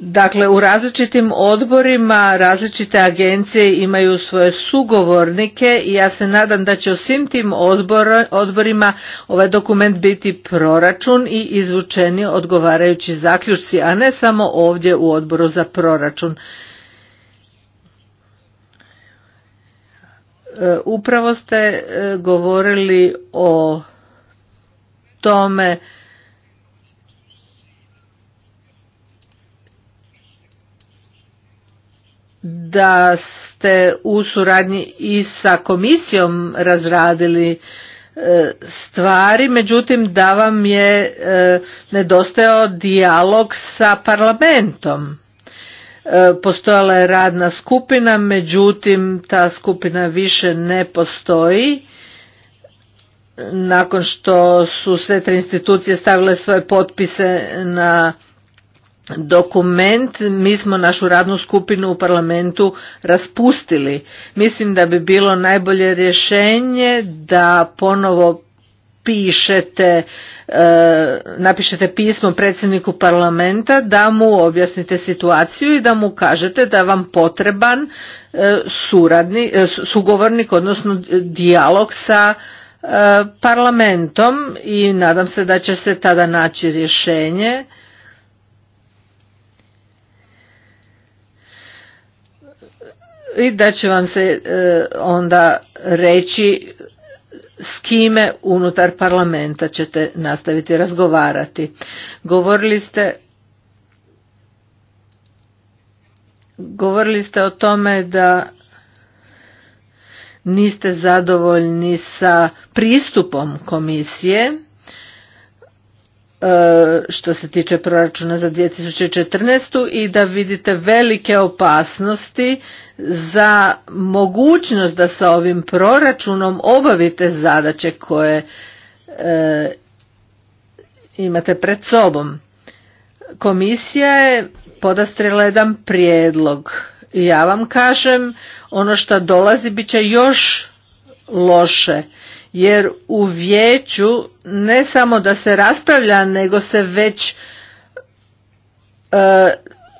B: Dakle, u različitim odborima različite agencije imaju svoje sugovornike i ja se nadam da će u svim tim odborima ovaj dokument biti proračun i izvučeni odgovarajući zaključci, a ne samo ovdje u odboru za proračun. E, upravo ste e, govorili o tome da ste u suradnji i sa komisijom razradili e, stvari, međutim da vam je e, nedostajao dijalog sa parlamentom. E, postojala je radna skupina, međutim ta skupina više ne postoji. Nakon što su sve tri institucije stavile svoje potpise na dokument mi smo našu radnu skupinu u parlamentu raspustili mislim da bi bilo najbolje rješenje da ponovo pišete e, napišete pismo predsjedniku parlamenta da mu objasnite situaciju i da mu kažete da je vam potreban e, suradni, e, sugovornik odnosno dijalog sa parlamentom i nadam se da će se tada naći rješenje i da će vam se e, onda reći s kime unutar parlamenta ćete nastaviti razgovarati. Govorili ste govorili ste o tome da niste zadovoljni sa pristupom komisije E, što se tiče proračuna za 2014. i da vidite velike opasnosti za mogućnost da sa ovim proračunom obavite zadaće koje e, imate pred sobom. Komisija je podastrila jedan prijedlog i ja vam kažem ono što dolazi bit će još loše jer u vijeću ne samo da se raspravlja nego se već e,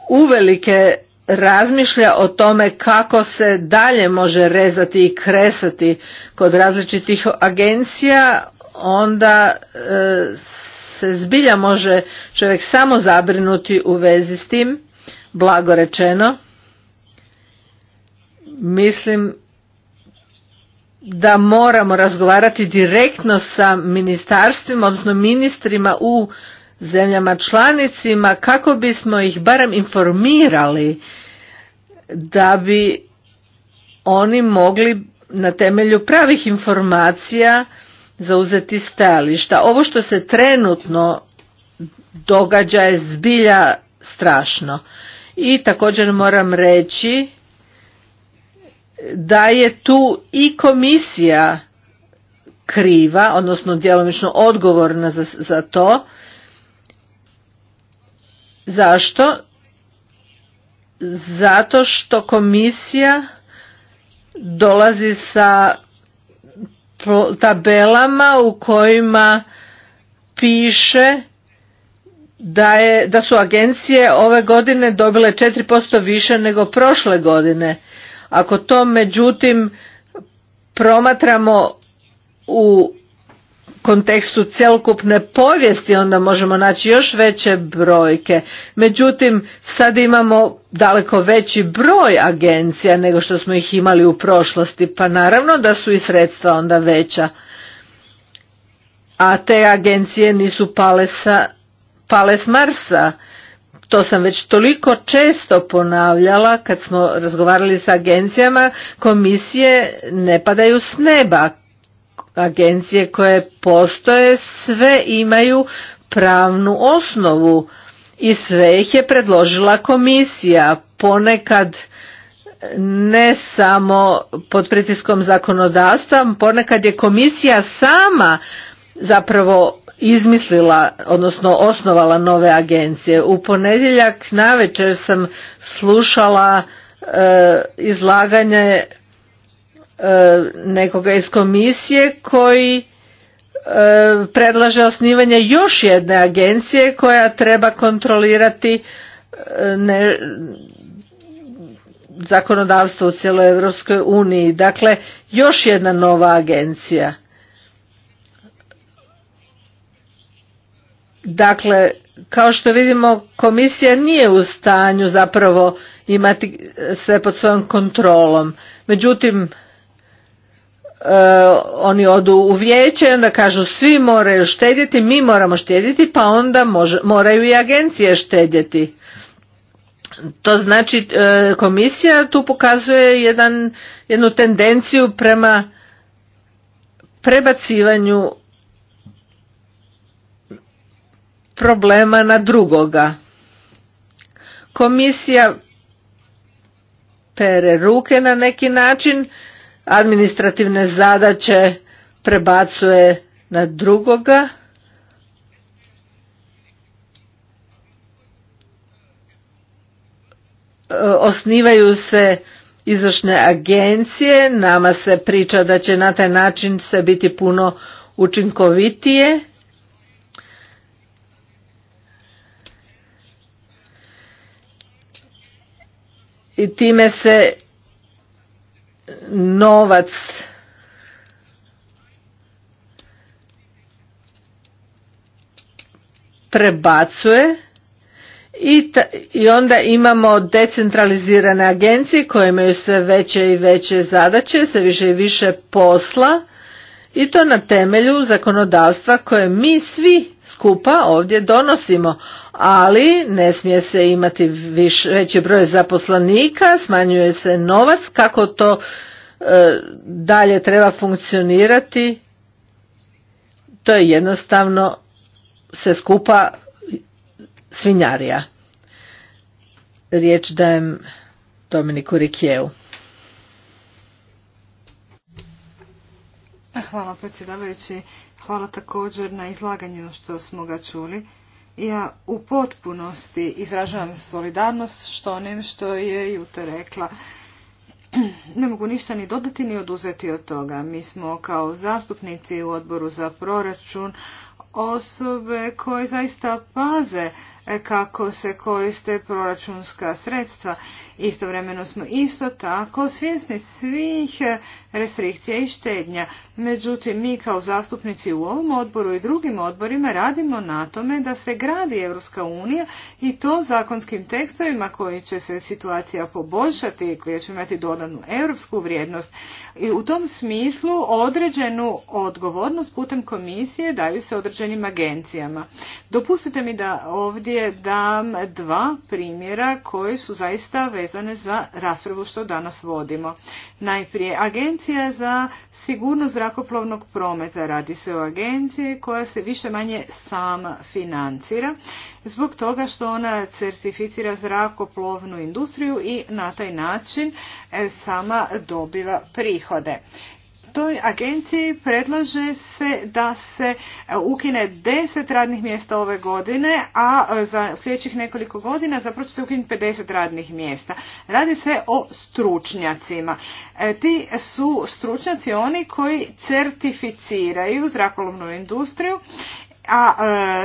B: uvelike razmišlja o tome kako se dalje može rezati i kresati kod različitih agencija onda e, se zbilja može čovjek samo zabrinuti u vezi s tim blago rečeno mislim da moramo razgovarati direktno sa ministarstvima, odnosno ministrima u zemljama članicima kako bismo ih barem informirali da bi oni mogli na temelju pravih informacija zauzeti stajališta. Ovo što se trenutno događa je zbilja strašno. I također moram reći da je tu i komisija kriva, odnosno djelomično odgovorna za, za to. Zašto? Zato što komisija dolazi sa tabelama u kojima piše da, je, da su agencije ove godine dobile 4% više nego prošle godine. Ako to međutim promatramo u kontekstu celokupne povijesti onda možemo naći još veće brojke. Međutim, sad imamo daleko veći broj agencija nego što smo ih imali u prošlosti, pa naravno da su i sredstva onda veća. A te agencije nisu pale, sa, s Marsa to sam već toliko često ponavljala kad smo razgovarali sa agencijama, komisije ne padaju s neba. Agencije koje postoje sve imaju pravnu osnovu i sve ih je predložila komisija, ponekad ne samo pod pritiskom zakonodavstva, ponekad je komisija sama zapravo izmislila, odnosno osnovala nove agencije. U ponedjeljak navečer sam slušala e, izlaganje e, nekoga iz komisije koji e, predlaže osnivanje još jedne agencije koja treba kontrolirati zakonodavstvo u cijeloj Europskoj uniji. Dakle, još jedna nova agencija. Dakle, kao što vidimo, komisija nije u stanju zapravo imati e, sve pod svojom kontrolom. Međutim, e, oni odu u vijeće i onda kažu svi moraju štedjeti, mi moramo štedjeti, pa onda moraju i agencije štedjeti. To znači e, komisija tu pokazuje jedan, jednu tendenciju prema prebacivanju problema na drugoga. Komisija pere ruke na neki način, administrativne zadaće prebacuje na drugoga. Osnivaju se izvršne agencije, nama se priča da će na taj način se biti puno učinkovitije. i time se novac prebacuje i, i onda imamo decentralizirane agencije koje imaju sve veće i veće zadaće, sve više i više posla i to na temelju zakonodavstva koje mi svi skupa ovdje donosimo ali ne smije se imati veći broj zaposlenika, smanjuje se novac, kako to e, dalje treba funkcionirati, to je jednostavno se skupa svinjarija. Riječ dajem Dominiku Rikijevu.
C: Hvala predsjedavajući, hvala također na izlaganju što smo ga čuli. Ja u potpunosti izražavam solidarnost što onim što je Jute rekla. Ne mogu ništa ni dodati ni oduzeti od toga. Mi smo kao zastupnici u odboru za proračun osobe koje zaista paze E, kako se koriste proračunska sredstva. Istovremeno smo isto tako svjesni svih e, restrikcija i štednja. Međutim, mi kao zastupnici u ovom odboru i drugim odborima radimo na tome da se gradi Europska unija i to zakonskim tekstovima koji će se situacija poboljšati i koji će imati dodanu europsku vrijednost. I u tom smislu određenu odgovornost putem komisije daju se određenim agencijama. Dopustite mi da ovdje je dam dva primjera koji su zaista vezane za raspravu što danas vodimo. Najprije Agencija za sigurnost zrakoplovnog prometa. Radi se o agenciji koja se više manje sama financira zbog toga što ona certificira zrakoplovnu industriju i na taj način e, sama dobiva prihode toj agenciji predlaže se da se e, ukine deset radnih mjesta ove godine, a e, za sljedećih nekoliko godina zapravo će se ukinuti 50 radnih mjesta. Radi se o stručnjacima. E, ti su stručnjaci oni koji certificiraju zrakolovnu industriju a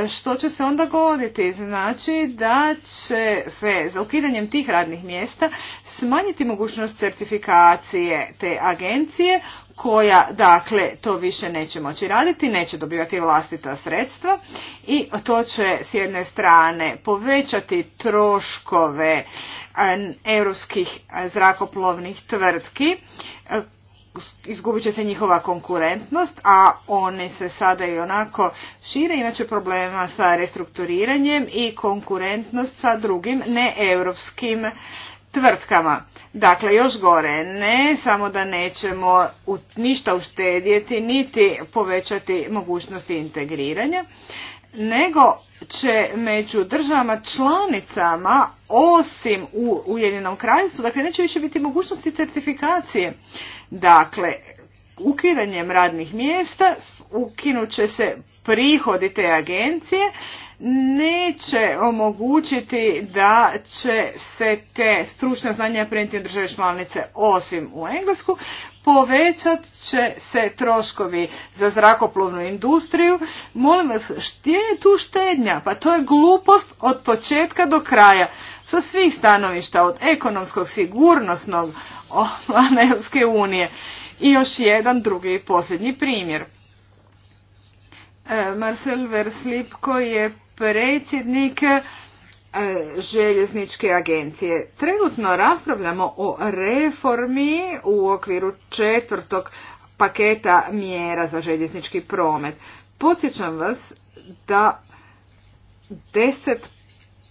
C: e, što će se onda goditi? Znači da će se za ukidanjem tih radnih mjesta smanjiti mogućnost certifikacije te agencije koja dakle to više neće moći raditi, neće dobivati vlastita sredstva i to će s jedne strane povećati troškove europskih zrakoplovnih tvrtki izgubit će se njihova konkurentnost, a one se sada i onako šire, imat će problema sa restrukturiranjem i konkurentnost sa drugim neeuropskim tvrtkama. Dakle, još gore, ne samo da nećemo ništa uštedjeti, niti povećati mogućnosti integriranja, nego će među državama članicama osim u Ujedinjenom kraljevstvu, dakle neće više biti mogućnosti certifikacije. Dakle, ukidanjem radnih mjesta ukinut će se prihodi te agencije, neće omogućiti da će se te stručne znanja prenijeti države članice osim u Englesku, povećat će se troškovi za zrakoplovnu industriju. Molim vas, gdje je tu štednja? Pa to je glupost od početka do kraja. Sa svih stanovišta, od ekonomskog, sigurnosnog, plana Europske unije. I još jedan drugi i posljednji primjer. E, Marcel Verslip koji je predsjednik E, željezničke agencije. Trenutno raspravljamo o reformi u okviru četvrtog paketa mjera za željeznički promet. Podsjećam vas da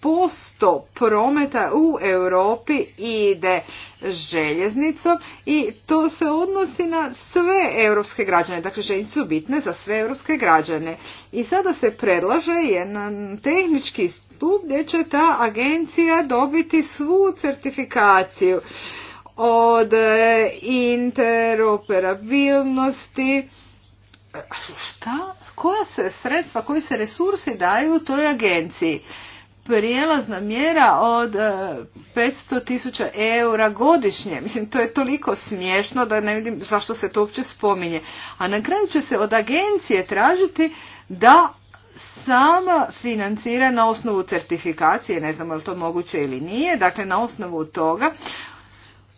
C: posto prometa u Europi ide željeznicom i to se odnosi na sve europske građane. Dakle, željeznice su bitne za sve europske građane. I sada se predlaže jedan tehnički stup gdje će ta agencija dobiti svu certifikaciju od e, interoperabilnosti, šta, koja se sredstva, koji se resursi daju u toj agenciji prijelazna mjera od 500 e, tisuća eura godišnje. Mislim, to je toliko smiješno da ne vidim zašto se to uopće spominje. A na kraju će se od agencije tražiti da sama financira na osnovu certifikacije, ne znam je li to moguće ili nije, dakle na osnovu toga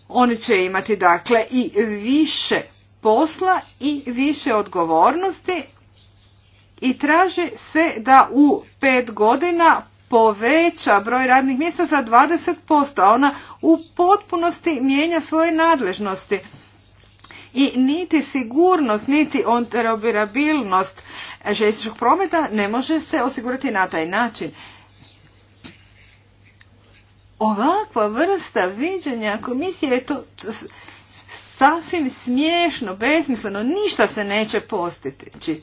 C: oni će imati dakle i više posla i više odgovornosti i traži se da u pet godina poveća broj radnih mjesta za 20%, a ona u potpunosti mijenja svoje nadležnosti. I niti sigurnost, niti interoperabilnost željezničkog prometa ne može se osigurati na taj način. Ovakva vrsta viđenja komisije je to sasvim smiješno, besmisleno, ništa se neće postići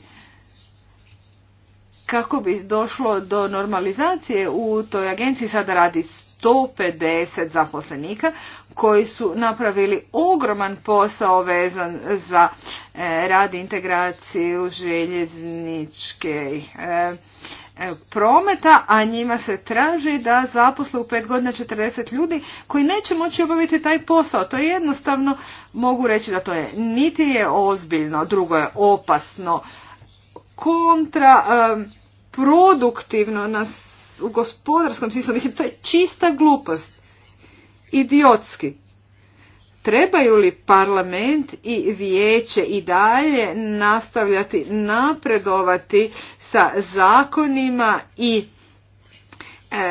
C: kako bi došlo do normalizacije u toj agenciji sada radi 150 zaposlenika koji su napravili ogroman posao vezan za e, rad integraciju željezničke e, e, prometa, a njima se traži da zaposle u pet godina 40 ljudi koji neće moći obaviti taj posao. To je jednostavno, mogu reći da to je niti je ozbiljno, drugo je opasno, kontra produktivno u gospodarskom smislu. Mislim, to je čista glupost. Idiotski. Trebaju li parlament i vijeće i dalje nastavljati napredovati sa zakonima i e,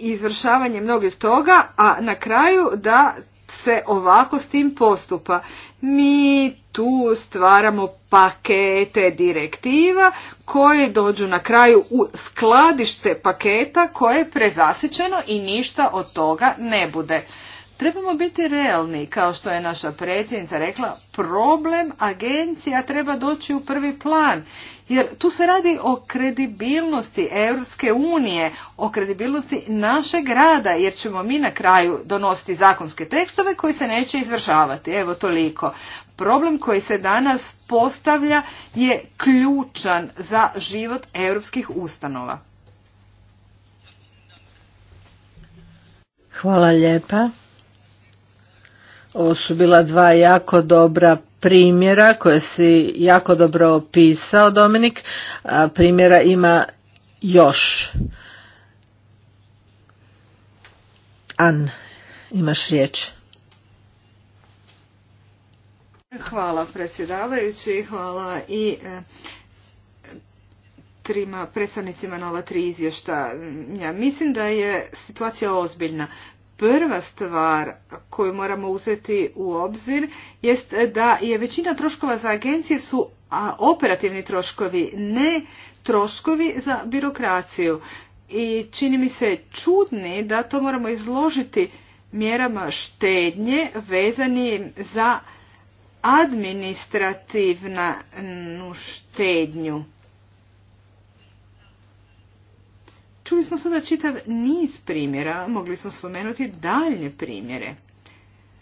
C: izvršavanje mnogih toga, a na kraju da se ovako s tim postupa. Mi tu stvaramo pakete direktiva koje dođu na kraju u skladište paketa koje je prezasičeno i ništa od toga ne bude. Trebamo biti realni, kao što je naša predsjednica rekla, problem agencija treba doći u prvi plan, jer tu se radi o kredibilnosti Europske unije, o kredibilnosti našeg rada, jer ćemo mi na kraju donositi zakonske tekstove koji se neće izvršavati. Evo toliko. Problem koji se danas postavlja je ključan za život europskih ustanova.
B: Hvala lijepa. Ovo su bila dva jako dobra primjera koje si jako dobro opisao Dominik, a primjera ima još. An, imaš riječ.
C: Hvala predsjedavajući, hvala i e, trima predstavnicima na ova tri izvješta. Ja mislim da je situacija ozbiljna prva stvar koju moramo uzeti u obzir jest da je većina troškova za agencije su operativni troškovi, ne troškovi za birokraciju. I čini mi se čudni da to moramo izložiti mjerama štednje vezani za administrativnu štednju. Čuli smo sada čitav niz primjera, mogli smo spomenuti daljnje primjere.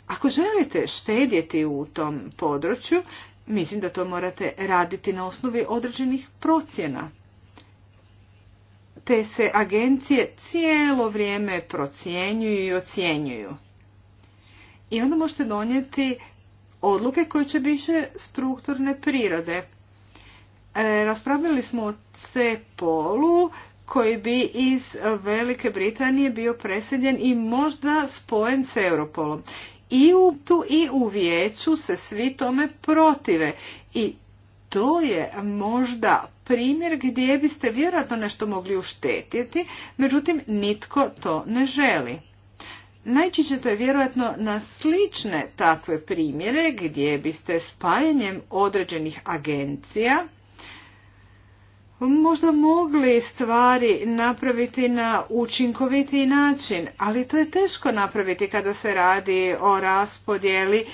C: Ako želite štedjeti u tom području, mislim da to morate raditi na osnovi određenih procjena. Te se agencije cijelo vrijeme procjenjuju i ocjenjuju. I onda možete donijeti odluke koje će više strukturne prirode. E, raspravili raspravljali smo o C-polu, koji bi iz Velike Britanije bio preseljen i možda spojen s Europolom. I u, tu i u vijeću se svi tome protive i to je možda primjer gdje biste vjerojatno nešto mogli uštetiti, međutim nitko to ne želi. to je vjerojatno na slične takve primjere gdje biste spajanjem određenih agencija možda mogli stvari napraviti na učinkovitiji način, ali to je teško napraviti kada se radi o raspodjeli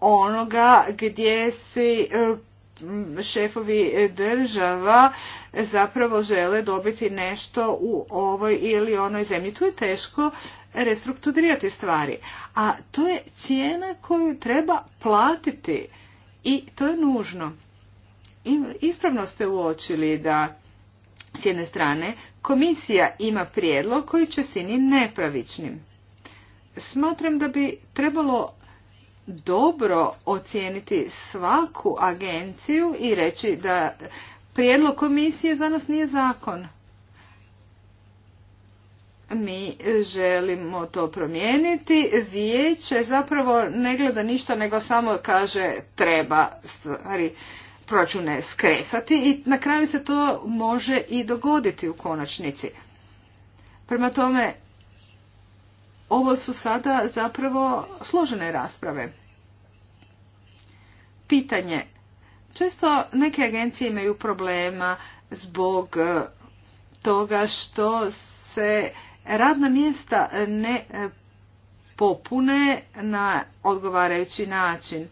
C: onoga gdje si e, šefovi država zapravo žele dobiti nešto u ovoj ili onoj zemlji. Tu je teško restrukturirati stvari. A to je cijena koju treba platiti i to je nužno ispravno ste uočili da s jedne strane komisija ima prijedlog koji će sinim nepravičnim. Smatram da bi trebalo dobro ocijeniti svaku agenciju i reći da prijedlog komisije za nas nije zakon. Mi želimo to promijeniti. Vijeće zapravo ne gleda ništa nego samo kaže treba stvari proračune skresati i na kraju se to može i dogoditi u konačnici. Prema tome, ovo su sada zapravo složene rasprave. Pitanje. Često neke agencije imaju problema zbog e, toga što se radna mjesta ne e, popune na odgovarajući način.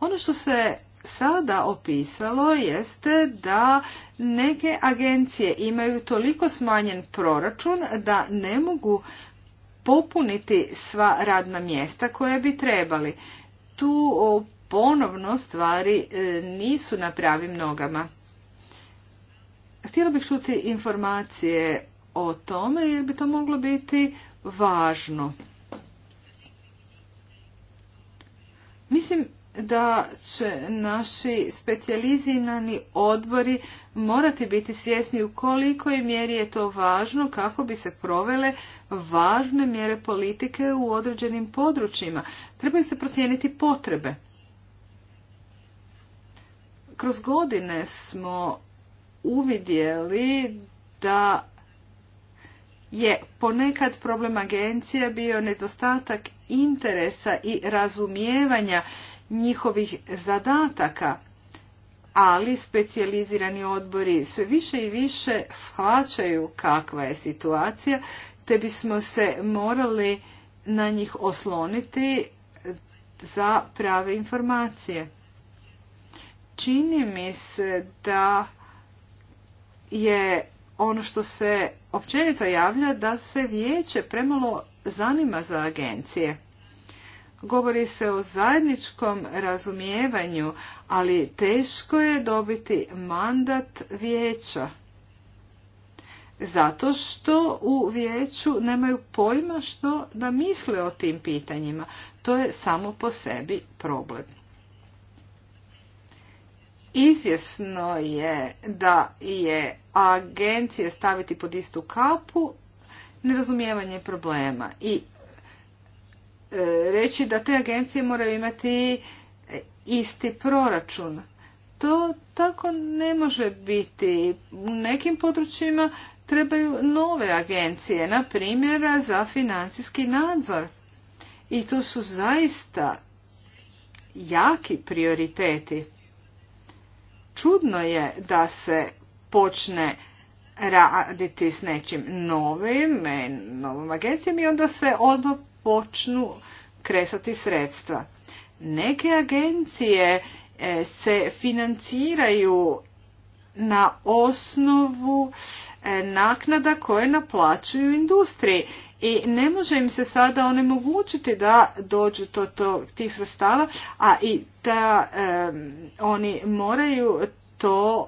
C: Ono što se sada opisalo jeste da neke agencije imaju toliko smanjen proračun da ne mogu popuniti sva radna mjesta koje bi trebali. Tu ponovno stvari e, nisu na pravim nogama. Htjela bih čuti informacije o tome jer bi to moglo biti važno. Mislim da će naši specijalizirani odbori morati biti svjesni u kolikoj mjeri je to važno kako bi se provele važne mjere politike u određenim područjima. Trebaju se procijeniti potrebe. Kroz godine smo uvidjeli da je ponekad problem agencija bio nedostatak interesa i razumijevanja njihovih zadataka, ali specijalizirani odbori sve više i više shvaćaju kakva je situacija, te bismo se morali na njih osloniti za prave informacije. Čini mi se da je ono što se općenito javlja da se vijeće premalo zanima za agencije. Govori se o zajedničkom razumijevanju, ali teško je dobiti mandat vijeća. Zato što u vijeću nemaju pojma što da misle o tim pitanjima. To je samo po sebi problem. Izvjesno je da je agencije staviti pod istu kapu nerazumijevanje problema i E, reći da te agencije moraju imati e, isti proračun. To tako ne može biti. U nekim područjima trebaju nove agencije, na primjer za financijski nadzor. I to su zaista jaki prioriteti. Čudno je da se počne raditi s nečim novim, e, novom agencijom i onda se odmah počnu kresati sredstva. Neke agencije e, se financiraju na osnovu e, naknada koje naplaćuju industriji i ne može im se sada onemogućiti da dođu do to, tih sredstava, a i da e, oni moraju to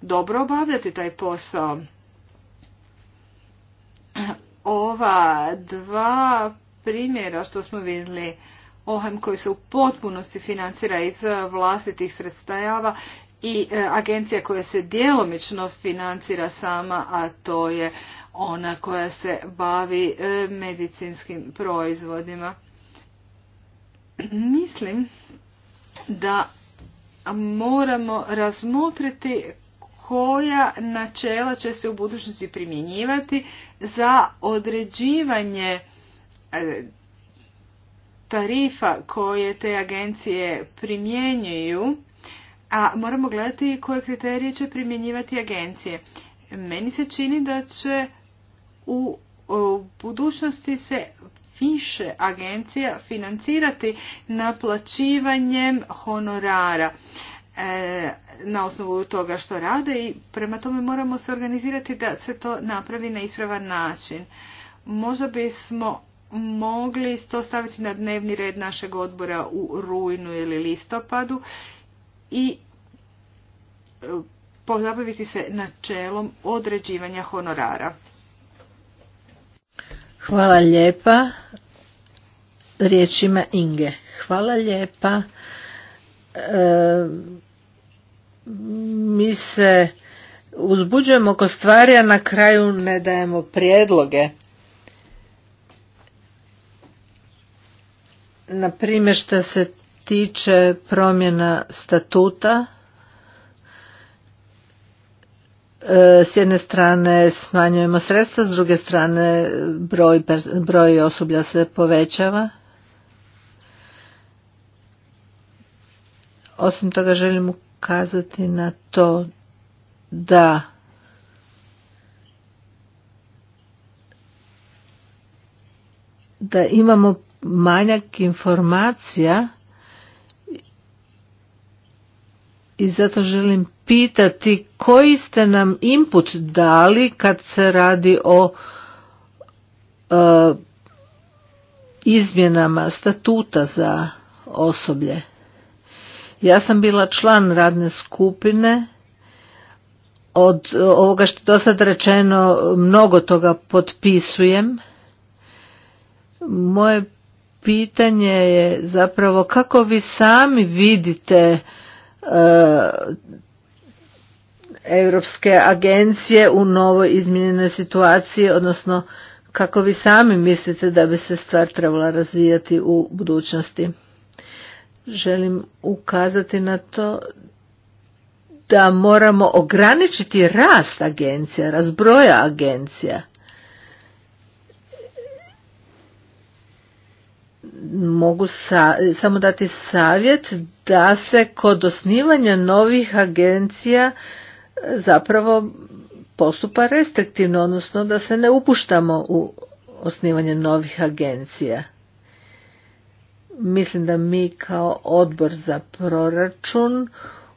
C: dobro obavljati taj posao. Ova dva primjera što smo vidjeli OHEM koji se u potpunosti financira iz e, vlastitih sredstava i e, agencija koja se djelomično financira sama, a to je ona koja se bavi e, medicinskim proizvodima. Mislim da moramo razmotriti koja načela će se u budućnosti primjenjivati za određivanje tarifa koje te agencije primjenjuju, a moramo gledati koje kriterije će primjenjivati agencije. Meni se čini da će u, budućnosti se više agencija financirati naplaćivanjem honorara e, na osnovu toga što rade i prema tome moramo se organizirati da se to napravi na ispravan način. Možda bismo mogli to staviti na dnevni red našeg odbora u rujnu ili listopadu i e, pozabaviti se načelom određivanja honorara.
B: Hvala lijepa. Riječ ima Inge. Hvala lijepa. E, mi se uzbuđujemo oko stvari, a na kraju ne dajemo prijedloge. na primjer što se tiče promjena statuta e, s jedne strane smanjujemo sredstva, s druge strane broj, osoblja se povećava. Osim toga želim ukazati na to da da imamo manjak informacija i zato želim pitati koji ste nam input dali kad se radi o e, izmjenama statuta za osoblje. Ja sam bila član radne skupine od ovoga što je do sad rečeno mnogo toga potpisujem. Moje pitanje je zapravo kako vi sami vidite europske agencije u novoj izmijenjenoj situaciji, odnosno kako vi sami mislite da bi se stvar trebala razvijati u budućnosti. Želim ukazati na to da moramo ograničiti rast agencija, razbroja agencija. mogu sa, samo dati savjet da se kod osnivanja novih agencija zapravo postupa restriktivno, odnosno da se ne upuštamo u osnivanje novih agencija. Mislim da mi kao odbor za proračun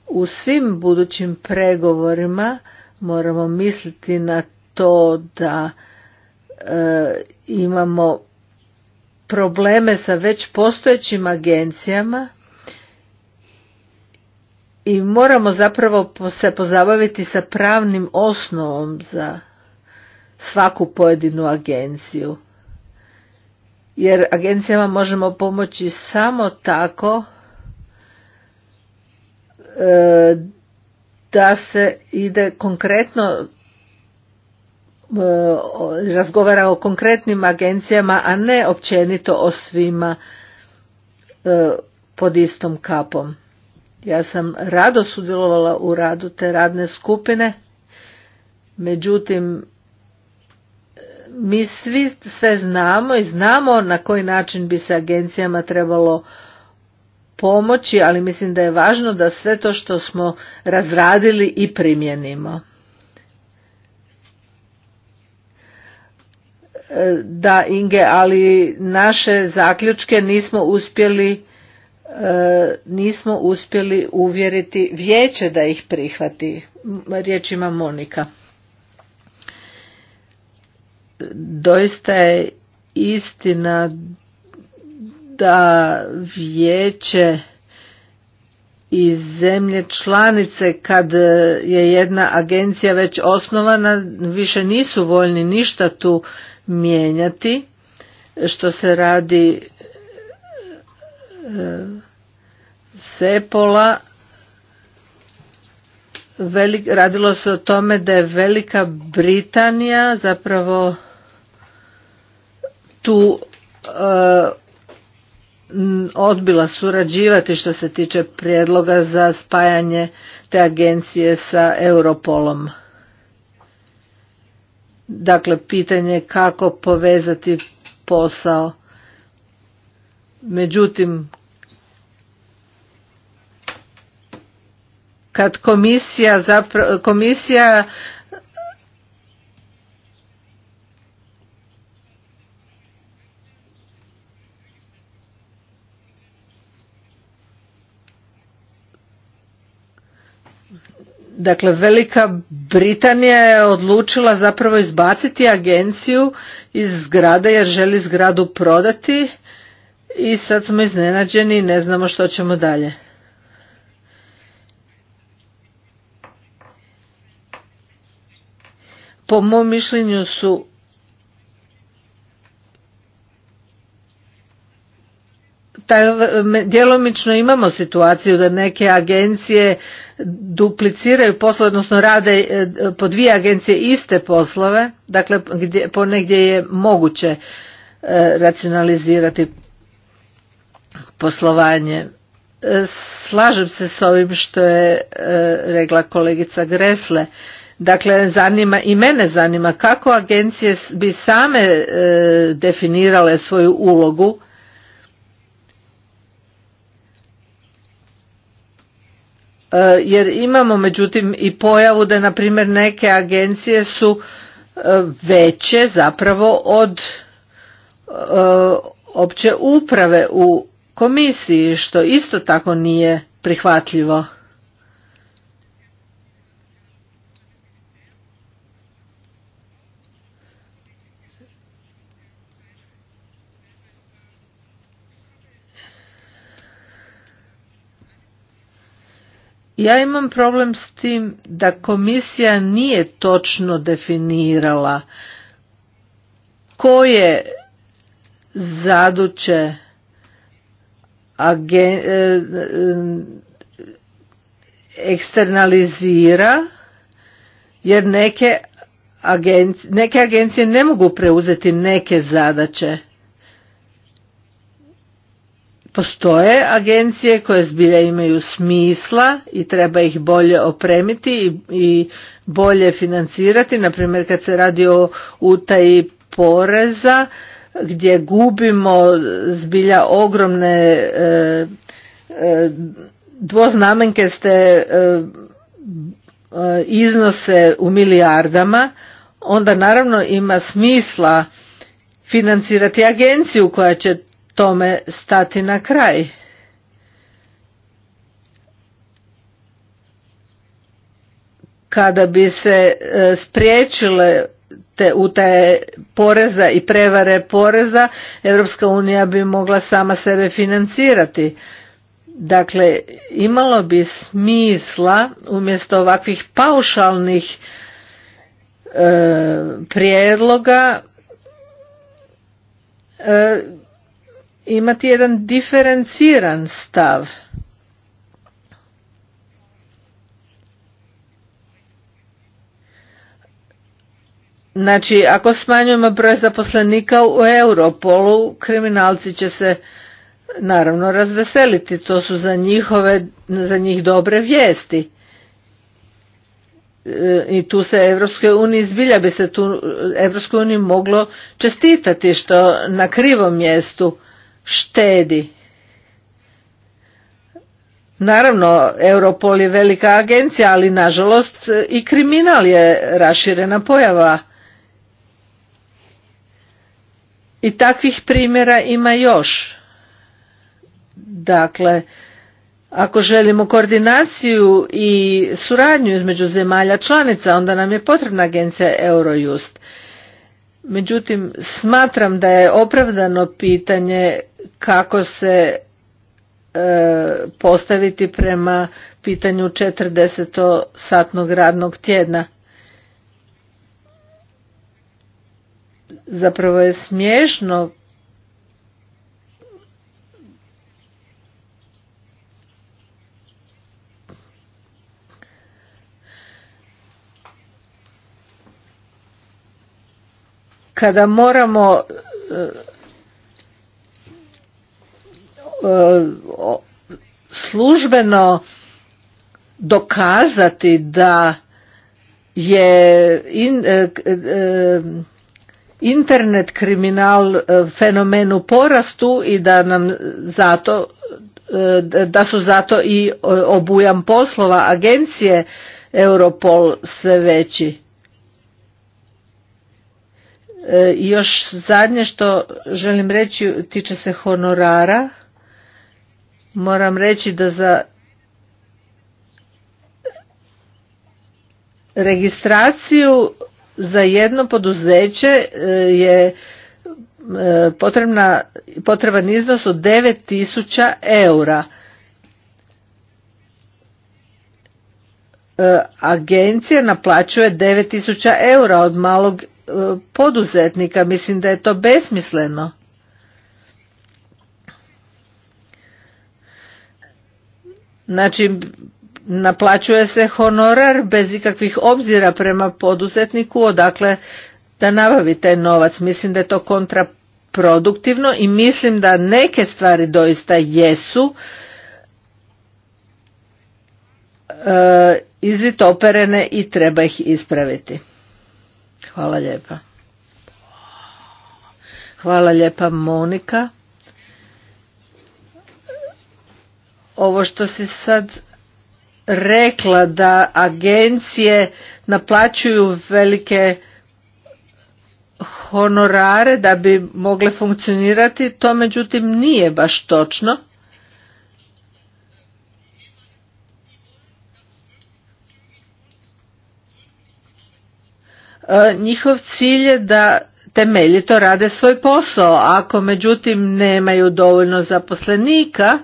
B: u svim budućim pregovorima moramo misliti na to da e, imamo probleme sa već postojećim agencijama i moramo zapravo se pozabaviti sa pravnim osnovom za svaku pojedinu agenciju. Jer agencijama možemo pomoći samo tako e, da se ide konkretno E, razgovara o konkretnim agencijama, a ne općenito o svima e, pod istom kapom. Ja sam rado sudjelovala u radu te radne skupine, međutim e, mi svi sve znamo i znamo na koji način bi se agencijama trebalo pomoći, ali mislim da je važno da sve to što smo razradili i primjenimo. E, da Inge, ali naše zaključke nismo uspjeli e, nismo uspjeli uvjeriti vijeće da ih prihvati. Riječ ima Monika. Doista je istina da vijeće i zemlje članice kad je jedna agencija već osnovana više nisu voljni ništa tu mijenjati što se radi e, Sepola velik, radilo se o tome da je Velika Britanija zapravo tu e, odbila surađivati što se tiče prijedloga za spajanje te agencije sa Europolom. Dakle, pitanje kako povezati posao. Međutim, kad komisija, zapra, komisija Dakle, Velika Britanija je odlučila zapravo izbaciti agenciju iz zgrade jer želi zgradu prodati i sad smo iznenađeni i ne znamo što ćemo dalje. Po mom mišljenju su djelomično imamo situaciju da neke agencije dupliciraju poslove, odnosno rade e, po dvije agencije iste poslove, dakle gdje, ponegdje je moguće e, racionalizirati poslovanje. E, slažem se s ovim što je regla kolegica Gresle. Dakle, zanima, i mene zanima kako agencije bi same definirale svoju ulogu E, jer imamo međutim i pojavu da na primjer neke agencije su e, veće zapravo od e, opće uprave u komisiji što isto tako nije prihvatljivo Ja imam problem s tim da komisija nije točno definirala koje zaduće e, e, eksternalizira jer neke, neke agencije ne mogu preuzeti neke zadaće postoje agencije koje zbilja imaju smisla i treba ih bolje opremiti i bolje financirati na primjer kad se radi o utaji poreza gdje gubimo zbilja ogromne e, e, dvoznamenke ste e, iznose u milijardama onda naravno ima smisla financirati agenciju koja će tome stati na kraj. Kada bi se e, spriječile te utaje poreza i prevare poreza, Europska unija bi mogla sama sebe financirati. Dakle, imalo bi smisla umjesto ovakvih paušalnih e, prijedloga e, imati jedan diferenciran stav. Znači, ako smanjujemo broj zaposlenika u Europolu, kriminalci će se naravno razveseliti. To su za, njihove, za njih dobre vijesti. E, I tu se Evropskoj uniji zbilja bi se tu Evropskoj uniji moglo čestitati što na krivom mjestu štedi. Naravno, Europol je velika agencija, ali nažalost e, i kriminal je raširena pojava. I takvih primjera ima još. Dakle, ako želimo koordinaciju i suradnju između zemalja članica, onda nam je potrebna agencija Eurojust. Međutim, smatram da je opravdano pitanje kako se e, postaviti prema pitanju 40-satnog radnog tjedna. Zapravo je smiješno kada moramo e, službeno dokazati da je e, e, internet kriminal fenomen u porastu i da nam zato da su zato i obujam poslova agencije Europol sve veći E, I još zadnje što želim reći tiče se honorara. Moram reći da za registraciju za jedno poduzeće e, je e, potrebna, potreban iznos od 9000 eura. Agencija naplaćuje 9000 eura od malog poduzetnika. Mislim da je to besmisleno. Znači, naplaćuje se honorar bez ikakvih obzira prema poduzetniku odakle da nabavi taj novac. Mislim da je to kontraproduktivno i mislim da neke stvari doista jesu e, izvitoperene i treba ih ispraviti. Hvala lijepa. Hvala lijepa Monika. Ovo što si sad rekla da agencije naplaćuju velike honorare da bi mogle funkcionirati, to međutim nije baš točno. E, njihov cilj je da temeljito rade svoj posao. Ako međutim nemaju dovoljno zaposlenika,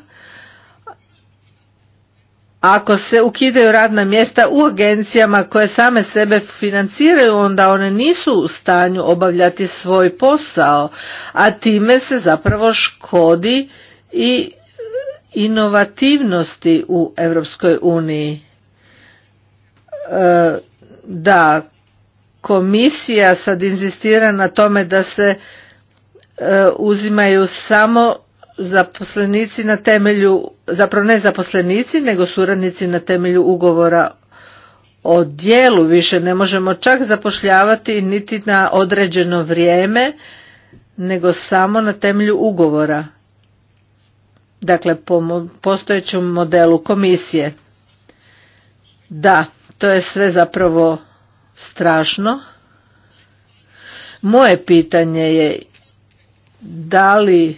B: ako se ukidaju radna mjesta u agencijama koje same sebe financiraju, onda one nisu u stanju obavljati svoj posao, a time se zapravo škodi i inovativnosti u Europskoj uniji. E, da, komisija sad inzistira na tome da se e, uzimaju samo zaposlenici na temelju, zapravo ne zaposlenici, nego suradnici na temelju ugovora o dijelu više ne možemo čak zapošljavati niti na određeno vrijeme, nego samo na temelju ugovora. Dakle, po postojećem modelu komisije. Da, to je sve zapravo strašno. Moje pitanje je da li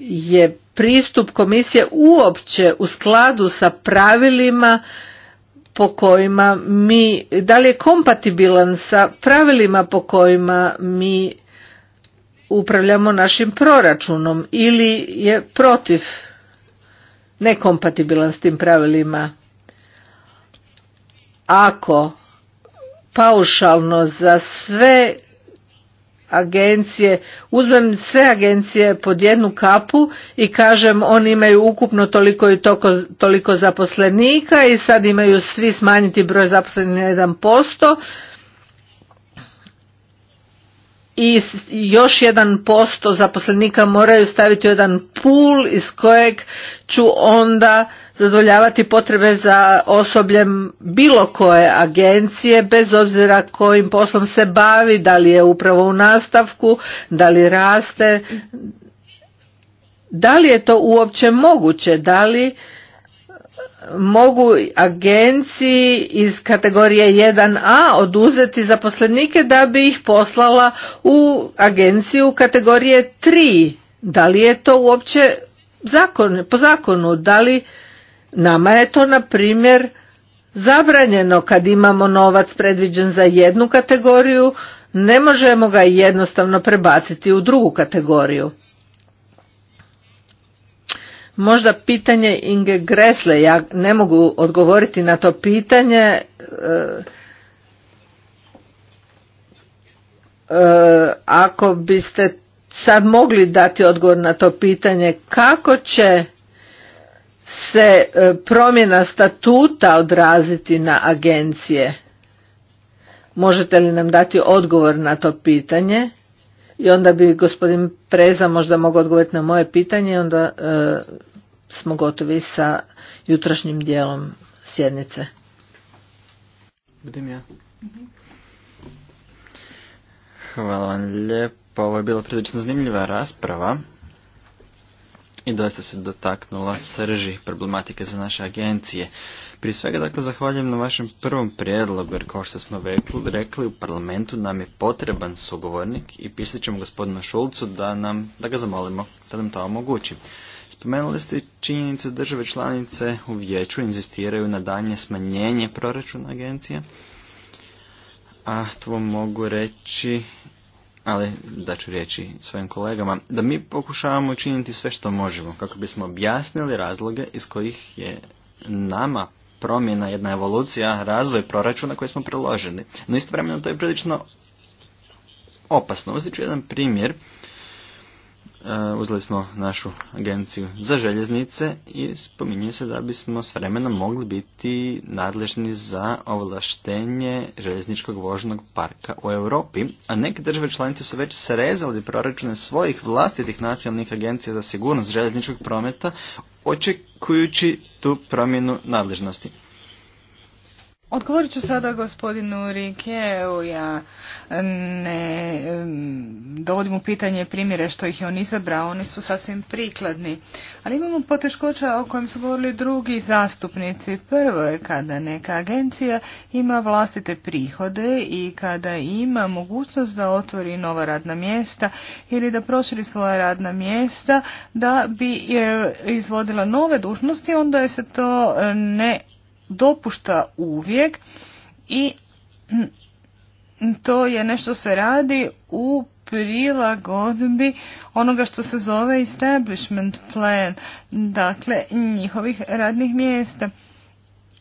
B: je pristup komisije uopće u skladu sa pravilima po kojima mi, da li je kompatibilan sa pravilima po kojima mi upravljamo našim proračunom ili je protiv nekompatibilan s tim pravilima ako paušalno za sve agencije, uzmem sve agencije pod jednu kapu i kažem oni imaju ukupno toliko i toliko, toliko zaposlenika i sad imaju svi smanjiti broj zaposlenih na 1%, i još jedan posto zaposlenika moraju staviti u jedan pool iz kojeg ću onda zadovoljavati potrebe za osobljem bilo koje agencije bez obzira kojim poslom se bavi, da li je upravo u nastavku, da li raste, da li je to uopće moguće, da li mogu agenciji iz kategorije 1A oduzeti zaposlenike da bi ih poslala u agenciju kategorije 3. Da li je to uopće po zakonu? Da li nama je to na primjer zabranjeno kad imamo novac predviđen za jednu kategoriju, ne možemo ga jednostavno prebaciti u drugu kategoriju. Možda pitanje Inge Gresle, ja ne mogu odgovoriti na to pitanje. E, e, ako biste sad mogli dati odgovor na to pitanje, kako će se e, promjena statuta odraziti na agencije? Možete li nam dati odgovor na to pitanje? I onda bi gospodin Preza možda mogao odgovoriti na moje pitanje i onda smo gotovi sa jutrašnjim dijelom sjednice.
E: Budem ja. Hvala vam lijepo. Ovo je bila prilično zanimljiva rasprava i doista se dotaknula srži problematike za naše agencije. Prije svega, dakle, zahvaljujem na vašem prvom prijedlogu, jer kao što smo rekli, u parlamentu nam je potreban sugovornik i pisat ćemo gospodinu Šulcu da, nam, da ga zamolimo da nam to omogući. Spomenuli ste činjenice države članice u vijeću inzistiraju na daljnje smanjenje proračuna agencije. A to vam mogu reći, ali da ću reći svojim kolegama, da mi pokušavamo učiniti sve što možemo kako bismo objasnili razloge iz kojih je nama promjena, jedna evolucija, razvoj proračuna koji smo preloženi. No istovremeno to je prilično opasno. Uzit ću jedan primjer Eh, uzeli smo našu agenciju za željeznice i spominje se da bismo s vremenom mogli biti nadležni za ovlaštenje željezničkog vožnog parka u Europi, a neke države članice su već srezali proračune svojih vlastitih nacionalnih agencija za sigurnost željezničkog prometa, očekujući tu promjenu nadležnosti.
C: Odgovorit ću sada gospodinu Rikeu, ja ne dovodim u pitanje primjere što ih je on izabrao, oni su sasvim prikladni. Ali imamo poteškoća o kojem su govorili drugi zastupnici. Prvo je kada neka agencija ima vlastite prihode i kada ima mogućnost da otvori nova radna mjesta ili da proširi svoja radna mjesta da bi e, izvodila nove dužnosti, onda je se to e, ne dopušta uvijek i to je nešto se radi u prilagodbi onoga što se zove establishment plan, dakle njihovih radnih mjesta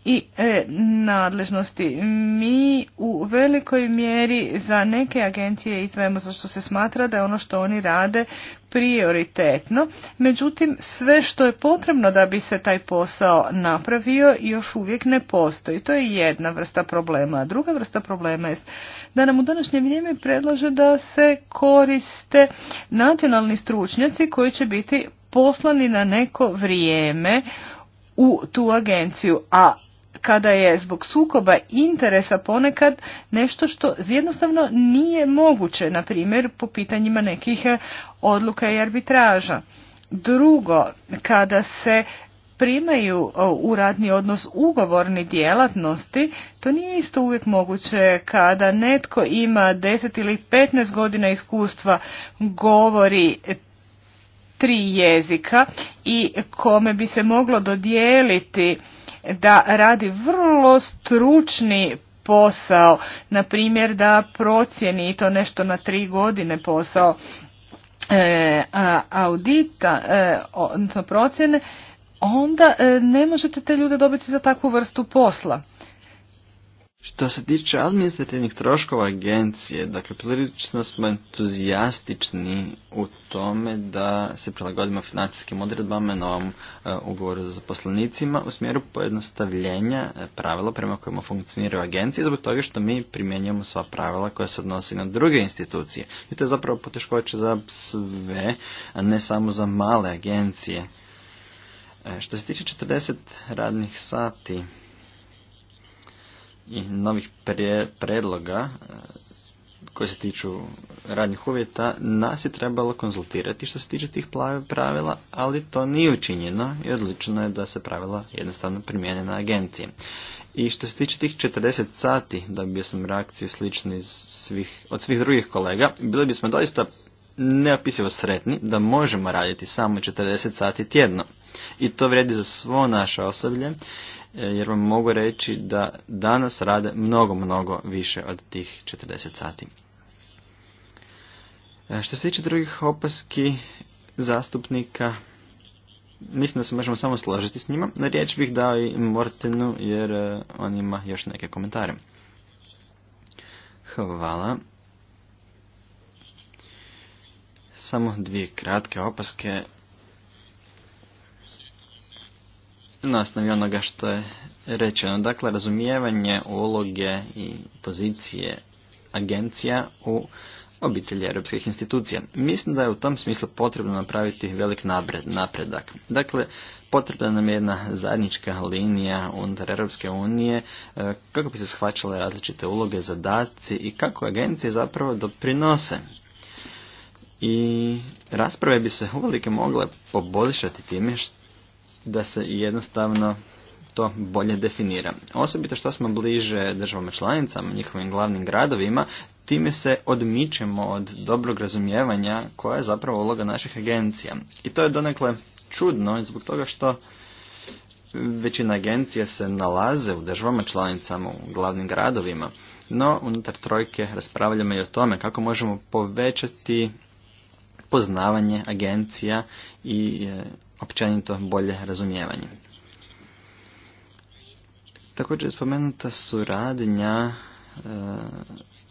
C: i e, nadležnosti. Mi u velikoj mjeri za neke agencije izdvajamo za što se smatra da je ono što oni rade prioritetno. Međutim, sve što je potrebno da bi se taj posao napravio još uvijek ne postoji. To je jedna vrsta problema. Druga vrsta problema je da nam u današnje vrijeme predlože da se koriste nacionalni stručnjaci koji će biti poslani na neko vrijeme u tu agenciju, a kada je zbog sukoba interesa ponekad nešto što jednostavno nije moguće, na primjer po pitanjima nekih eh, odluka i arbitraža. Drugo, kada se primaju eh, u radni odnos ugovorni djelatnosti, to nije isto uvijek moguće kada netko ima 10 ili 15 godina iskustva, govori tri jezika i kome bi se moglo dodijeliti da radi vrlo stručni posao, na primjer da procjeni to nešto na tri godine posao e, audita, e, odnosno procjene, onda e, ne možete te ljude dobiti za takvu vrstu posla.
E: Što se tiče administrativnih troškova agencije, dakle, prilično smo entuzijastični u tome da se prilagodimo financijskim odredbama na ovom e, ugovoru za zaposlenicima u smjeru pojednostavljenja e, pravila prema kojima funkcioniraju agencije zbog toga što mi primjenjujemo sva pravila koja se odnose na druge institucije. I to je zapravo poteškoće za sve, a ne samo za male agencije. E, što se tiče 40 radnih sati, i novih prijedloga predloga e, koji se tiču radnih uvjeta, nas je trebalo konzultirati što se tiče tih pravila, ali to nije učinjeno i odlično je da se pravila jednostavno primijene na agenciji. I što se tiče tih 40 sati, da bi sam reakciju slični svih, od svih drugih kolega, bili bismo doista neopisivo sretni da možemo raditi samo 40 sati tjedno. I to vrijedi za svo naše osoblje E, jer vam mogu reći da danas rade mnogo, mnogo više od tih 40 sati. E, što se tiče drugih opaski zastupnika, mislim da se možemo samo složiti s njima. Na riječ bih dao i Mortenu jer e, on ima još neke komentare. Hvala. Samo dvije kratke opaske. na osnovi onoga što je rečeno. Dakle, razumijevanje uloge i pozicije agencija u obitelji europskih institucija. Mislim da je u tom smislu potrebno napraviti velik napredak. Dakle, potrebna nam je jedna zajednička linija unutar Europske unije e, kako bi se shvaćale različite uloge, zadaci i kako agencije zapravo doprinose. I rasprave bi se uvelike mogle poboljšati time što da se jednostavno to bolje definira. Osobito što smo bliže državama članicama, njihovim glavnim gradovima, time se odmičemo od dobrog razumijevanja koja je zapravo uloga naših agencija. I to je donekle čudno zbog toga što većina agencija se nalaze u državama članicama, u glavnim gradovima, no unutar trojke raspravljamo i o tome kako možemo povećati poznavanje agencija i e, općenito bolje razumijevanje. Također je spomenuta suradnja e,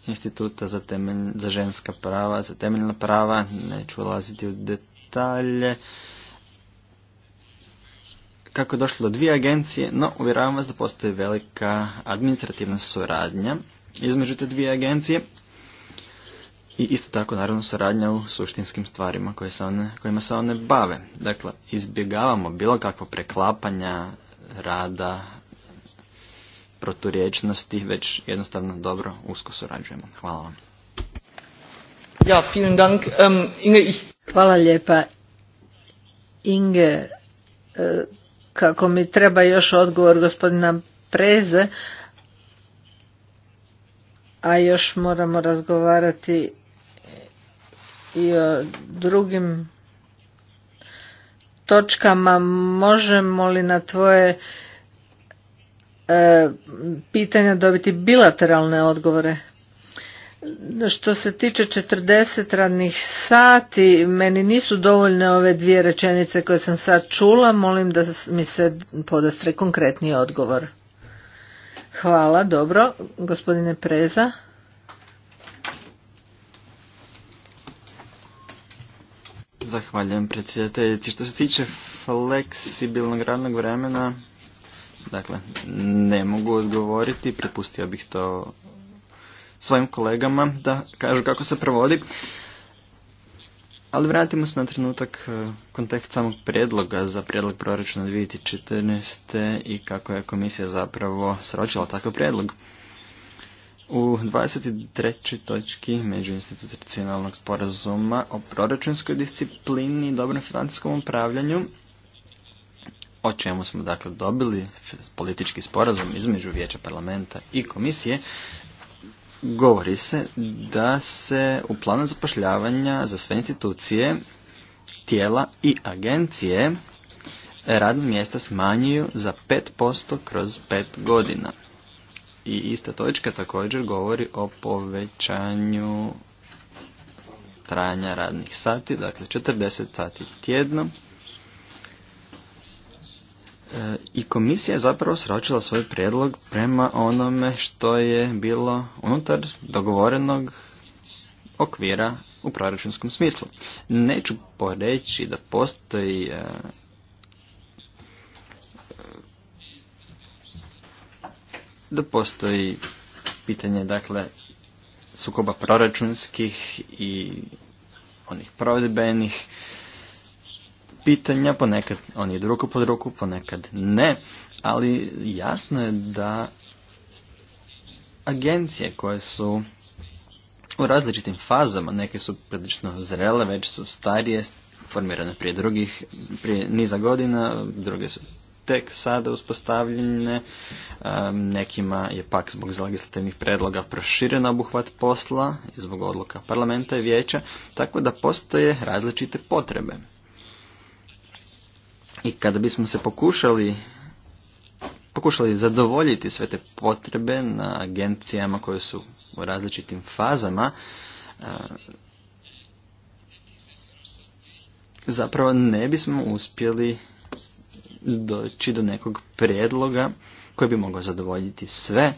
E: Instituta za, temelj, za ženska prava, za temeljna prava, neću ulaziti u detalje, kako je došlo do dvije agencije, no uvjeravam vas da postoji velika administrativna suradnja između te dvije agencije i isto tako naravno suradnja u suštinskim stvarima koje se one, kojima se one bave. Dakle, izbjegavamo bilo kakvo preklapanja rada, proturječnosti, već jednostavno dobro usko surađujemo. Hvala vam.
B: Ja, vielen Dank. Ähm, Inge, ich... Hvala lijepa. Inge, e, kako mi treba još odgovor gospodina Preze, a još moramo razgovarati i o e, drugim točkama možemo li na tvoje e, pitanja dobiti bilateralne odgovore što se tiče 40 radnih sati, meni nisu dovoljne ove dvije rečenice koje sam sad čula, molim da mi se podastre konkretni odgovor. Hvala, dobro, gospodine Preza.
E: Zahvaljujem predsjedateljici. Što se tiče fleksibilnog radnog vremena, dakle, ne mogu odgovoriti, prepustio bih to svojim kolegama da kažu kako se provodi. Ali vratimo se na trenutak e, kontekst samog predloga za predlog proračuna 2014. i kako je komisija zapravo sročila takav predlog. U 23. točki međuinstitucionalnog sporazuma o proračunskoj disciplini i dobrom financijskom upravljanju, o čemu smo dakle dobili politički sporazum između Vijeća parlamenta i komisije, govori se da se u planu zapošljavanja za sve institucije, tijela i agencije radna mjesta smanjuju za 5% kroz 5 godina. I ista točka također govori o povećanju trajanja radnih sati, dakle 40 sati tjedno. E, I komisija je zapravo sročila svoj prijedlog prema onome što je bilo unutar dogovorenog okvira u proračunskom smislu. Neću poreći da postoji e, da postoji pitanje dakle sukoba proračunskih i onih provedbenih pitanja, ponekad oni je ruku pod ruku, ponekad ne, ali jasno je da agencije koje su u različitim fazama, neke su prilično zrele, već su starije, formirane prije drugih, prije niza godina, druge su tek sada uspostavljene. Nekima je pak zbog legislativnih predloga proširen obuhvat posla i zbog odluka parlamenta i vijeća, tako da postoje različite potrebe. I kada bismo se pokušali pokušali zadovoljiti sve te potrebe na agencijama koje su u različitim fazama, zapravo ne bismo uspjeli doći do nekog predloga koji bi mogao zadovoljiti sve e,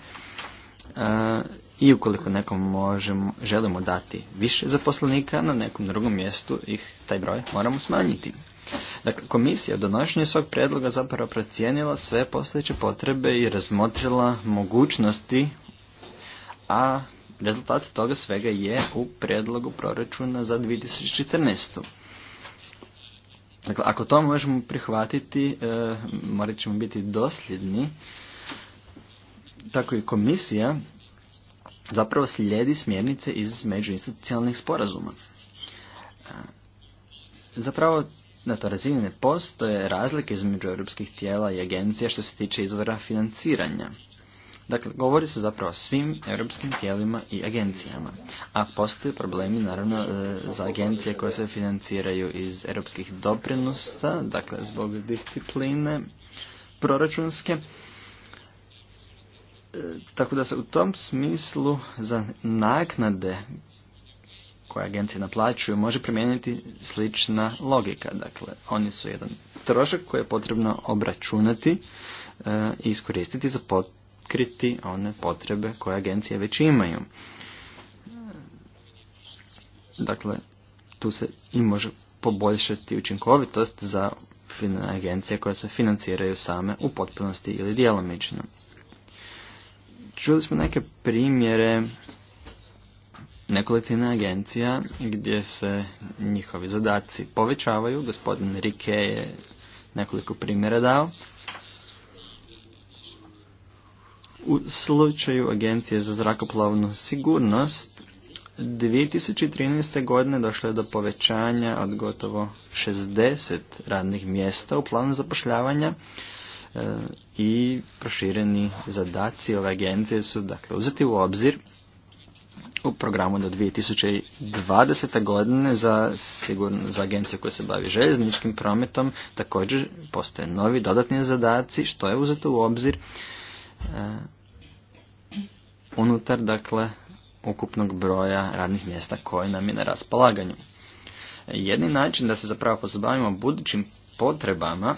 E: i ukoliko nekom možemo, želimo dati više zaposlenika, na nekom drugom mjestu ih taj broj moramo smanjiti. Dakle, komisija u donošenju svog predloga zapravo procijenila sve postojeće potrebe i razmotrila mogućnosti, a rezultat toga svega je u predlogu proračuna za 2014. Dakle, ako to možemo prihvatiti, e, morat ćemo biti dosljedni. Tako i komisija zapravo slijedi smjernice iz međuinstitucionalnih sporazuma. E, zapravo, na to razine postoje razlike između europskih tijela i agencija što se tiče izvora financiranja. Dakle, govori se zapravo o svim europskim tijelima i agencijama. A postoje problemi, naravno, e, za agencije koje se financiraju iz europskih doprinosa, dakle, zbog discipline proračunske. E, tako da se u tom smislu za naknade koje agencije naplaćuju može primijeniti slična logika. Dakle, oni su jedan trošak koji je potrebno obračunati e, i iskoristiti za pot, pokriti one potrebe koje agencije već imaju. Dakle, tu se i može poboljšati učinkovitost za agencije koje se financiraju same u potpunosti ili djelomično. Čuli smo neke primjere nekolicine agencija gdje se njihovi zadaci povećavaju. Gospodin Rike je nekoliko primjera dao. U slučaju Agencije za zrakoplovnu sigurnost 2013. godine došlo je do povećanja od gotovo 60 radnih mjesta u planu zapošljavanja e, i prošireni zadaci ove agencije su dakle uzeti u obzir u programu do 2020. godine za, sigurno, za agenciju koja se bavi željezničkim prometom također postoje novi dodatni zadaci što je uzeto u obzir E, unutar dakle ukupnog broja radnih mjesta koje nam je na raspolaganju. Jedni način da se zapravo pozabavimo budućim potrebama,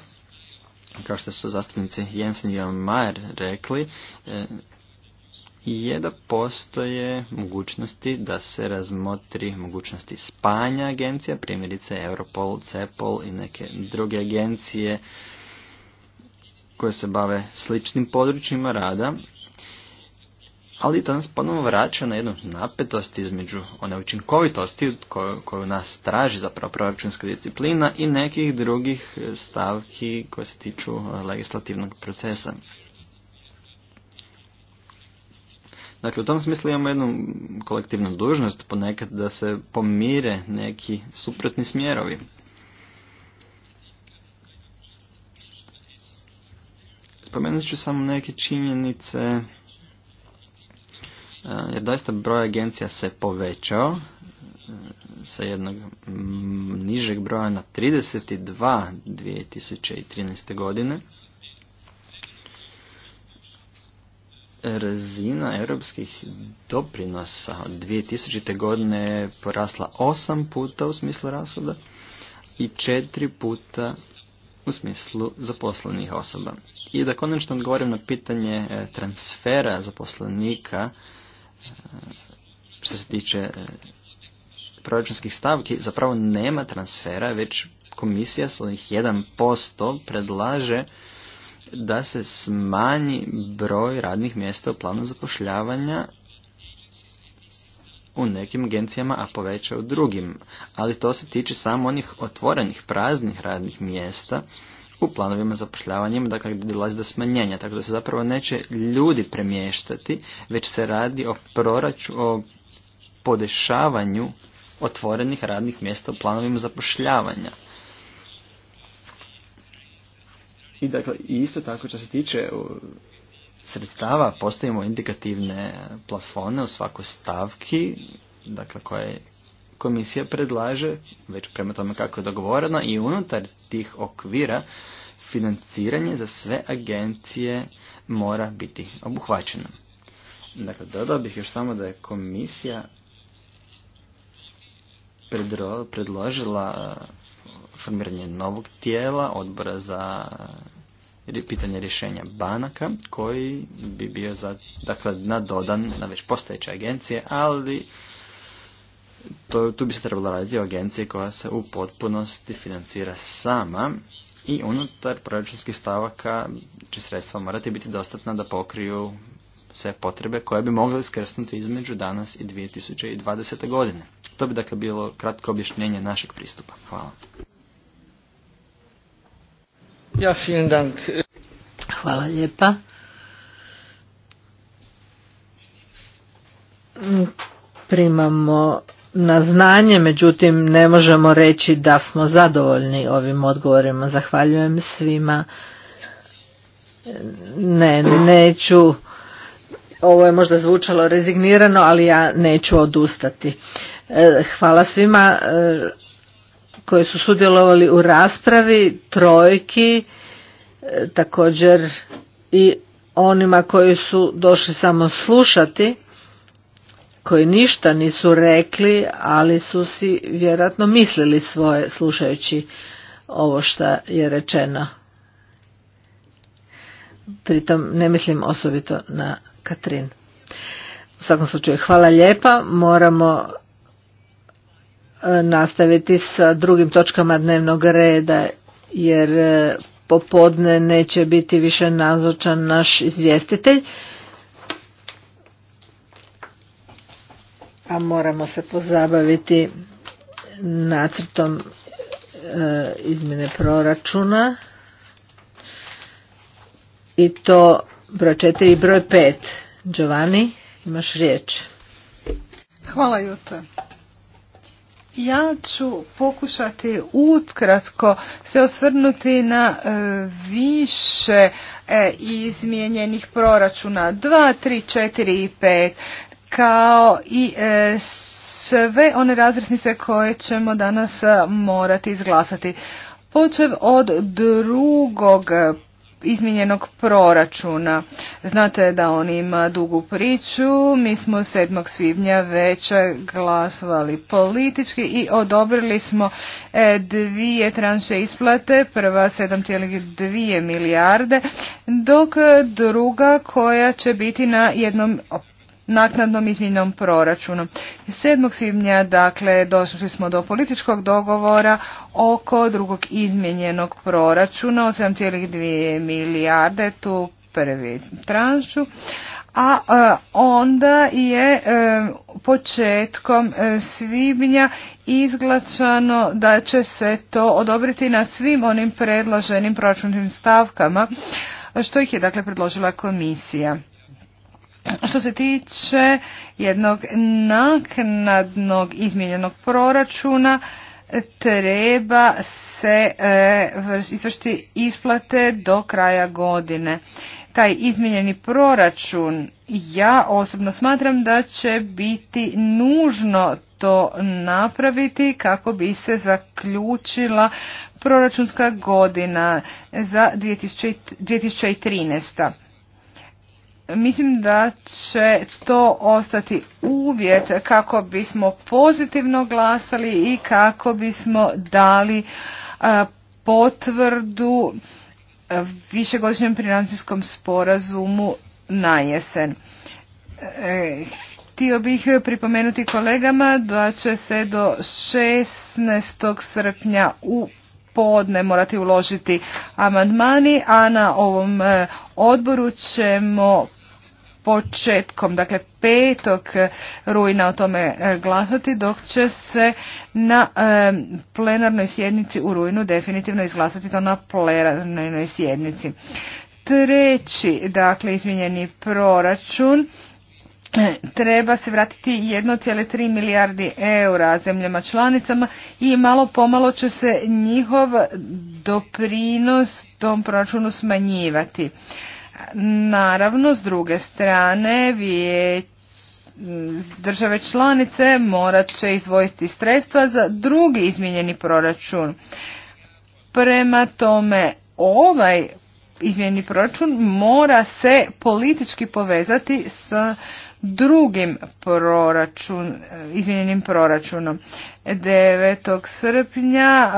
E: kao što su zastupnici Jensen i Mayer rekli, e, je da postoje mogućnosti da se razmotri mogućnosti spanja agencija, primjerice Europol, Cepol i neke druge agencije koje se bave sličnim područjima rada, ali to nas ponovno vraća na jednu napetost između one učinkovitosti koju, nas traži zapravo proračunska disciplina i nekih drugih e, stavki koje se tiču e, legislativnog procesa. Dakle, u tom smislu imamo jednu kolektivnu dužnost ponekad da se pomire neki suprotni smjerovi. Spomenut ću samo neke činjenice, e, jer doista broj agencija se povećao e, sa jednog nižeg broja na 32 2013. godine. Razina europskih doprinosa od 2000. godine je porasla 8 puta u smislu rashoda i 4 puta u smislu zaposlenih osoba. I da konačno odgovorim na pitanje e, transfera zaposlenika e, što se tiče e, proračunskih stavki, zapravo nema transfera, već komisija s onih 1% predlaže da se smanji broj radnih mjesta u planu zapošljavanja u nekim agencijama, a poveća u drugim. Ali to se tiče samo onih otvorenih, praznih radnih mjesta u planovima zapošljavanja, dakle gdje dolazi do smanjenja. Tako da se zapravo neće ljudi premještati, već se radi o proraču, o podešavanju otvorenih radnih mjesta u planovima zapošljavanja. I dakle, i isto tako što se tiče sredstava postavimo indikativne plafone u svakoj stavki, dakle koje komisija predlaže, već prema tome kako je dogovoreno i unutar tih okvira financiranje za sve agencije mora biti obuhvaćeno. Dakle, dodao bih još samo da je komisija predložila uh, formiranje novog tijela, odbora za pitanje rješenja banaka koji bi bio za, dakle, nadodan na već postojeće agencije, ali to, tu bi se trebalo raditi o agenciji koja se u potpunosti financira sama i unutar proračunskih stavaka će sredstva morati biti dostatna da pokriju sve potrebe koje bi mogle skrsnuti između danas i 2020. godine. To bi dakle bilo kratko objašnjenje našeg pristupa. Hvala.
B: Ja, vielen Dank. Hvala lijepa. Mm, primamo na znanje, međutim ne možemo reći da smo zadovoljni ovim odgovorima. Zahvaljujem svima. Ne, neću, ovo je možda zvučalo rezignirano, ali ja neću odustati. E, hvala svima e, koji su sudjelovali u raspravi, trojki, e, također i onima koji su došli samo slušati, koji ništa nisu rekli, ali su si vjerojatno mislili svoje slušajući ovo što je rečeno. Pritom ne mislim osobito na Katrin. U svakom slučaju hvala lijepa, moramo nastaviti sa drugim točkama dnevnog reda jer e, popodne neće biti više nazočan naš izvjestitelj. A moramo se pozabaviti nacrtom e, izmjene proračuna i to broj četiri i broj pet.
C: Giovanni, imaš riječ. Hvala Jute. Ja ću pokušati ukratko se osvrnuti na e, više e, izmijenjenih proračuna 2, 3, 4 i 5 kao i e, sve one razresnice koje ćemo danas morati izglasati. Počev od drugog izmijenjenog proračuna. Znate da on ima dugu priču, mi smo 7. svibnja već glasovali politički i odobrili smo e, dvije tranše isplate, prva 7,2 milijarde, dok druga koja će biti na jednom naknadnom izmjenom proračunom. 7. svibnja dakle došli smo do političkog dogovora oko drugog izmjenjenog proračuna od 7,2 milijarde tu prvi tranšu a e, onda je e, početkom e, svibnja izglačano da će se to odobriti na svim onim predloženim proračunskim stavkama što ih je dakle predložila komisija. Što se tiče jednog naknadnog izmijenjenog proračuna, treba se e, izvršiti isplate do kraja godine. Taj izmijenjeni proračun ja osobno smatram da će biti nužno to napraviti kako bi se zaključila proračunska godina za 2013. Mislim da će to ostati uvjet kako bismo pozitivno glasali i kako bismo dali potvrdu višegodišnjem financijskom sporazumu na jesen. E, htio bih pripomenuti kolegama da će se do 16. srpnja u podne morati uložiti amandmani, a na ovom e, odboru ćemo početkom, dakle petog rujna o tome e, glasati, dok će se na e, plenarnoj sjednici u rujnu definitivno izglasati to na plenarnoj sjednici. Treći, dakle, izmjenjeni proračun e, treba se vratiti 1,3 milijardi eura zemljama članicama i malo pomalo će se njihov doprinos tom proračunu smanjivati. Naravno, s druge strane, vijeć, države članice morat će izvojiti sredstva za drugi izmijenjeni proračun. Prema tome, ovaj izmijenjeni proračun mora se politički povezati s drugim proračun, izmijenjenim proračunom. 9. srpnja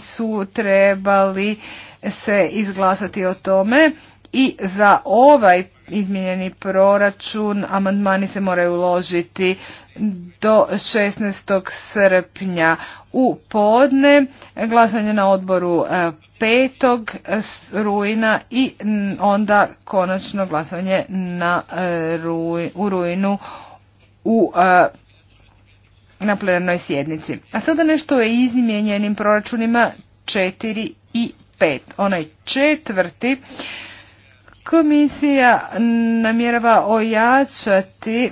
C: su trebali se izglasati o tome i za ovaj izmijenjeni proračun amandmani se moraju uložiti do 16. srpnja u podne, glasanje na odboru 5. E, rujna i onda konačno glasanje na, e, u rujnu u e, na plenarnoj sjednici. A sada nešto o izmijenjenim proračunima 4 i pet Onaj četvrti komisija namjerava ojačati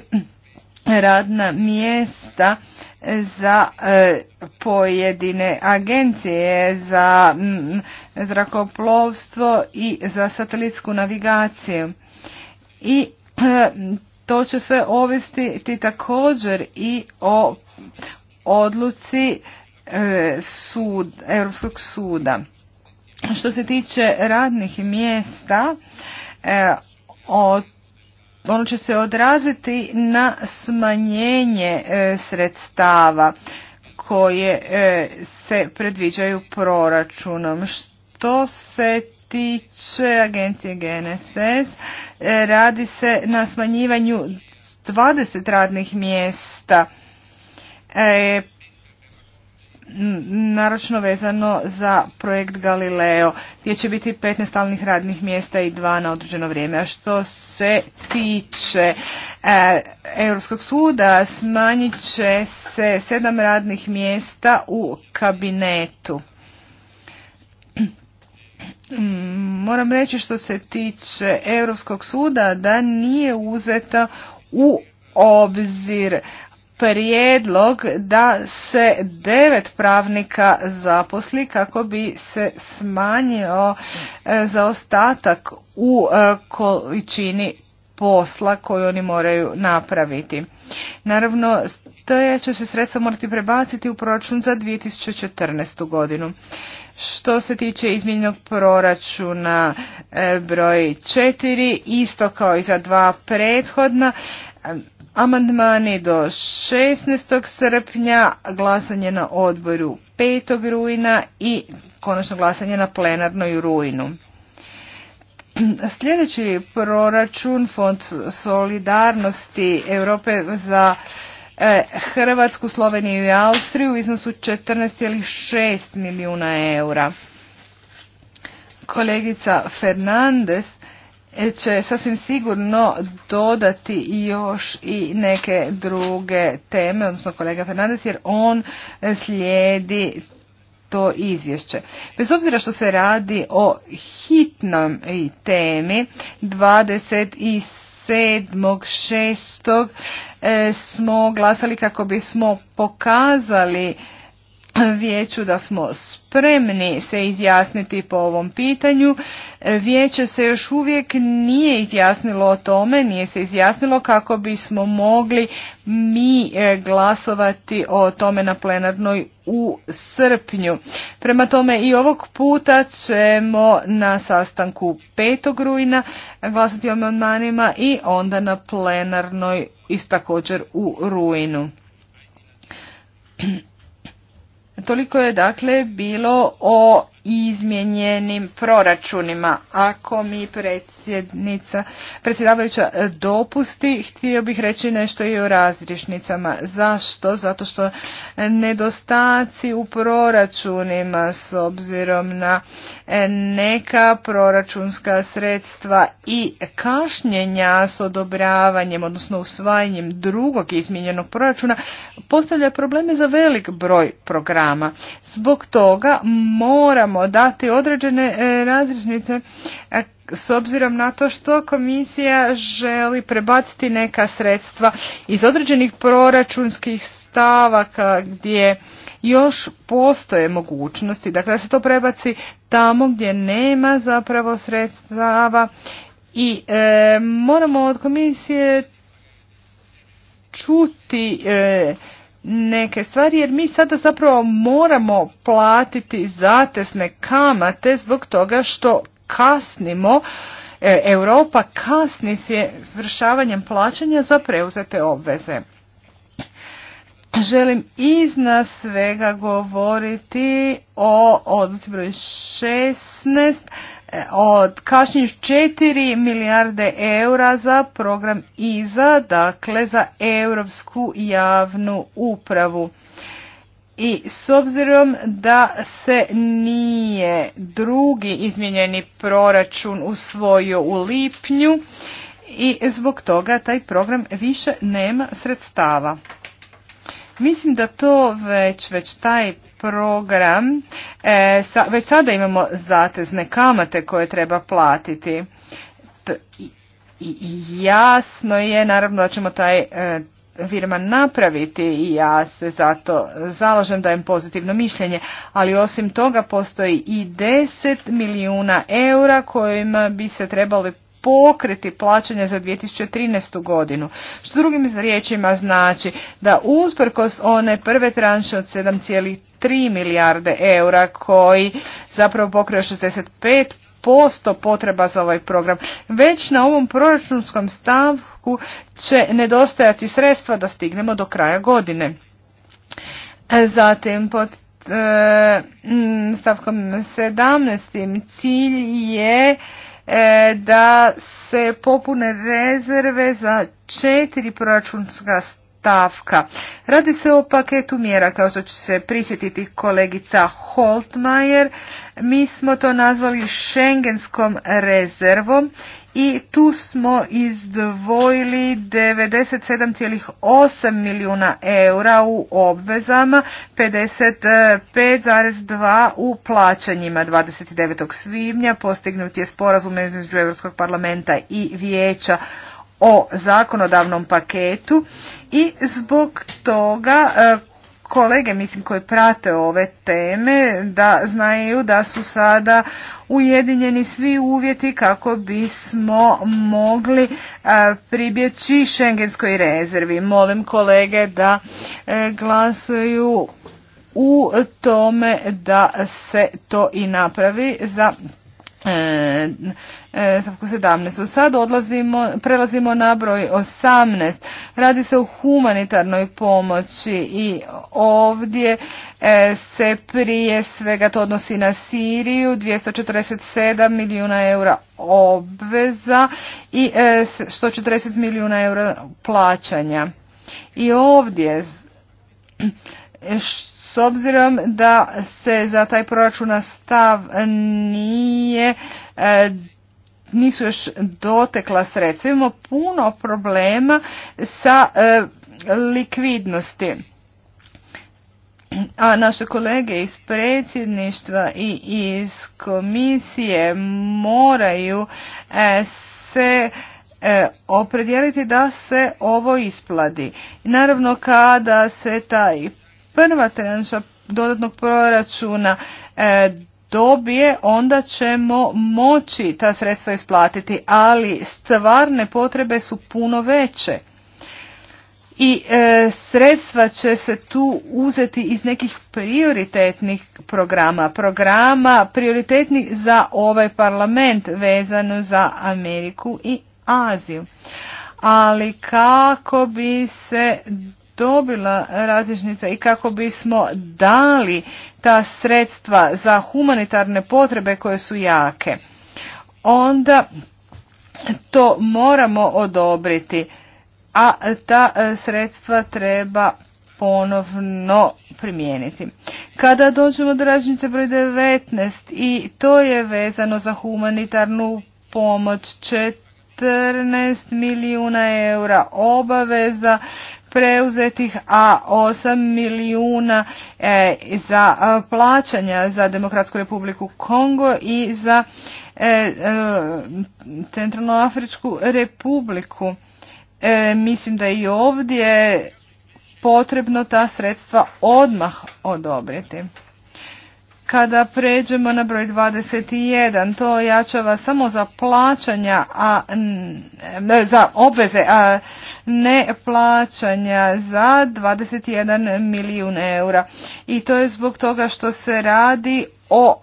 C: radna mjesta za e, pojedine agencije za zrakoplovstvo i za satelitsku navigaciju. I e, to će sve ovesti također i o odluci e, sud, Europskog suda. Što se tiče radnih mjesta, e, ono će se odraziti na smanjenje e, sredstava koje e, se predviđaju proračunom. Što se tiče agencije GNSS, radi se na smanjivanju 20 radnih mjesta naročno vezano za projekt Galileo, gdje će biti 15 stalnih radnih mjesta i dva na određeno vrijeme. A što se tiče e, Europskog suda, smanjit će se sedam radnih mjesta u kabinetu. Moram reći što se tiče Europskog suda da nije uzeta u obzir prijedlog da se devet pravnika zaposli kako bi se smanjio e, zaostatak u e, količini posla koju oni moraju napraviti. Naravno, je će se sredstva morati prebaciti u proračun za 2014. godinu. Što se tiče izmjenjenog proračuna e, broj 4, isto kao i za dva prethodna, Amandmani do 16. srpnja, glasanje na odboru 5. rujna i konačno glasanje na plenarnoj rujnu. Sljedeći proračun Fond solidarnosti Europe za e, Hrvatsku, Sloveniju i Austriju u iznosu 14,6 milijuna eura. Kolegica Fernandez će sasvim sigurno dodati još i neke druge teme, odnosno kolega Fernandez, jer on e, slijedi to izvješće. Bez obzira što se radi o hitnom temi, 27.6. E, smo glasali kako bismo pokazali vijeću da smo spremni se izjasniti po ovom pitanju. Vijeće se još uvijek nije izjasnilo o tome, nije se izjasnilo kako bismo mogli mi e, glasovati o tome na plenarnoj u srpnju. Prema tome i ovog puta ćemo na sastanku 5. rujna glasati o amandmanima i onda na plenarnoj također u rujnu. Toliko je dakle bilo o izmjenjenim proračunima. Ako mi predsjednica, predsjedavajuća e, dopusti, htio bih reći nešto i o razrišnicama. Zašto? Zato što nedostaci u proračunima s obzirom na e, neka proračunska sredstva i kašnjenja s odobravanjem, odnosno usvajanjem drugog izmijenjenog proračuna, postavlja probleme za velik broj programa. Zbog toga moramo moramo dati određene e, različnice e, s obzirom na to što komisija želi prebaciti neka sredstva iz određenih proračunskih stavaka gdje još postoje mogućnosti, dakle da se to prebaci tamo gdje nema zapravo sredstava i e, moramo od komisije čuti neke stvari jer mi sada zapravo moramo platiti zatesne kamate zbog toga što kasnimo e, Europa kasni s izvršavanjem plaćanja za preuzete obveze. Želim iznad svega govoriti o odluci broj 16 od kašnjiš 4 milijarde eura za program IZA, dakle za europsku javnu upravu. I s obzirom da se nije drugi izmjenjeni proračun usvojio u lipnju i zbog toga taj program više nema sredstava. Mislim da to već, već taj program, e, već sada imamo zatezne kamate koje treba platiti. i jasno je naravno da ćemo taj e, napraviti i ja se zato zalažem dajem pozitivno mišljenje, ali osim toga postoji i 10 milijuna eura kojima bi se trebali pokriti plaćanje za 2013. godinu. Što drugim riječima znači da usprkos one prve tranše od 7,3 3 milijarde eura koji zapravo pokrije 65 posto potreba za ovaj program. Već na ovom proračunskom stavku će nedostajati sredstva da stignemo do kraja godine. E, zatim pod e, stavkom 17. cilj je e, da se popune rezerve za četiri proračunska stavka stavka. Radi se o paketu mjera, kao što će se prisjetiti kolegica Holtmajer. Mi smo to nazvali Schengenskom rezervom i tu smo izdvojili 97,8 milijuna eura u obvezama, 55,2 u plaćanjima. 29. svibnja postignut je sporazum između Europskog parlamenta i vijeća o zakonodavnom paketu i zbog toga e, kolege mislim koje prate ove teme da znaju da su sada ujedinjeni svi uvjeti kako bismo mogli e, pribjeći šengenskoj rezervi. Molim kolege da e, glasuju u tome da se to i napravi za E, e, stavku 17. Sad odlazimo, prelazimo na broj 18. Radi se o humanitarnoj pomoći i ovdje e, se prije svega to odnosi na Siriju, 247 milijuna eura obveza i 140 milijuna eura plaćanja. I ovdje s obzirom da se za taj proračuna stav nije e, nisu još dotekla sredstva. Imamo puno problema sa e, likvidnosti. A naše kolege iz predsjedništva i iz komisije moraju e, se opredijeliti da se ovo ispladi. Naravno kada se taj prva tranša dodatnog proračuna e, dobije, onda ćemo moći ta sredstva isplatiti, ali stvarne potrebe su puno veće. I e, sredstva će se tu uzeti iz nekih prioritetnih programa, programa prioritetnih za ovaj parlament vezano za Ameriku i Aziju. Ali kako bi se dobila različnica i kako bismo dali ta sredstva za humanitarne potrebe koje su jake, onda to moramo odobriti, a ta e, sredstva treba ponovno primijeniti. Kada dođemo do raznice broj 19 i to je vezano za humanitarnu pomoć 14 milijuna eura obaveza preuzetih, a 8 milijuna e, za e, plaćanja za Demokratsku republiku Kongo i za e, Centralnoafričku republiku. Mislim da i ovdje potrebno ta sredstva odmah odobriti kada pređemo na broj 21, to jačava samo za plaćanja, a, e, za obveze, a ne plaćanja za 21 milijun eura. I to je zbog toga što se radi o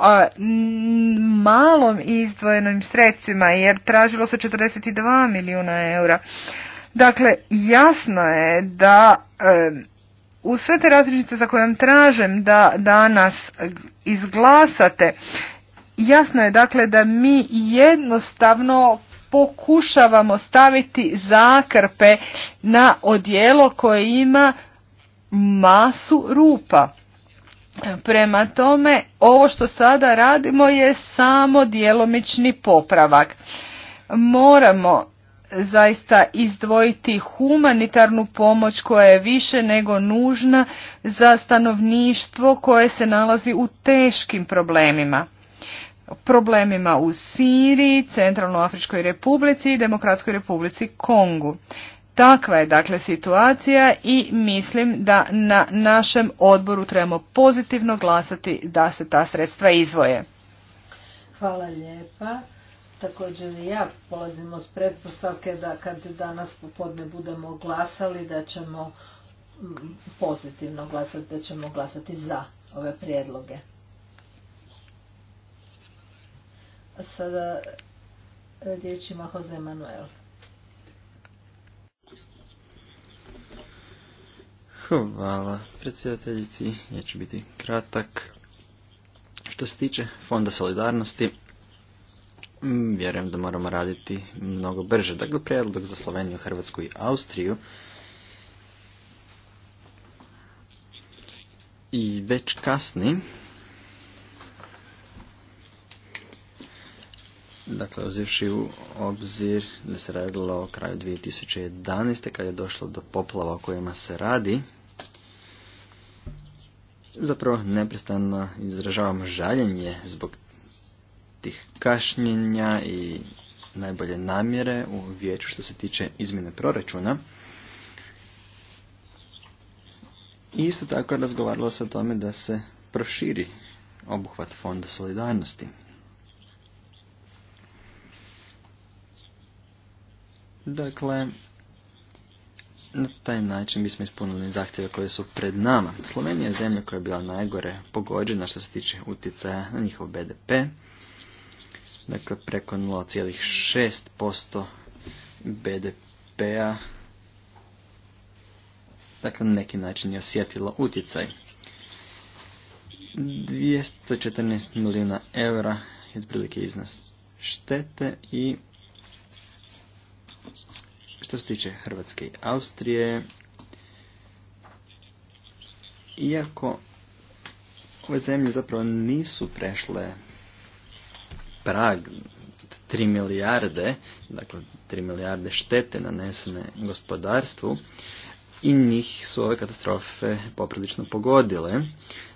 C: malom izdvojenim sredstvima, jer tražilo se 42 milijuna eura. Dakle, jasno je da u sve te različnice za kojom tražem da danas izglasate, jasno je dakle da mi jednostavno pokušavamo staviti zakrpe na odijelo koje ima masu rupa. Prema tome, ovo što sada radimo je samo djelomični popravak. Moramo zaista izdvojiti humanitarnu pomoć koja je više nego nužna za stanovništvo koje se nalazi u teškim problemima. Problemima u Siriji, Afričkoj republici i Demokratskoj republici Kongu. Takva je dakle situacija i mislim da na našem odboru trebamo pozitivno glasati da se ta sredstva izvoje.
B: Hvala lijepa. Također i ja polazim od pretpostavke da kad danas popodne budemo glasali da ćemo mm, pozitivno glasati, da ćemo glasati za ove prijedloge. A sada e, riječ ima Jose Manuel.
E: Hvala predsjedateljici, ja ću biti kratak. Što se tiče Fonda Solidarnosti, Mm, vjerujem da moramo raditi mnogo brže. Dakle, prijedlog za Sloveniju, Hrvatsku i Austriju i već kasni. Dakle, uzivši u obzir da se radilo o kraju 2011. kad je došlo do poplava o kojima se radi, zapravo neprestano izražavamo žaljenje zbog tih kašnjenja i najbolje namjere u vijeću što se tiče izmjene proračuna. I isto tako razgovaralo se o tome da se proširi obuhvat Fonda solidarnosti. Dakle, na taj način bismo ispunili zahtjeve koje su pred nama. Slovenija je zemlja koja je bila najgore pogođena što se tiče utjecaja na njihov BDP dakle preko 0,6% BDP-a, dakle na neki način je osjetilo utjecaj. 214 milijuna eura je otprilike iznos štete i što se tiče Hrvatske i Austrije, iako ove zemlje zapravo nisu prešle prag 3 milijarde, dakle 3 milijarde štete nanesene gospodarstvu i njih su ove katastrofe poprilično pogodile.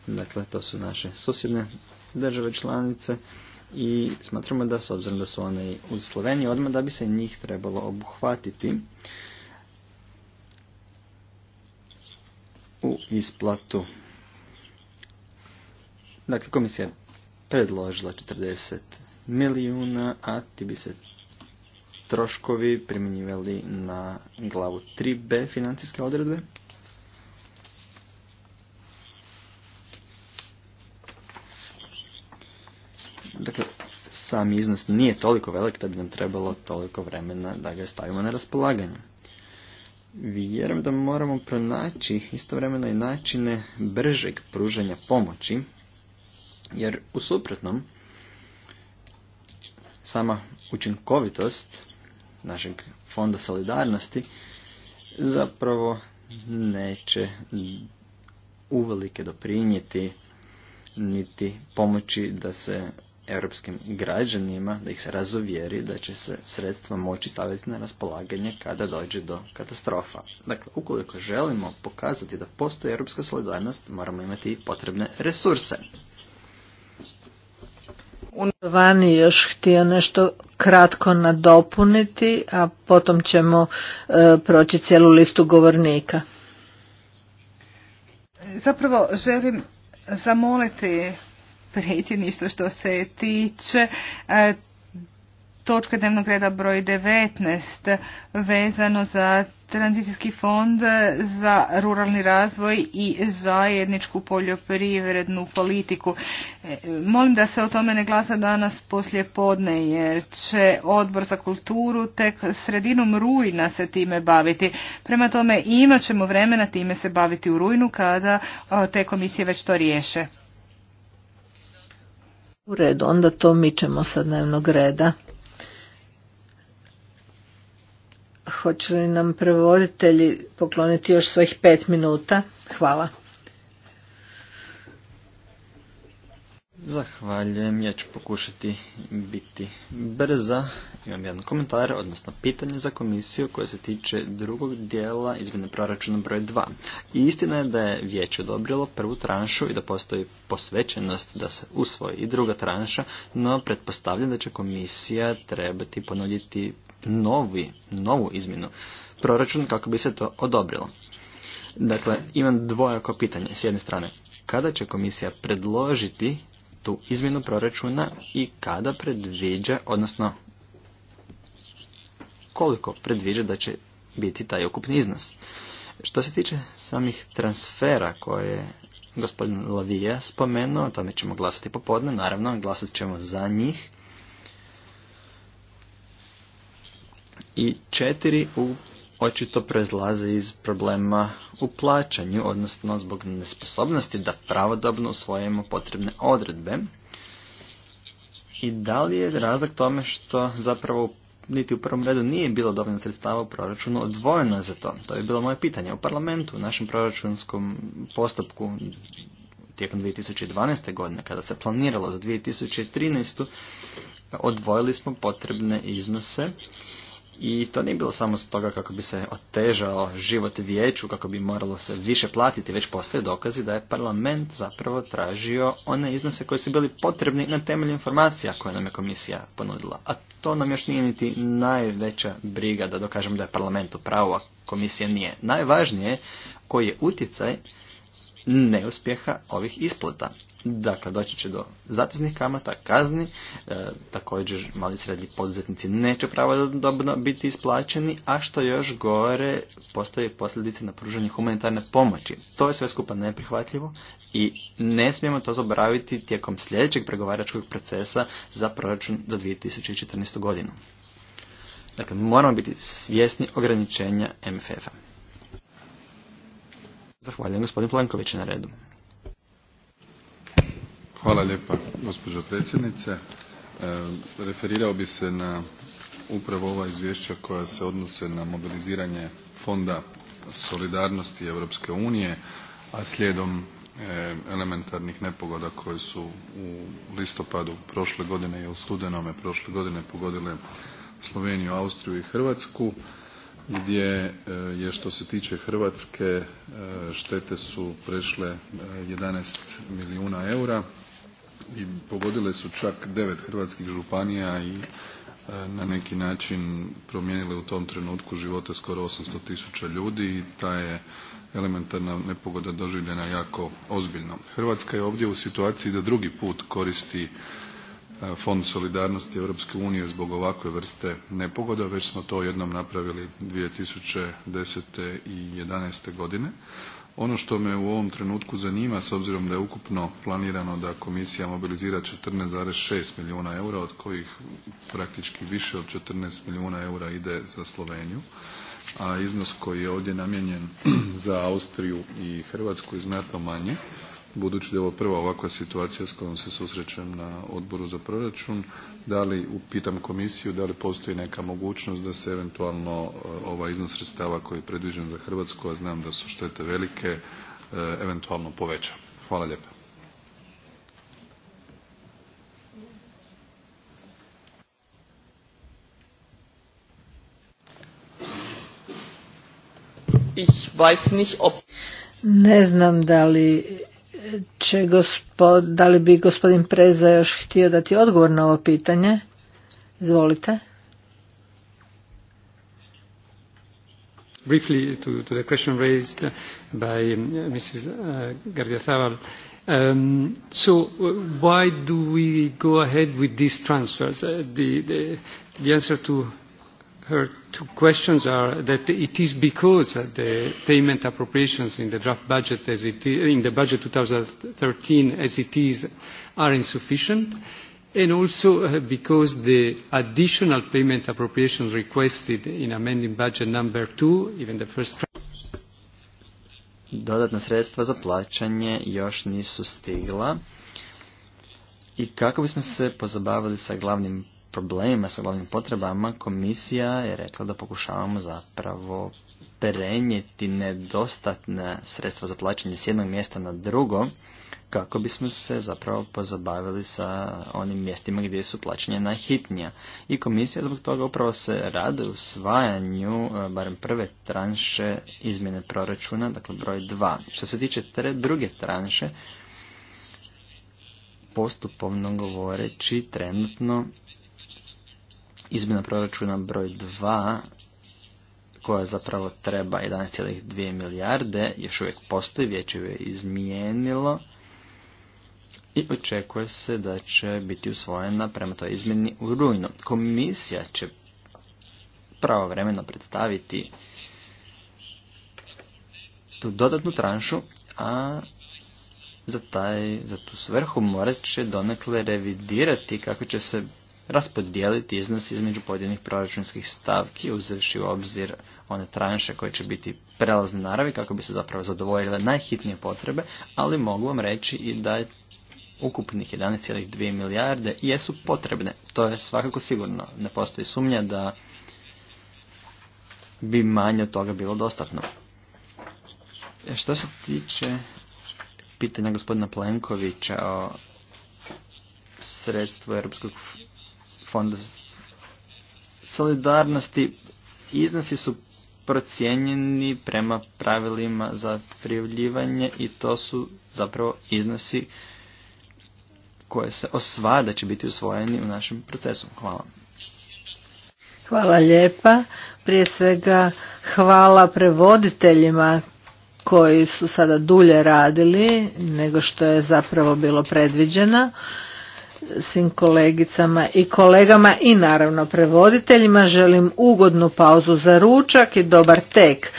E: Dakle, to su naše susjedne države članice i smatramo da s obzirom da su one u Sloveniji odmah da bi se njih trebalo obuhvatiti u isplatu. Dakle, komisija predložila 40 milijuna, a ti bi se troškovi primjenjivali na glavu 3b financijske odredbe. Dakle, sam iznos nije toliko velik da bi nam trebalo toliko vremena da ga stavimo na raspolaganje. Vjerujem da moramo pronaći istovremeno i načine bržeg pružanja pomoći, jer u suprotnom sama učinkovitost našeg fonda solidarnosti zapravo neće uvelike doprinijeti niti pomoći da se europskim građanima, da ih se razovjeri da će se sredstva moći staviti na raspolaganje kada dođe do katastrofa. Dakle, ukoliko želimo pokazati da postoji europska solidarnost, moramo imati potrebne resurse.
B: Vani još htio nešto kratko nadopuniti, a potom ćemo e, proći cijelu listu govornika.
C: Zapravo želim zamoliti predsjedništvo što se tiče e, točka dnevnog reda broj 19 vezano za tranzicijski fond za ruralni razvoj i zajedničku poljoprivrednu politiku. E, molim da se o tome ne glasa danas poslije podne jer će odbor za kulturu tek sredinom rujna se time baviti. Prema tome imat ćemo vremena time se baviti u rujnu kada te komisije već to riješe.
B: U redu, onda to mičemo sa dnevnog reda. Hoće li nam prevoditelji pokloniti još svojih pet minuta? Hvala.
E: Zahvaljujem, ja ću pokušati biti brza. Imam jedan komentar, odnosno pitanje za komisiju koje se tiče drugog dijela izmjene proračuna broj 2. I istina je da je vijeće odobrilo prvu tranšu i da postoji posvećenost da se usvoji i druga tranša, no pretpostavljam da će komisija trebati ponuditi novi, novu izmjenu proračuna kako bi se to odobrilo. Dakle, imam dvojako pitanje. S jedne strane, kada će komisija predložiti tu izmjenu proračuna i kada predviđa, odnosno koliko predviđa da će biti taj ukupni iznos. Što se tiče samih transfera koje je gospodin Lavija spomenuo, tome ćemo glasati popodne, naravno glasat ćemo za njih. I četiri u očito proizlaze iz problema u plaćanju, odnosno zbog nesposobnosti da pravodobno usvojimo potrebne odredbe. I da li je razlog tome što zapravo niti u prvom redu nije bilo dovoljno sredstava u proračunu odvojeno za to? To je bilo moje pitanje. U parlamentu, u našem proračunskom postupku tijekom 2012. godine, kada se planiralo za 2013. odvojili smo potrebne iznose i to nije bilo samo stoga kako bi se otežao život vijeću, kako bi moralo se više platiti, već postoje dokazi da je parlament zapravo tražio one iznose koji su bili potrebni na temelju informacija koje nam je komisija ponudila. A to nam još nije niti najveća briga da dokažem da je parlament u pravu, a komisija nije. Najvažnije koji je utjecaj neuspjeha ovih isplata. Dakle, doći će do zateznih kamata, kazni, e, također mali i srednji poduzetnici neće pravodobno biti isplaćeni, a što još gore, postoje posljedice na pružanje humanitarne pomoći. To je sve skupa neprihvatljivo i ne smijemo to zaboraviti tijekom sljedećeg pregovaračkog procesa za proračun za 2014. godinu. Dakle, moramo biti svjesni ograničenja MFF-a. Zahvaljujem gospodin Planković
D: na redu. Hvala lijepa, gospođo predsjednice. E, referirao bih se na upravo ova izvješća koja se odnose na mobiliziranje Fonda solidarnosti Europske unije, a slijedom e, elementarnih nepogoda koje su u listopadu prošle godine i u studenome prošle godine pogodile Sloveniju, Austriju i Hrvatsku gdje e, je što se tiče Hrvatske štete su prešle 11 milijuna eura i pogodile su čak devet hrvatskih županija i e, na neki način promijenile u tom trenutku živote skoro 800 tisuća ljudi i ta je elementarna nepogoda doživljena jako ozbiljno. Hrvatska je ovdje u situaciji da drugi put koristi e, Fond solidarnosti Europske unije zbog ovakve vrste nepogoda. Već smo to jednom napravili 2010. i 2011. godine. Ono što me u ovom trenutku zanima, s obzirom da je ukupno planirano da komisija mobilizira 14,6 milijuna eura, od kojih praktički više od 14 milijuna eura ide za Sloveniju, a iznos koji je ovdje namijenjen za Austriju i Hrvatsku je znatno manji budući da je ovo prva ovakva situacija s kojom se susrećem na odboru za proračun, da li, upitam komisiju, da li postoji neka mogućnost da se eventualno e, ovaj iznos sredstava koji je predviđen za Hrvatsku, a znam da su štete velike, e, eventualno poveća. Hvala lijepa.
B: Ne znam da li će gospod, da li bi gospodin Preza još htio dati odgovor na ovo pitanje? Izvolite.
A: Briefly to, to the question raised by um, Mrs. Uh, Gardiazabal. Um, so uh, why do we go ahead with these transfers? Uh, the, the, the answer to her two questions are that it is because the payment appropriations in the draft budget as it in the budget 2013 as it is are insufficient and also uh, because the additional payment appropriations requested in amending budget number two, even
E: the first Dodatna sredstva za plaćanje još nisu stigla i kako bismo se pozabavili sa glavnim problemima sa glavnim potrebama, komisija je rekla da pokušavamo zapravo prenijeti nedostatne sredstva za plaćanje s jednog mjesta na drugo kako bismo se zapravo pozabavili sa onim mjestima gdje su plaćanja najhitnija. I komisija zbog toga upravo se rade usvajanju e, barem prve tranše izmjene proračuna, dakle broj 2. Što se tiče druge tranše, postupovno govoreći trenutno izmjena proračuna broj 2 koja zapravo treba 11,2 milijarde još uvijek postoji, vijeće ju je izmijenilo i očekuje se da će biti usvojena prema toj izmjeni u rujnu. Komisija će pravovremeno predstaviti tu dodatnu tranšu, a za, taj, za tu svrhu morat će donekle revidirati kako će se raspodijeliti iznos između pojedinih proračunskih stavki uzevši u obzir one tranše koje će biti prelazne naravi kako bi se zapravo zadovoljile najhitnije potrebe, ali mogu vam reći i da je ukupnih 11,2 milijarde jesu potrebne. To je svakako sigurno. Ne postoji sumnja da bi manje od toga bilo dostatno. E, što se tiče pitanja gospodina Plenkovića o sredstvu Europskog fonda solidarnosti iznosi su procijenjeni prema pravilima za prijavljivanje i to su zapravo iznosi koje se osvada da će biti usvojeni u našem procesu. Hvala.
B: Hvala lijepa. Prije svega hvala prevoditeljima koji su sada dulje radili nego što je zapravo bilo predviđeno svim kolegicama i kolegama i naravno prevoditeljima. Želim ugodnu pauzu za ručak i dobar tek.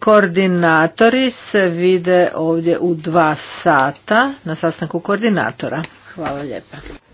B: Koordinatori se vide ovdje u dva sata na sastanku koordinatora. Hvala lijepa.